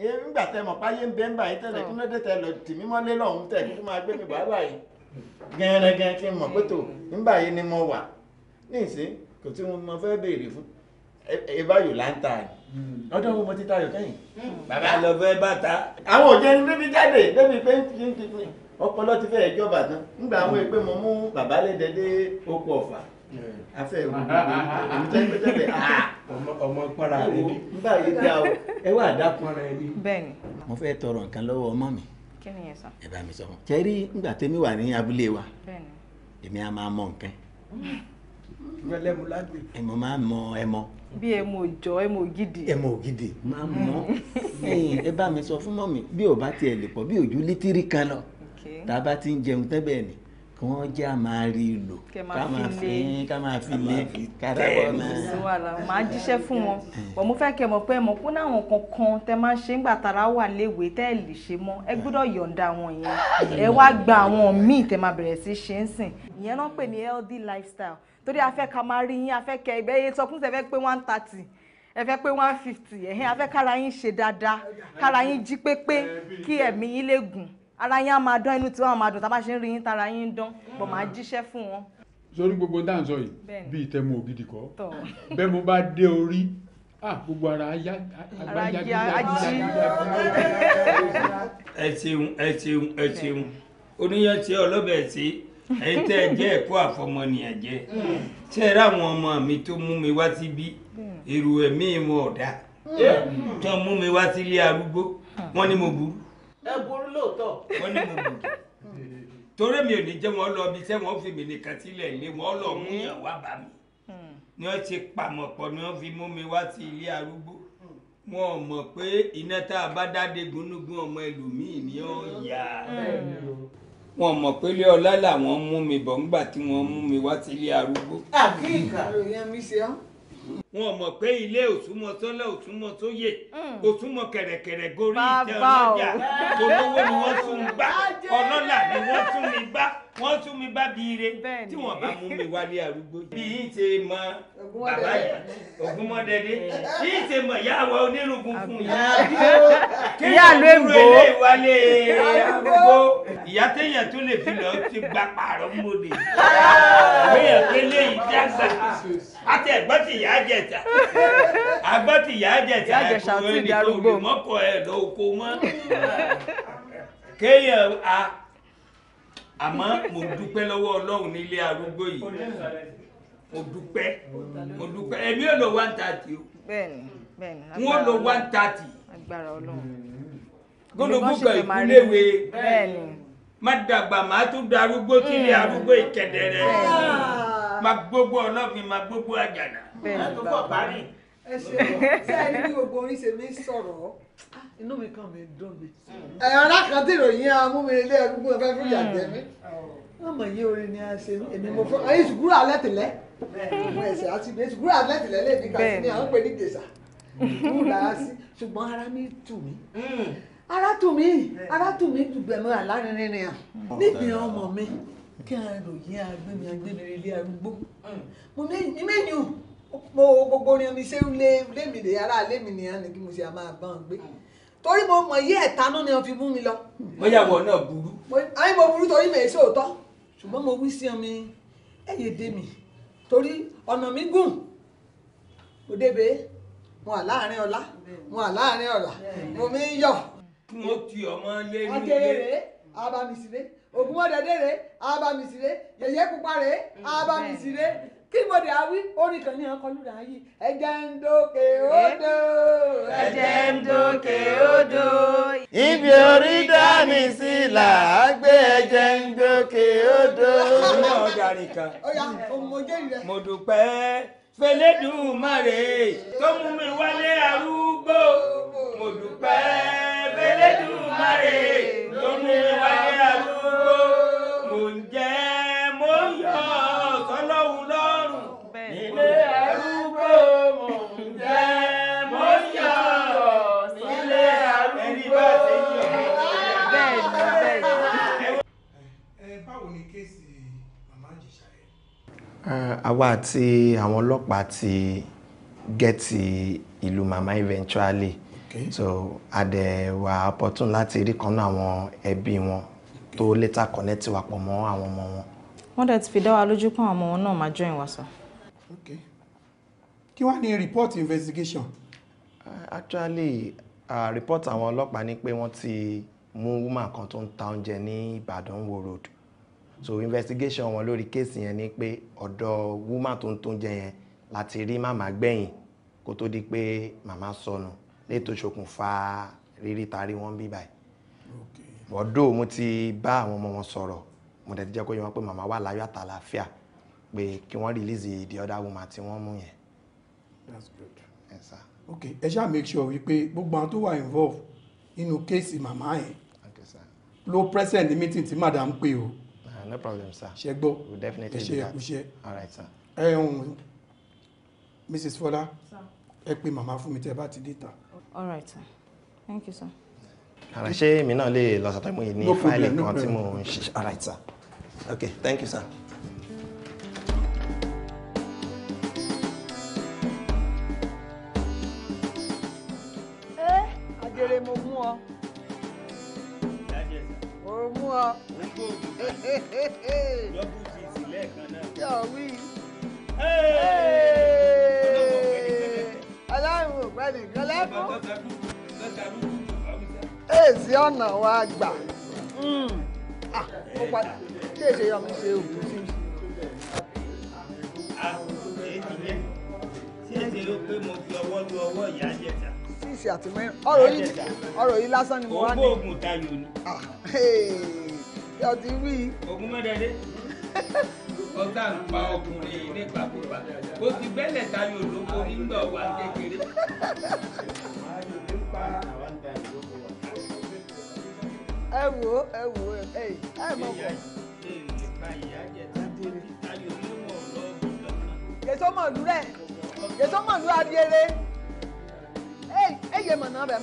nígbà tẹ mọ̀ páyé ń bẹ́ ń báyìí tẹ́lẹ̀ kí lóde tẹ lọ tì mí mọ́lé lọ́hún tẹ̀ kí máa gbé mi wá báyìí gẹ́rẹ́gẹ́ kí n mọ̀ pé tó nígbà yìí ni mo wà níìsín kò tí mo fẹ́ béèrè fún ìbáyò là ń ta ni lọ́dọ̀ wo mo ti tayọ̀ kẹ́yìn. bàbá lọ fẹ́ bàtà. àwọn òjẹ́ ni débi jáde débi pé ń kí ń kí ọpọlọ ti fẹ́ ìjọba tán nígbà àwọn èpè mo mú bàbá lédè dé oko ọ̀fà afẹ́ ìwúlò tẹ́lẹ̀ ọmọ pọ́nra rẹ ni nígbà yìí dá o ẹ wà ni. mo tọrọ nǹkan ọmọ mi. kí ni yẹn sọ. ẹ bá mi sọ fún tẹ́mi wà ní abúlé wa. èmi á máa mọ nǹkan. ẹ̀mọ máa mọ bí ògidì. ògidì máa mọ. Mm. ẹ bá mi sọ fún mọ́ mi bí ò bá tiẹ̀ lè pọ̀ bí òjú lítírì kan lọ. tá a ti ń jẹun ni kí wọ́n jẹ́ àmà rí lò ká máa fi ká máa fi lé káràbọ̀ náà. sí wàhálà màá jíṣẹ́ fún wọn eh. bọ̀ mo fẹ́ kẹ́ mọ̀ pé mọ̀ kún àwọn kankan tẹ máa ṣe ńgbà tara wà léwe tẹ́ ẹ lè ṣe mọ́ ẹ gbọ́dọ̀ yọ̀ǹda wọn yẹn ẹ wá gba àwọn míì tẹ máa bẹ̀rẹ̀ sí ṣe ń sìn ìyẹn náà pè ní healthy lifestyle torí a fẹ́ ká máa rí yín a kẹ ibẹ̀ yẹn sọ pé one thirty ẹ fẹ́ pé one fifty ẹ̀hìn a fẹ́ kára yín ṣe dáadáa kára yín jí pépé kí ẹ̀mí yín lè gùn ara yín á máa dán inú tiwa máa dùn tá a bá ṣe ń rí yín tára yín ń dán bọ̀ máa jíṣẹ́ fún wọn. sórí gbogbo dáǹsọ yìí bíi tẹmu ògidì kọ bẹ́ẹ̀ mo bá dé orí gbogbo ara ajá ají. ẹ ṣeun ẹ ṣeun ẹ ṣeun oníyanṣẹ ọlọbẹ ṣe ẹ tẹ ẹ jẹ ẹkọ àfọmọnìyàn jẹ ṣe é ráwọn ọmọ mi tó mú mi wá síbí èrò ẹ̀mí wọn ọdá tó mú mi wá sílé arúgbó wọn ni mo burú ẹ burú lóòótọ́. wọ́n ní mo bùdù torí mi ò ní jẹ́ wọn lọ ibi tẹ́ wọ́n fi mi nìkan sílẹ̀ ilé wọn lọ mú hmm. yàn wá bá mi hmm. ni wọ́n ti pàmọ̀ pọ̀ ni wọ́n fi mú mi wá sí ilé arúgbó hmm. wọn ò mọ̀ pé iná tá a bá dáde gúnúgún ọmọ ẹlòmíì ni ó yà wọn mọ̀ pé ilé ọlá làwọn mú mi bọ̀ ńgbà tí wọ́n mú mi wá sí ilé arúgbó. àbí ìkàròyìn mi ṣe ọ́ wọn ò pé ilé òtúmọ̀ sọ́lá òtúmọ̀ sóyè hmm. òtúmọ̀ kẹ̀rẹ̀kẹ̀rẹ̀ gorí ìtẹ́ ọlọ́jà olówó ni wọ́n tún gbá ọlọ́là ni wọ́n tún ń gbá wọ́n tún mi bá bi ire tí wọ́n bá mú mi wálé arúgbó bí yìí ṣe mọ bàbá yìí ògúnmọ́dẹ́dẹ́ yìí ṣe mọ ìyá àwa onírúgbùn fún yìí ìyá ló ń bò ó wálé arúgbó ìyá téèyàn tó lè fi lọ ti gba pààrọ̀ mọ́lẹ̀ àmìyàn pé léyìí tí a gbà àti ẹ̀gbọ́n ti ìyá jẹ̀ta àgbọ́n ti ìyá jẹ̀ta àgbọ̀n ẹni tó rí mọ́kọ̀ ẹ̀ lọ́kọ̀ a àmọ́ mo dúpẹ́ lọ́wọ́ ọlọ́run nílé arúgbó yìí mo dúpẹ́ mo dúpẹ́ èmi ò lo one thirty o n ó lo one thirty gbólógbòkè ìkúléwé má dàgbà má tún darúgbó kí ni arúgbó hmm. ìkẹdẹrẹ má gbogbo ọlọ́fin má gbogbo àjànà má tó fọ̀ parí ẹ ṣe sẹ́ẹ̀rí ní gbogbo orin ṣe mí sọ̀rọ̀ inú mi kàn mí dùn mí. ẹ̀rọ kan tí ìròyìn amúmirelé ẹ̀rúgbó ẹ̀fẹ́ fún ìyàgbẹ́ mi. ọmọ yìí orin ni a ṣe èmi mo fọ ẹyìn ìṣùgbúrò alẹ́ tìlẹ́ mo ẹ̀sẹ̀ àti ìgbẹ́ ìṣùgbúrò alẹ́ tìlẹ́ lè ní kàṣí ni à ń pè ní gèṣà ìdúró làá sí ṣùgbọ́n ara mi tù mí ara tù mí ara tù mí dùgbẹ̀mọ́ àlárinrin ni à níbi ọmọ mi kí n ròyìn agbẹ́mi agbẹ́mi ilé arúgbó mo ní méjì mo gbogbo orin mi ṣé lémi lè ara lémi nìyẹn ni kí mo ṣe máa bá wọn gbé torí mo mọ̀ yí ẹ̀tanú ni wọ́n fi mú mi lọ. mọ́yàwó náà burú. àyìn mo burú torí mi èso òótọ́ ṣùgbọ́n mo wí sí ọmọ ẹ̀yẹ dé mi torí ọ̀nà mi gùn mo débè mo à láàrin ọlá mo à láàrin ọ̀la mo mi ń yọ̀. mo ti ọmọ lé ní ilé. ọjọ́ abamisire ògùnmọ̀dẹ́dẹ́ abamisire yẹ̀yẹ́ pupa rèé abamisire kí mo dà wí orin kan ní ọkọlùdà yìí ẹ̀jẹ̀ ń dókè odò ẹ̀jẹ̀ ń dókè odò. ibi orí dá mi sí là á gbé ẹ̀jẹ̀ ń dókè odò. ní ọ̀darin kan mo dúpẹ́ fẹlẹ́dùmarè tó mú mi wálé arúgbó mo dúpẹ́ fẹlẹ́dùmarè tó mú mi wálé arúgbó mo ń jẹ mo ń yọ̀. Eh, àwa àti àwọn ọlọ́pàá ti gẹ́ẹ̀tì ìlú màmá eventually okay. so àdẹ̀wà opportun láti rí kan náà àwọn ẹbí wọn tó later connect wa pọ̀ mọ́ àwọn ọmọ wọn. wọ́n dẹ̀ ti fi dá wa lójú pé àwọn ọmọ náà máa join wa sọ. kí wàá ní report investigation. Eh, actually uh, report àwọn ọlọ́pàá ní pé wọ́n ti mú woman kan tó ń ta oúnjẹ ní Ìbàdàn wo road so investigation wọn lórí kéèsì yẹn ni pé ọ̀dọ̀ woman tó ń tó jẹ yẹn láti rí màmá gbẹ̀yìn kó tó di pé màmá sọnù létò ṣokùnfà rírí tarí wọn bí báyìí ọ̀dọ̀ mo ti bá àwọn ọmọ wọn sọ̀rọ̀ mo dẹ̀ ti jẹ́ kó yé wọn pé màmá wà láyọ̀ àtàlàáfíà pé kí wọ́n release the other woman tí wọ́n mú yẹn. that's good. yes sir. okay ẹ ṣáà make sure wípé gbogbo àwọn tó wà involve nínú kéèsì màmá yẹn ló present meeting tí madam pé o no problem sir. ṣe gbọ́ we definitely do that ṣe ẹkúṣẹ́ all right sir. ẹ ohun mrs fọlá ẹ pè màmá fún mi tẹ bá ti dé ta. all right sir thank you sir. ara ṣé èmi náà lè lọ sàtọ́ ìmọ̀ ní fáìlì kan tí mo ń ṣe all right sir okay thank you sir. mú ọ. ó ń gbòògùn náà lọ́gùn ti ìsìlẹ̀ kan náà. yọ̀ wí. ọlọ́run ò gbẹ́ nìkan lẹ́kún. èsì ọ̀nà wa gbà. Hmm. ó padà kí èsè yọ mi ṣe òkú sí i. èyí ti yẹ èsè ló pé mo fi ọwọ́ lu ọwọ́ ìyá jẹta síìsì àti mẹ́rin ọ̀rọ̀ yìí ọ̀rọ̀ yìí lásán ni mo wá ní. oògùn tayò ni. Ah, yọtí wí. oògùn mẹ́tẹ̀ẹ́dẹ́ ọ̀tá ń pa ọkùnrin nípakúpa ó ti bẹ́lẹ̀ tayò lóko nígbà wà kékeré. ẹ wo ẹ wo ẹ ẹ mọ kọ. yẹtọ́ mọ̀lú rẹ̀ yẹtọ́ mọ̀lú adìyẹ rẹ̀. Hey, yé mọ̀nà bẹ̀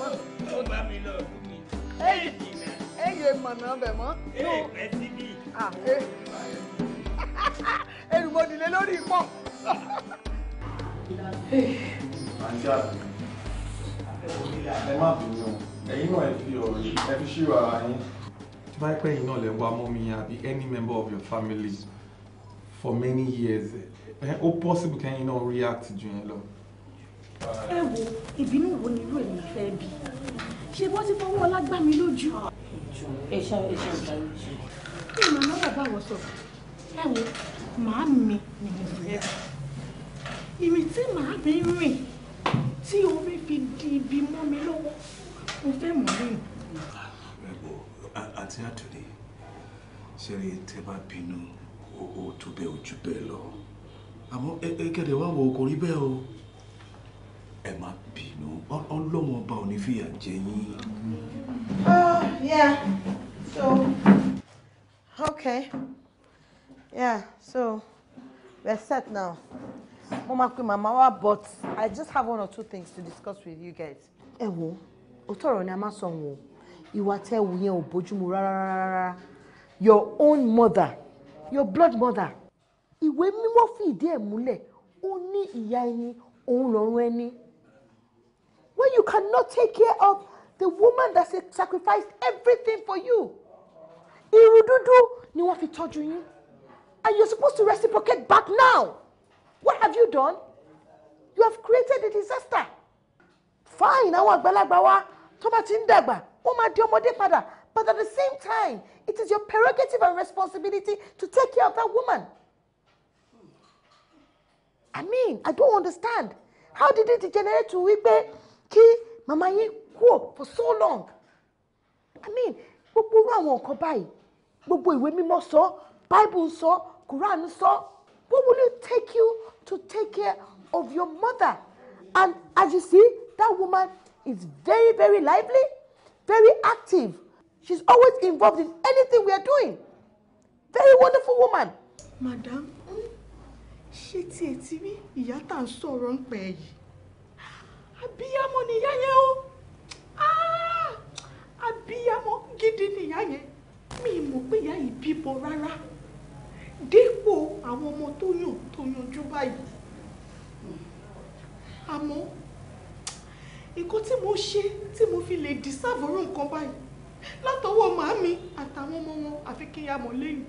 Hey, hey, bá mi lọ Hey, mi. ẹ jìnnà. ẹ yé Hey, bẹ̀ mọ́. ẹ pẹ́ síbí. èrùmọ̀dìlé lórí ipò. ẹ má bínú ẹ̀yin náà any member of your family for many years how possible can you náà react ju yẹn lọ ẹ wo ìbínú wo ni irú èmi fẹ́ bí ṣe bọ́ ti fọwọ́ ọlá gbá mi lójú. ẹ ṣe ẹ ṣe ìgbà yìí. kí ni màmá bàbá wọn sọ ẹ wo màá mi ni mo fẹ́ bí ìrìn tí màá mi rìn tí omi fi di ibi mọ́ mi lọ́wọ́ mo fẹ́ mọ̀ rìn. ẹ wo àti àtúndì ṣe rí tẹ bá bínú o tó bẹ́ẹ̀ ojú bẹ́ẹ̀ lọ àmọ́ ẹ kẹ́lẹ́ wá wo kò rí bẹ́ẹ̀ o ẹ má bínú ọlọ́wọ́n ọba ò ní fìyà jẹ yín. oh yeah so okay yeah so we're set now Mama, máa pe màmá but i just have one or two things to discuss with you guys. ẹ wo òótọ́ ni a máa sọ wọn o ìwà tẹ́ wù yẹn your own mother your blood mother Iwe mi mo fi múlẹ̀ mule. ní ìyá ẹni òun lọ́rùn ẹni when you cannot take care of the woman that sacrificed everything for you irun ni wọ́n fi tọ́jú yín and you're supposed to reciprocate back now what have you done you have created a disaster fine àwọn àgbàlagbà wa tó bá ti ń dàgbà ó máa di ọmọdé padà but at the same time it is your prerogative and responsibility to take care of that woman i mean i don't understand how did it degenerate to wípé kí màmá yín kúò for so long i mean gbogbo irú àwọn nǹkan báyìí gbogbo ìwé mímọ́ sọ bible sọ quran sọ what will it take you to take care of your mother and as you see that woman is very very lively very active she's always involved in anything we are doing very wonderful woman. madam ṣé tí ẹ ti rí ìyá tá à ń sọ̀rọ̀ ń pẹ́ yìí abiyamọ nìyá yẹn o ah! abiyamọ gidi nìyá yẹn mi mọ̀ pé ìyá yìí bíbọ rárá dípò àwọn ọmọ tó yàn tó yanjú báyìí àmọ́ nǹkan tí mo ṣe tí mo fi lè dìsáàbòrò nǹkan báyìí látọwọ́ màámi àtàwọn ọmọ wọn àfi kí ya mọ̀ lẹ́yìn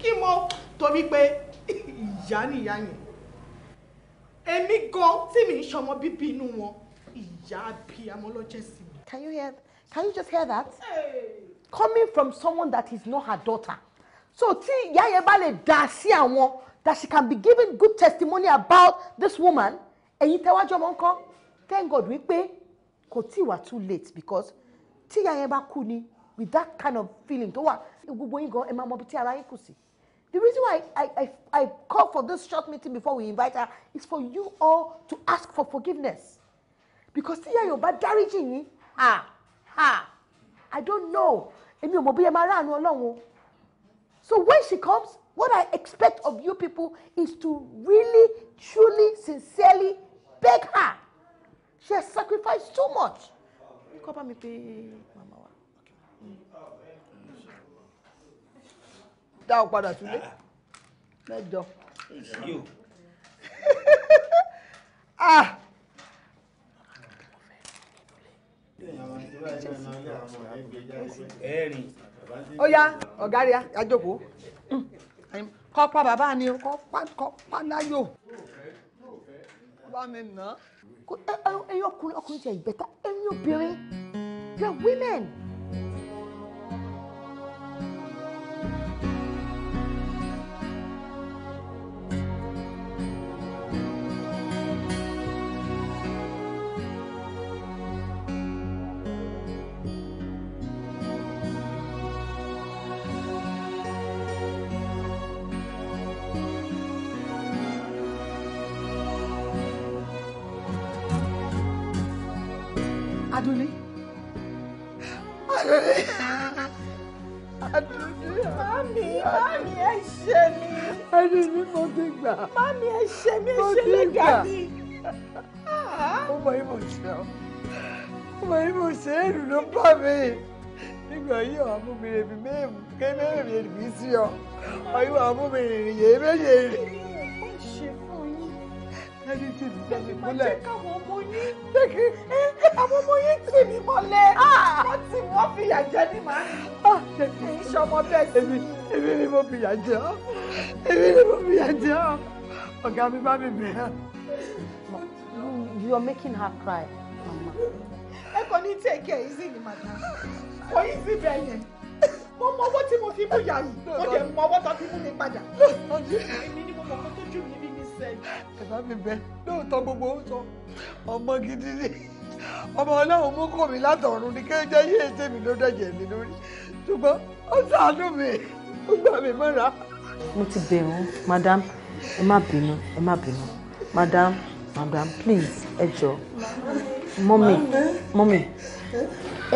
kí mo torí pé ìyá nìyá yẹn èmi gan tí mi ń ṣọmọ bíbí inú wọn Can you hear? Can you just hear that? Hey. Coming from someone that is not her daughter. So tí ìyá yẹn bá lè that she can be given good testimony about this woman And you tell what your uncle? thank God we wípé kò we are too late because tí ìyá yẹn with that kind of feeling tó wà gbogbo yín gan ẹ máa mọ ibi tí ara The reason why I, I, I call for this short meeting before we invite her is for you all to ask for forgiveness because tí yẹ̀yàn bá dáríjì yín ah ah i don't know èmi ò mọ̀ bí ẹ máa ráàánú ọlọ́run so when she comes what i expect of you people is to really truly sincerely beg her she has sacrificed so much. kọ́ bá mi pé wa. dá o padà sílé mẹ́jọ. ah. ẹ̀rìn. ó yá ọ̀gá rẹ̀ àjòkó mm. kọ́ pa bàbá ni kọ́ pa láyò bá mi nà. ẹ̀yin ọkùnrin ọkùnrin jẹ́ ìbẹ́ta ẹ̀yin obìnrin you are women. Mami ẹ ṣe mi ẹ ṣe lẹ́gà mi. Ó mọ ibò ṣe ọ́. Ó mọ ibò ṣe èrù ló bá me Nígbà yìí àwọn amúbìnrin mi mẹ́rin kẹ́mẹ́rin mi sí ọ. Ọ̀yọ́ amúbìnrin yèé méjèèrè ẹni tí mi tẹ̀ mí mọ́lẹ̀. jẹ́ káwọn ọmọ yín àwọn ọmọ yín tì mí mọ́lẹ̀ ah! wọ́n ti wọ́n fìyà jẹ ní màá ah! kì í ṣọmọ bẹ́ẹ̀ sí. èmi ni mo fìyà jẹ ọ́ èmi ni mo fìyà jẹ ọ́ ọ̀gá mi bá mi bẹ̀rẹ̀. You are making her cry, Ẹ kò ní take care easy ni madam. Kò easy bẹ́ẹ̀ yẹn mo mọ owó tí mo fi mú yàrá mo dẹ̀ mọ owó sẹ́yìn. ẹ bá mi bẹ lóòótọ́ gbogbo ó sọ ọmọ gidi ni ọmọ ọlọ́run mú kò mí látọ̀run ní kéjọ yí ètè mi ló dẹ̀jẹ̀ mi lórí ṣùgbọ́n ó ṣàánú mi ó gbà mí mọ́ra. mo ti bẹ̀ wọ́n madam ẹ má bínú ẹ má bínú madam madam please ẹ jọ mọ́mì mọ́mì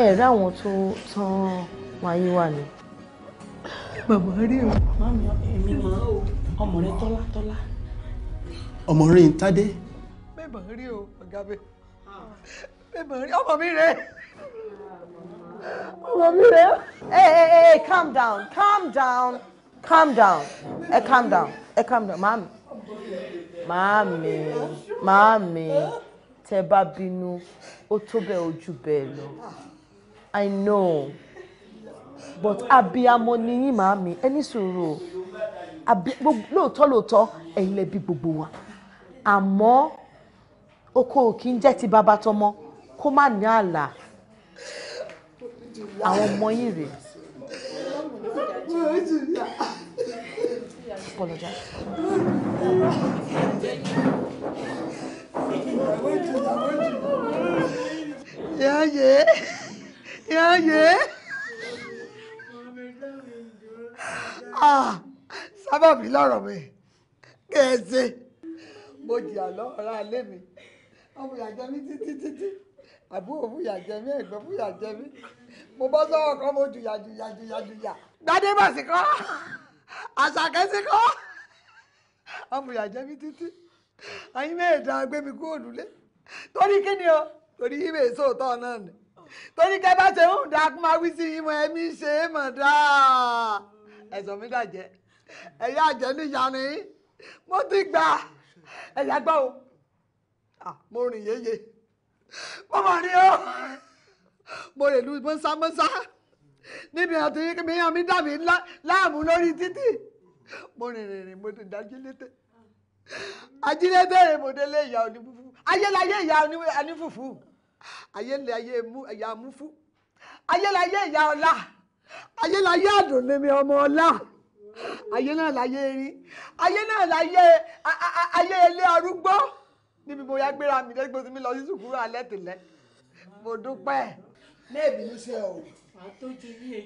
ẹ rí àwọn tó tán wáyé wà ní. bàbá rí o. màmí èmi ni ọmọ rẹ tọ́lá tọ́lá ọmọrin tádé. bẹ́ẹ̀ mọ̀ rí o ọ̀gá mi bẹ́ẹ̀ mọ̀ rí ọmọ mi rẹ̀ ọmọ mi rẹ̀. ẹ ẹ ẹ calm down calm down calm down ẹ calm down ẹ calm down màámi màámi màámi tẹ bá bínú ó tó bẹ́ẹ̀ ojú bẹ́ẹ̀ lọ i know but abiyamọ nìyí màámi ẹ ní Abi lóòótọ́ lóòótọ́ ẹ̀yin lẹ bí gbogbo wa àmọ́ oko ò kí ń jẹ́ ti bàbá tọmọ kó má ní ààlà àwọn ọmọ yìí rèé. Apologize. Yeah, sábàbí lọ́rọ̀ mi. Kẹ̀sì mo jìyà lọ́wọ́ ra ilé mi wọ́n fìyà jẹ mí títí títí àbúrò fìyà jẹ mí ẹ̀gbọ́n fìyà jẹ mí mo bọ́ sọ́wọ́ kan mo jùyà jùyà jùyà jùyà gbadébọ̀ sí kọ́ àṣàkẹ́ sí kọ́ wọ́n fìyà jẹ mí títí ayín mẹ́ẹ̀ẹ́dá gbé mi kúrò nílé torí kí ni o torí yí bèè sóòótọ́ náà ni torí kẹ́ bá ṣe ń da kó máa wí sí ìmọ̀ ẹ̀mí ṣe é mọ̀ dáa ẹ̀sọ́ mi dàjẹ́ ẹ̀yà àjẹ́ níyanu yín mo ti gbà ẹ̀yà gbọ́ o mo rìn yéye mo mọ̀ ní o mo lè lu mọ́sámọ́sá níbi àti ìyá mi dàbí láàmú lórí títì mo rìn rìn rìn mo ti dájú létè ajílédè rè mo délé ìyá onífùfù ayélayé ìyá onífùfù ayélayé ìyá amúfú ayélayé ìyá ọlá ayélayé àdùnlé mi ọmọ ọlá ayé náà láyé erin ayé náà láyé ayé ilé arúgbó níbi mo yá gbéra mi lẹ́gbẹ́ tí mi lọ sí sùkúrù alẹ́ tẹ́lẹ̀ mo dúpẹ́. ní ìbínú sí ẹ o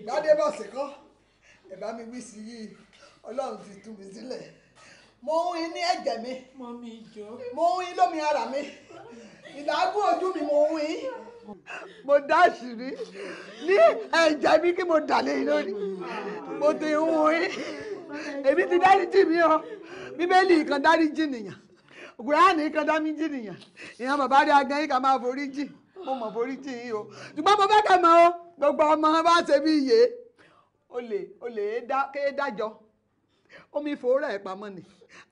gbadé bọ̀sì kan ẹ̀bá mi wí sí yìí ọlọ́run ti tú mi sílẹ̀ mo ń hin ní ẹ̀jẹ̀ mi mo ń hin lómi ara mi ìdágún ojú mi mo ń hin mo dá àṣírí ní ẹ̀jẹ̀ mi kí mo dà lé lórí mo ti ń wo yín èmi ti dáríjì mi o bíbélì kan dáríjì nìyàn kùránì kan dámíjì nìyàn ìyẹn bàbá rí agan yìí ká máa forí jì mo mọ̀ forí jì yín o ṣùgbọ́n mo fẹ́ kẹ́ mọ̀ o gbogbo ọmọ bá ṣe bí iye olè olè kéé dájọ́ omi ìfowórẹ́ ẹ̀ pamọ́ ni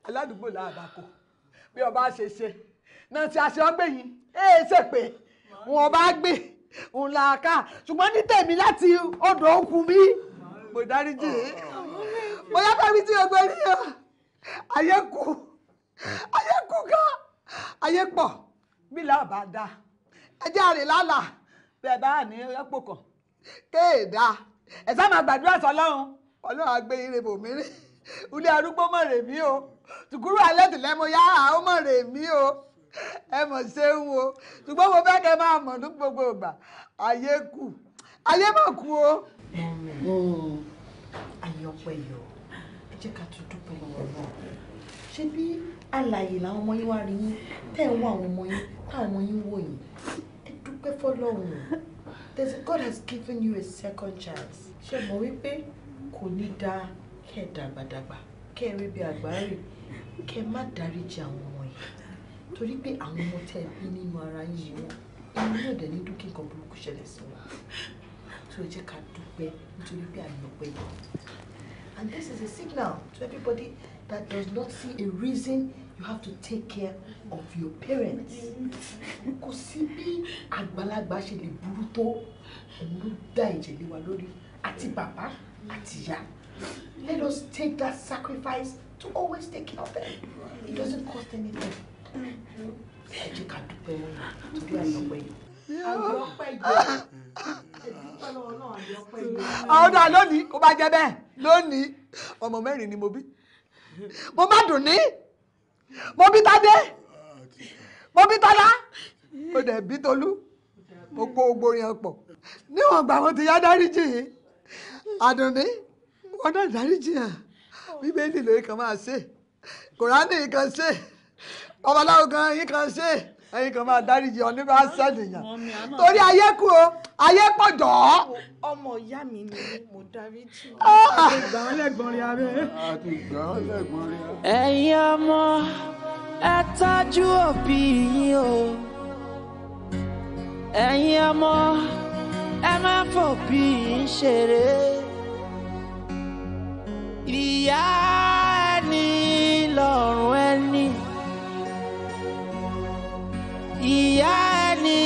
aládùúgbò làbàkọ bí ọba ṣe ṣe náà ti àṣẹ ọgbẹ́yìn ẹ̀ ṣèpè wọn bá gbé òun là ká ṣùgbọ́n ní tèmi láti ọ̀dọ̀ òkú mi mo dáríjì mo yàtọ̀ mi tí ọgbẹ́ rí o ayé kù ayé kù gan ayé pọ̀ bí làá bá dá ẹjẹ́ àrè lálà bẹ́ẹ̀ bá ní ẹ̀pọ̀ kan kéèdá ẹ̀sà máa gbàdúrà sọlọ́run ọlọ́run àgbé ire bòmírì ilé arúgbó mọ̀ rèmí o tùkúrú alẹ́ tìlẹ́mọ̀ yá àwọn mọ̀ rèmí o. ẹ mọ̀ ṣé ń wo ṣùgbọ́n mo fẹ́ kẹ́ máa mọ̀ ní gbogbo ìgbà ayé kù ayé mà kú o. ayé ọpẹ́ yọ ẹ jẹ́ ká tún dúpẹ́ lọ́wọ́ náà ṣé bí alàyè làwọn ọmọ yín wá rí yín wọ àwọn ọmọ yín táwọn ọmọ yín wò yín ẹ God has given you a second chance ṣe wípé kò ní dàgbàdàgbà rí bí má àwọn ọmọ torí pé àwọn ọmọ tẹ́ ẹ bí nínú ara yìí wọn èmi náà dẹ̀ ní dúkìá kan burúkú ṣẹlẹ̀ sí wọn tó jẹ́ ká dúpẹ́ nítorí pé àmì ọ̀pẹ yìí and this is a signal to everybody that does not see a reason you have to take care of your parents kò sí bí àgbàlagbà ṣe lè burú tó òun ló dá ẹ̀jẹ̀ lé wa lórí àti bàbá àti ìyá let us take that sacrifice to always take care of them it doesn't cost anything ẹ jẹ́ ká dúpẹ́ torí àyọ̀pẹ́ yìí. àyọ̀pẹ́ bá jẹ́ bẹ́ẹ̀ lónìí ọmọ mẹ́rin ni mo bí mo má dùn ní mo bí Tádé mo bí Tọ́lá mo dẹ̀ bí Tolú mo kó gbogbo yẹn pọ̀ níwọ̀n gbà wọn ti yá dáríjì yìí àdùnní wọn náà dáríjì hàn bíbélì lórí kan máa ṣe kòránì kan ṣe ọbaláwo kan yín kan ṣe ẹ̀yin kan máa dáríjì ọ nígbà sẹ́nìyàn torí ayé kú o ayé pọ̀ jọ̀ ọ́. ọmọ ìyá mi ni mo darí jù. àtìgbọ́n lẹ́gbọ́n rí abẹ́. Ah! àtìgbọ́n lẹ́gbọ́n rí abẹ́. ẹ̀yin ọmọ ẹ tọ́jú òbí yín o ẹ̀yin ọmọ ẹ má fòbí yín ṣeré ìyá. ìyá ẹni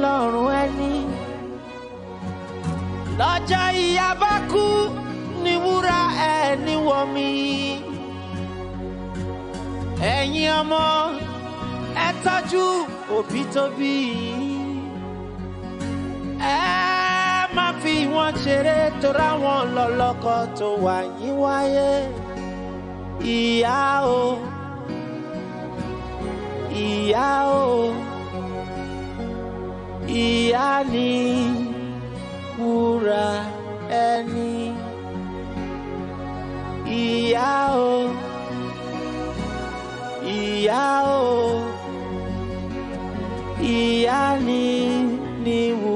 lọ́rùn ẹni lọ́jọ́ ìyá bá kú ni wúrà ẹni wọmi ẹ̀yin ọmọ ẹ tọ́jú òbí tó bí ẹ má fi wọn ṣeré torá wọn lọ lọ́kọ tó wà yín wáyé ìyá o ìyá o ìyá ni wúrà ẹni ìyá o ìyá o ìyá ni ni wúrà.